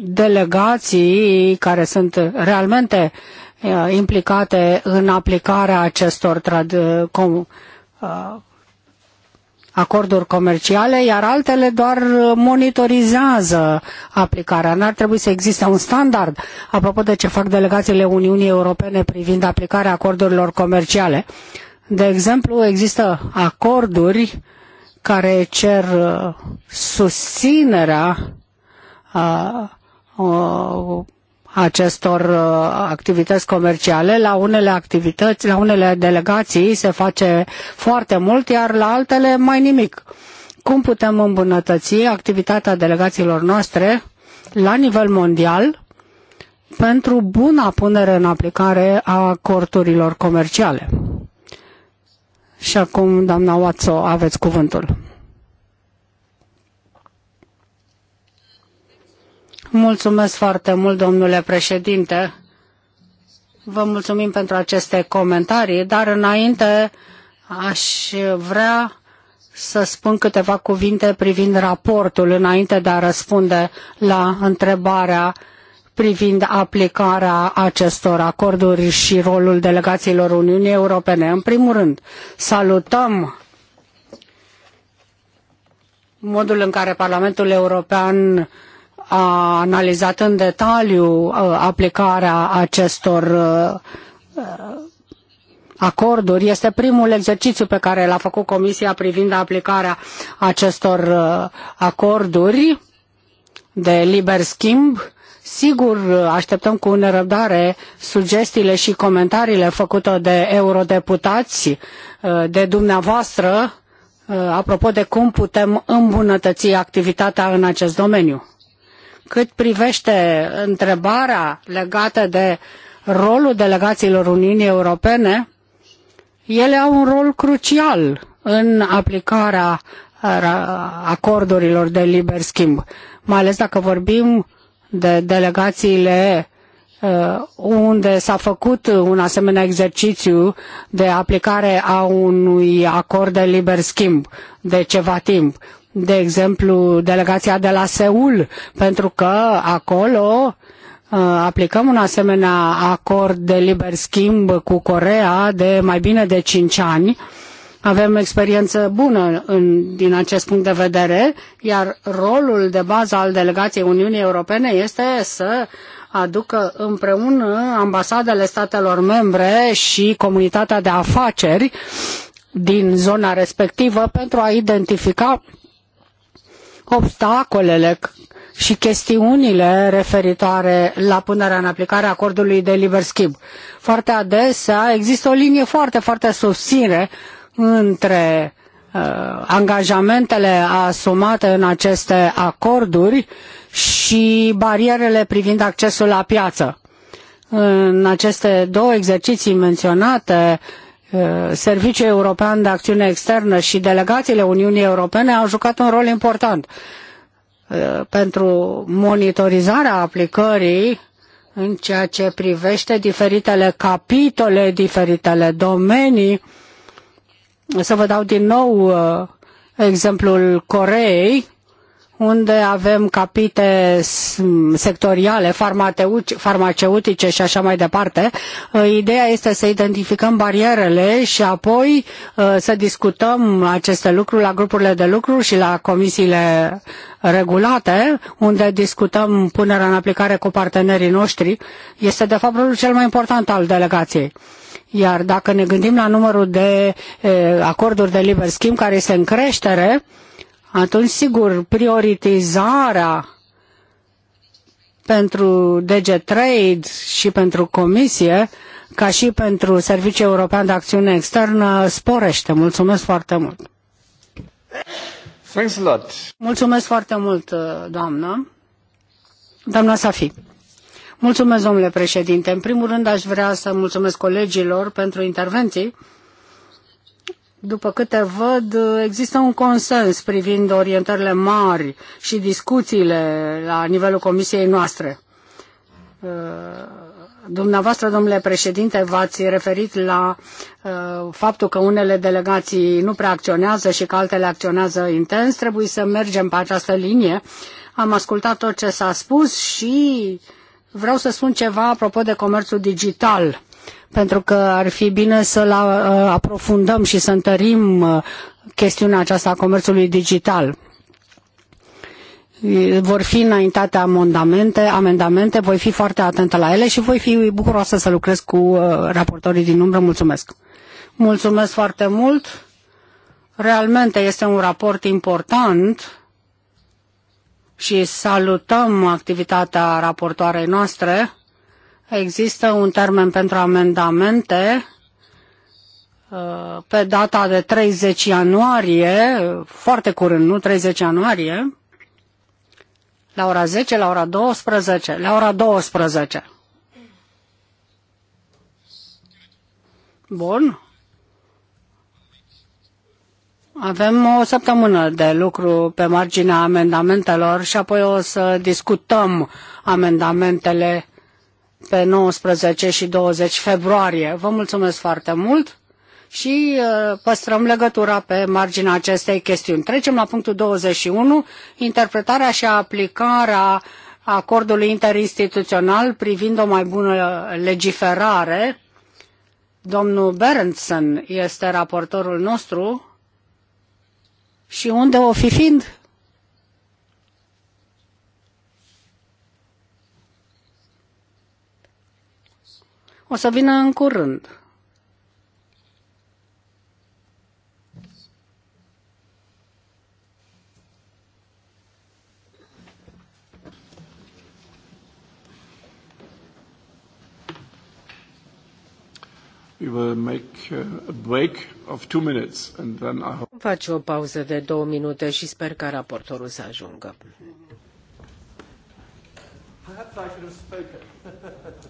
delegații care sunt realmente uh, Uh, implicate în aplicarea acestor uh, com, uh, acorduri comerciale, iar altele doar monitorizează aplicarea. N-ar trebui să existe un standard, apropo de ce fac delegațiile Uniunii Europene privind aplicarea acordurilor comerciale. De exemplu, există acorduri care cer susținerea a, a, acestor uh, activități comerciale. La unele activități, la unele delegații se face foarte mult, iar la altele mai nimic. Cum putem îmbunătăți activitatea delegațiilor noastre la nivel mondial pentru buna punere în aplicare a acordurilor comerciale? Și acum, doamna Oațo, aveți cuvântul. Mulțumesc foarte mult, domnule președinte. Vă mulțumim pentru aceste comentarii, dar înainte aș vrea să spun câteva cuvinte privind raportul, înainte de a răspunde la întrebarea privind aplicarea acestor acorduri și rolul delegațiilor Uniunii Europene. În primul rând, salutăm modul în care Parlamentul European a analizat în detaliu uh, aplicarea acestor uh, uh, acorduri. Este primul exercițiu pe care l-a făcut Comisia privind aplicarea acestor acorduri de liber schimb. Sigur, așteptăm cu nerăbdare sugestiile și comentariile făcute de eurodeputați, de dumneavoastră, apropo de cum putem îmbunătăți activitatea în acest domeniu. Cât privește întrebarea legată de rolul delegațiilor Uniunii Europene, ele au un rol crucial în aplicarea uh, acordurilor de liber schimb, mai ales dacă vorbim de delegațiile uh, unde s-a făcut un asemenea exercițiu de aplicare a unui acord de liber schimb de ceva timp de exemplu, delegația de la Seul, pentru că acolo uh, aplicăm un asemenea acord de liber schimb cu Corea de mai bine de 5 ani. Avem experiență bună în, din acest punct de vedere, iar rolul de bază al delegației Uniunii Europene este să aducă împreună ambasadele statelor membre și comunitatea de afaceri din zona respectivă pentru a identifica obstacolele și chestiunile referitoare la punerea în aplicare a acordului de liber schimb. Foarte adesea există o linie foarte, foarte susținere între uh, angajamentele asumate în aceste acorduri și barierele privind accesul la piață. În aceste două exerciții menționate, uh, Uh, Serviciul European de Acțiune Externă și delegațiile Uniunii Europene au jucat un rol important uh, pentru monitorizarea aplicării în ceea ce privește diferitele capitole, diferitele domenii. Să vă dau din nou uh, exemplul Coreei, unde avem capite sectoriale, farmaceutice și așa mai departe. Uh, ideea este să identificăm barierele și apoi uh, să discutăm aceste lucruri la grupurile de lucru și la comisiile regulate, unde discutăm punerea în aplicare cu partenerii noștri. Este de fapt rolul cel mai important al delegației. Iar dacă ne gândim la numărul de eh, acorduri de liber schimb care este în creștere, atunci, sigur, prioritizarea pentru DG Trade și pentru Comisie, ca și pentru Serviciul European de Acțiune Externă, sporește. Mulțumesc foarte mult! Thanks a lot. Mulțumesc foarte mult, doamnă. Doamna Safi. Mulțumesc, domnule președinte. În primul rând, aș vrea să mulțumesc colegilor pentru intervenții după câte văd, există un consens privind orientările mari și discuțiile la nivelul comisiei noastre. Uh, dumneavoastră, domnule președinte, v-ați referit la uh, faptul că unele delegații nu prea acționează și că altele acționează intens. Trebuie să mergem pe această linie. Am ascultat tot ce s-a spus și vreau să spun ceva apropo de comerțul digital pentru că ar fi bine să-l uh, aprofundăm și să întărim uh, chestiunea aceasta a comerțului digital. Vor fi înaintate amendamente, amendamente, voi fi foarte atentă la ele și voi fi bucuroasă să lucrez cu uh, raportorii din umbră. Mulțumesc! Mulțumesc foarte mult! Realmente este un raport important și salutăm activitatea raportoarei noastre Există un termen pentru amendamente uh, pe data de 30 ianuarie, foarte curând, nu 30 ianuarie, la ora 10, la ora 12, la ora 12. Bun. Avem o săptămână de lucru pe marginea amendamentelor și apoi o să discutăm amendamentele pe 19 și 20 februarie. Vă mulțumesc foarte mult și uh, păstrăm legătura pe marginea acestei chestiuni. Trecem la punctul 21, interpretarea și aplicarea acordului interinstituțional privind o mai bună legiferare. Domnul Berendsen este raportorul nostru și unde o fi fiind? o să vină în curând. We will make uh, a break of two minutes and then I hope... Face o pauză de două minute și sper ca raportorul să ajungă. Perhaps I should have spoken.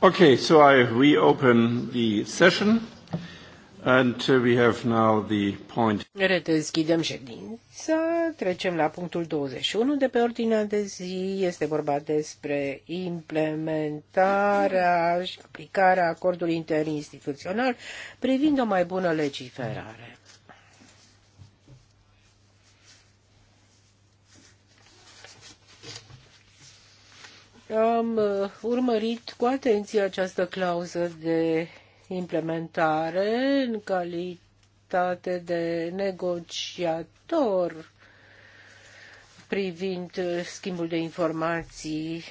Okay, so I reopen the session and uh, we have now the point. Redeschidem ședința, trecem la punctul 21 de pe ordinea de zi. Este vorba despre implementarea și aplicarea acordului interinstituțional privind o mai bună legiferare. cu atenție această clauză de implementare în calitate de negociator privind schimbul de informații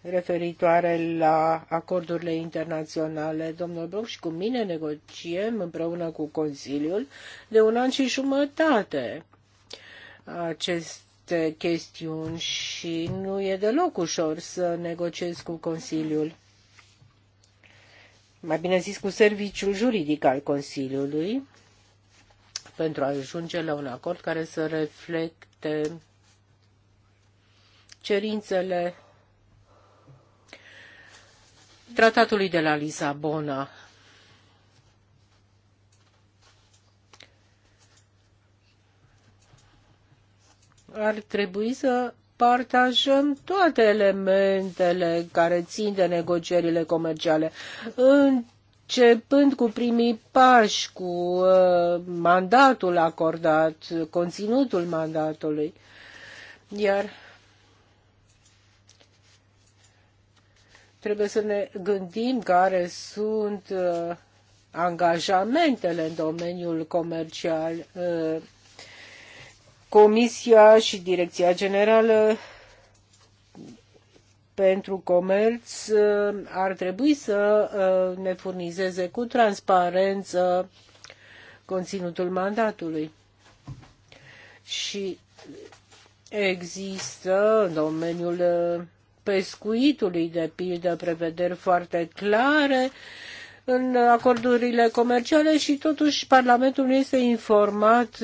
referitoare la acordurile internaționale. Domnul Broc și cu mine negociem împreună cu Consiliul de un an și jumătate acest aceste chestiuni și nu e deloc ușor să negociez cu Consiliul. Mai bine zis, cu serviciul juridic al Consiliului pentru a ajunge la un acord care să reflecte cerințele tratatului de la Lisabona ar trebui să partajăm toate elementele care țin de negocierile comerciale, începând cu primii pași, cu uh, mandatul acordat, conținutul mandatului. Iar trebuie să ne gândim care sunt uh, angajamentele în domeniul comercial uh, Comisia și Direcția Generală pentru Comerț uh, ar trebui să uh, ne furnizeze cu transparență conținutul mandatului. Și există în domeniul uh, pescuitului, de pildă, prevederi foarte clare în acordurile comerciale și totuși Parlamentul nu este informat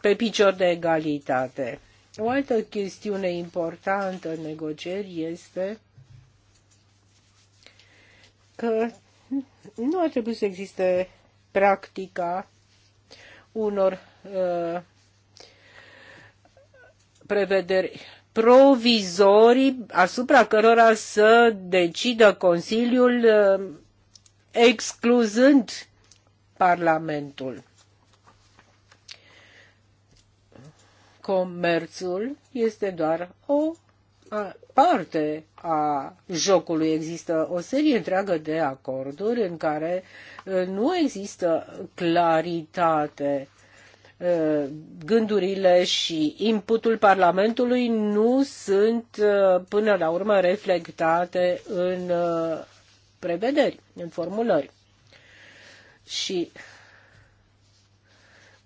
pe picior de egalitate. O altă chestiune importantă în negocieri este că nu ar trebui să existe practica unor uh, prevederi provizorii asupra cărora să decidă Consiliul uh, excluzând Parlamentul. comerțul este doar o parte a jocului. Există o serie întreagă de acorduri în care uh, nu există claritate. Uh, gândurile și inputul Parlamentului nu sunt uh, până la urmă reflectate în prevederi, în formulări. Și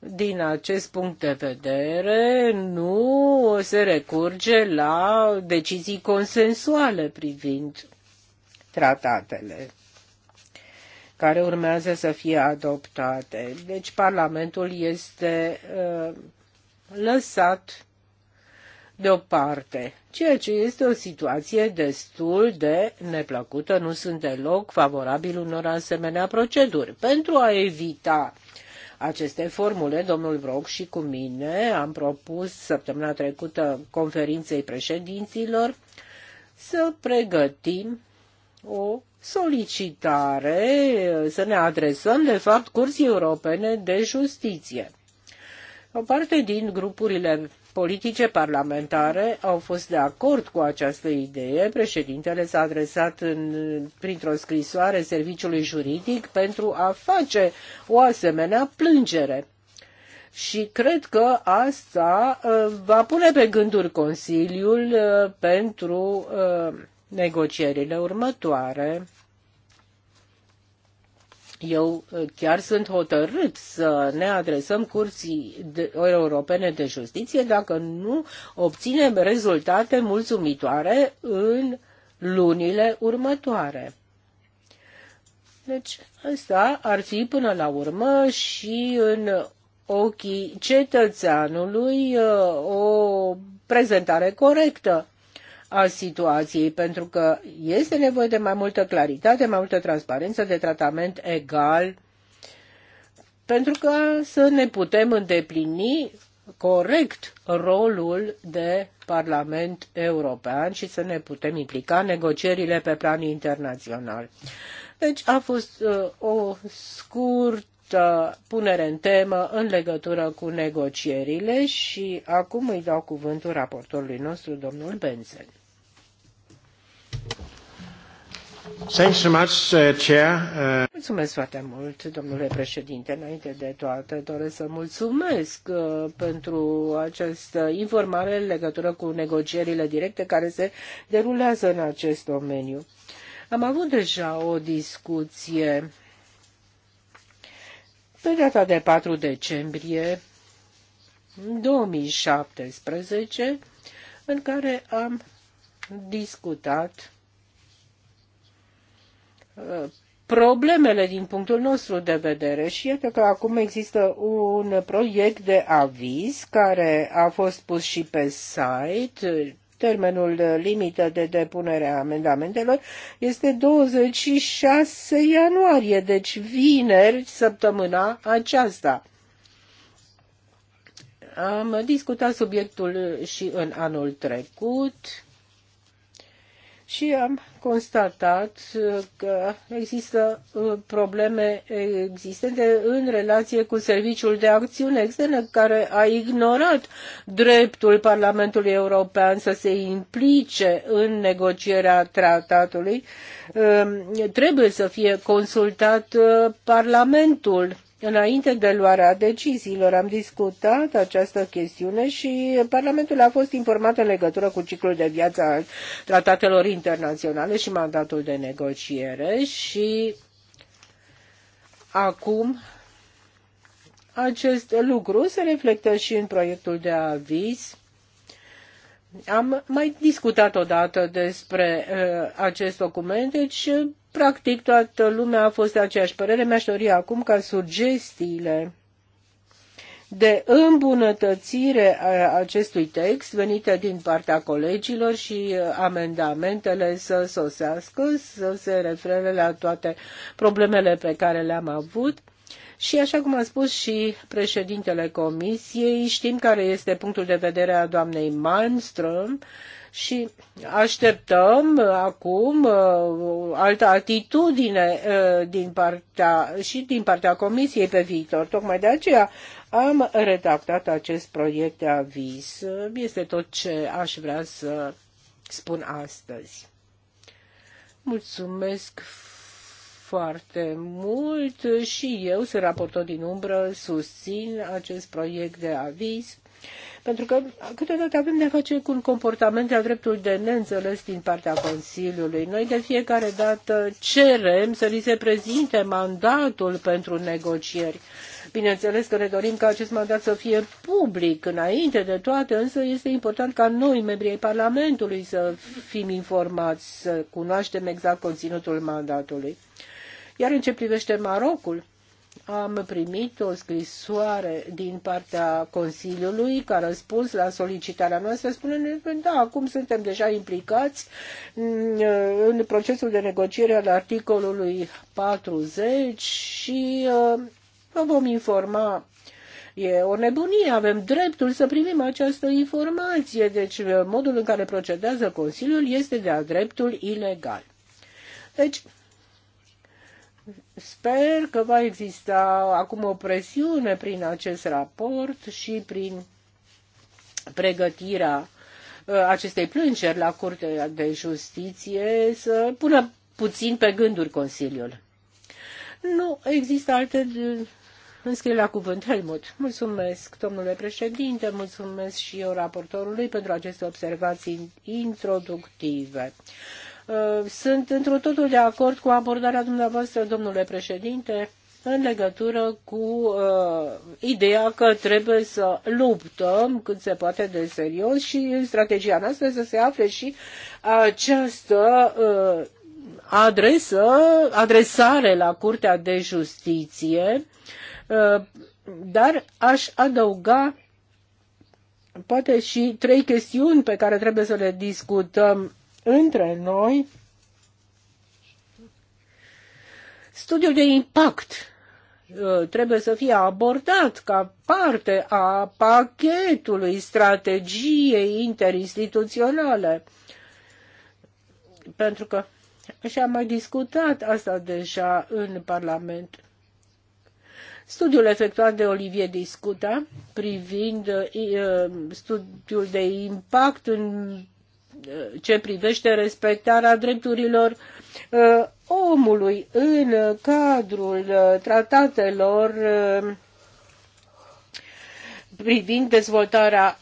din acest punct de vedere, nu se recurge la decizii consensuale privind tratatele care urmează să fie adoptate. Deci Parlamentul este uh, lăsat deoparte, ceea ce este o situație destul de neplăcută, nu sunt deloc favorabil unor asemenea proceduri. Pentru a evita uh, aceste formule. Domnul Brock și cu mine am propus săptămâna trecută conferinței președinților să pregătim o solicitare, să ne adresăm, de fapt, Curții Europene de Justiție. O parte din grupurile politice parlamentare au fost de acord cu această idee. Președintele s-a adresat în, printr-o scrisoare serviciului juridic pentru a face o asemenea plângere. Și cred că asta uh, va pune pe gânduri Consiliul uh, pentru uh, negocierile următoare. Eu uh, chiar sunt hotărât să ne adresăm curții europene de justiție dacă nu obținem rezultate mulțumitoare în lunile următoare. Deci, asta ar fi până la urmă și în ochii cetățeanului uh, o prezentare corectă a situației, pentru că este nevoie de mai multă claritate, mai multă transparență, de tratament egal, pentru că să ne putem îndeplini corect rolul de Parlament European și să ne putem implica în negocierile pe plan internațional. Deci a fost uh, o scurtă punere în temă în legătură cu negocierile și acum îi dau cuvântul raportorului nostru, domnul Benzen. Uh, uh, mulțumesc foarte mult, domnule președinte. Înainte de toate, doresc să mulțumesc uh, pentru această informare în legătură cu negocierile directe care se derulează în acest domeniu. Am avut deja o discuție pe data de 4 decembrie 2017, în care am discutat problemele din punctul nostru de vedere și iată că acum există un proiect de aviz care a fost pus și pe site. Termenul limită de depunere a amendamentelor este 26 ianuarie, deci vineri, săptămâna aceasta. Am discutat subiectul și în anul trecut și am constatat uh, că există uh, probleme existente în relație cu Serviciul de Acțiune Externă, care a ignorat dreptul Parlamentului European să se implice în negocierea tratatului. Um, trebuie să fie consultat uh, Parlamentul Înainte de luarea deciziilor am discutat această chestiune și Parlamentul a fost informat în legătură cu ciclul de viață al tratatelor internaționale și mandatul de negociere și acum acest lucru se reflectă și în proiectul de aviz am mai discutat odată despre uh, acest document, deci uh, practic toată lumea a fost de aceeași părere. Mi-aș dori acum ca sugestiile de îmbunătățire a acestui text venite din partea colegilor și uh, amendamentele să sosească, să se refere la toate problemele pe care le-am avut și așa cum a spus și președintele comisiei, știm care este punctul de vedere a doamnei Malmström și așteptăm acum uh, altă atitudine uh, din partea, și din partea comisiei pe viitor. Tocmai de aceea am redactat acest proiect de aviz. Este tot ce aș vrea să spun astăzi. Mulțumesc foarte mult și eu sunt raportor din umbră, susțin acest proiect de aviz. Pentru că câteodată avem de-a face cu un comportament de-a dreptul de neînțeles din partea Consiliului. Noi de fiecare dată cerem să li se prezinte mandatul pentru negocieri. Bineînțeles că ne dorim ca acest mandat să fie public înainte de toate, însă este important ca noi, membrii ai Parlamentului, să fim informați, să cunoaștem exact conținutul mandatului. Iar în ce privește Marocul, am primit o scrisoare din partea Consiliului ca răspuns la solicitarea noastră, spunând că da, acum suntem deja implicați în procesul de negociere al articolului 40 și uh, vă vom informa E o nebunie, avem dreptul să primim această informație, deci uh, modul în care procedează Consiliul este de-a dreptul ilegal. Deci, Sper că va exista acum o presiune prin acest raport și prin pregătirea uh, acestei plângeri la Curtea de Justiție să pună puțin pe gânduri Consiliul. Nu există alte uh, înscrie la cuvânt Helmut. Mulțumesc, domnule președinte, mulțumesc și eu raportorului pentru aceste observații introductive. Uh, sunt într-o totul de acord cu abordarea dumneavoastră, domnule președinte, în legătură cu uh, ideea că trebuie să luptăm cât se poate de serios și în strategia noastră să se afle și această uh, adresă, adresare la Curtea de Justiție, uh, dar aș adăuga poate și trei chestiuni pe care trebuie să le discutăm între noi studiul de impact uh, trebuie să fie abordat ca parte a pachetului strategiei interinstituționale. Pentru că și am mai discutat asta deja în Parlament. Studiul efectuat de Olivier Discuta privind uh, studiul de impact în ce privește respectarea drepturilor uh, omului în cadrul uh, tratatelor uh, privind dezvoltarea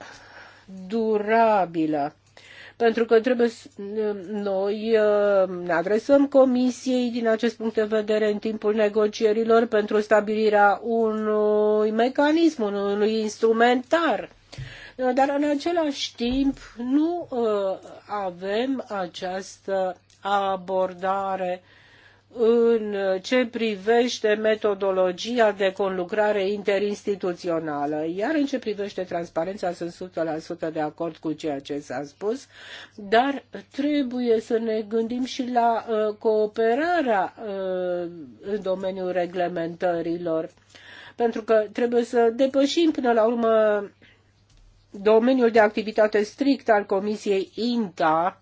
durabilă. Pentru că trebuie noi ne adresăm Comisiei din acest punct de vedere în timpul negocierilor pentru stabilirea unui mecanism, unui instrumentar dar în același timp nu uh, avem această abordare în ce privește metodologia de conlucrare interinstituțională. Iar în ce privește transparența, sunt 100% de acord cu ceea ce s-a spus, dar trebuie să ne gândim și la uh, cooperarea uh, în domeniul reglementărilor, pentru că trebuie să depășim până la urmă domeniul de activitate strict al Comisiei INTA.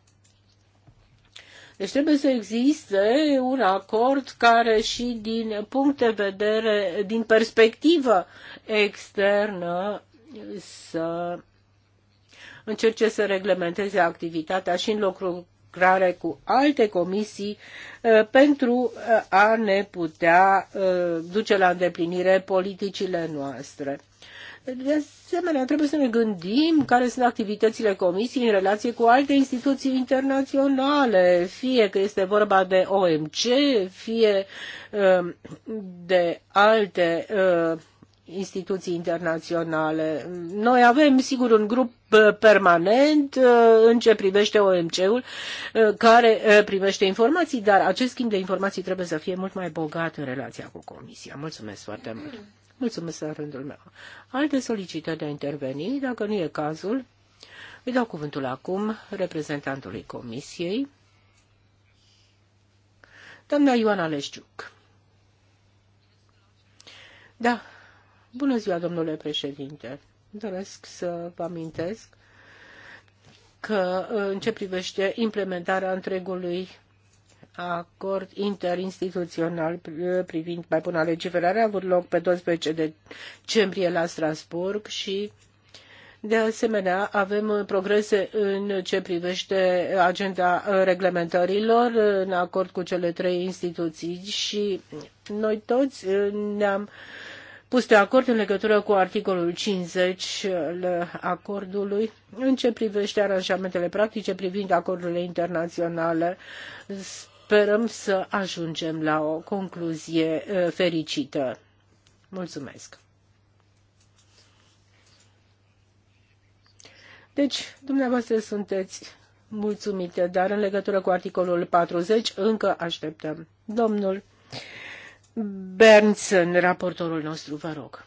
Deci trebuie să existe un acord care și din punct de vedere, din perspectivă externă, să încerce să reglementeze activitatea și în lucrare cu alte comisii uh, pentru uh, a ne putea uh, duce la îndeplinire politicile noastre. De asemenea, trebuie să ne gândim care sunt activitățile Comisiei în relație cu alte instituții internaționale, fie că este vorba de OMC, fie um, de alte uh, instituții internaționale. Noi avem, sigur, un grup uh, permanent uh, în ce privește OMC-ul, care primește informații, dar acest schimb de informații trebuie să fie mult mai bogat în relația cu Comisia. Mulțumesc foarte mult! Mulțumesc la rândul meu. Alte solicitări de a interveni, dacă nu e cazul, îi dau cuvântul acum reprezentantului Comisiei, doamna Ioana Leșciuc. Da, bună ziua, domnule președinte. Doresc să vă amintesc că în ce privește implementarea întregului acord interinstituțional privind mai bună legiferare a avut loc pe 12 decembrie la Strasburg și de asemenea, avem progrese în ce privește agenda reglementărilor în acord cu cele trei instituții și noi toți ne-am pus de acord în legătură cu articolul 50 al acordului în ce privește aranjamentele practice privind acordurile internaționale sperăm să ajungem la o concluzie uh, fericită. Mulțumesc! Deci, dumneavoastră sunteți mulțumite, dar în legătură cu articolul 40 încă așteptăm. Domnul Bernsen, raportorul nostru, vă rog.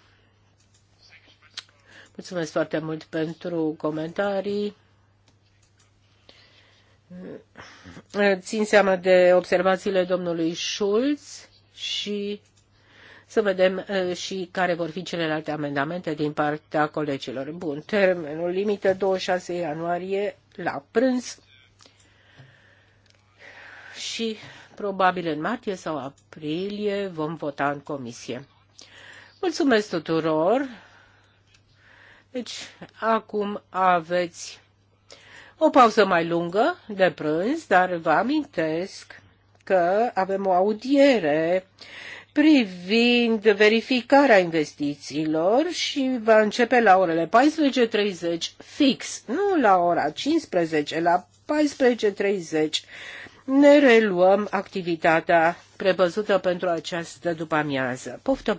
Mulțumesc foarte mult pentru comentarii țin seama de observațiile domnului Schulz și să vedem și care vor fi celelalte amendamente din partea colegilor. Bun, termenul limită 26 ianuarie la prânz și probabil în martie sau aprilie vom vota în comisie. Mulțumesc tuturor! Deci, acum aveți o pauză mai lungă de prânz, dar vă amintesc că avem o audiere privind verificarea investițiilor și va începe la orele 14.30 fix, nu la ora 15, la 14.30 ne reluăm activitatea prevăzută pentru această după-amiază. Poftă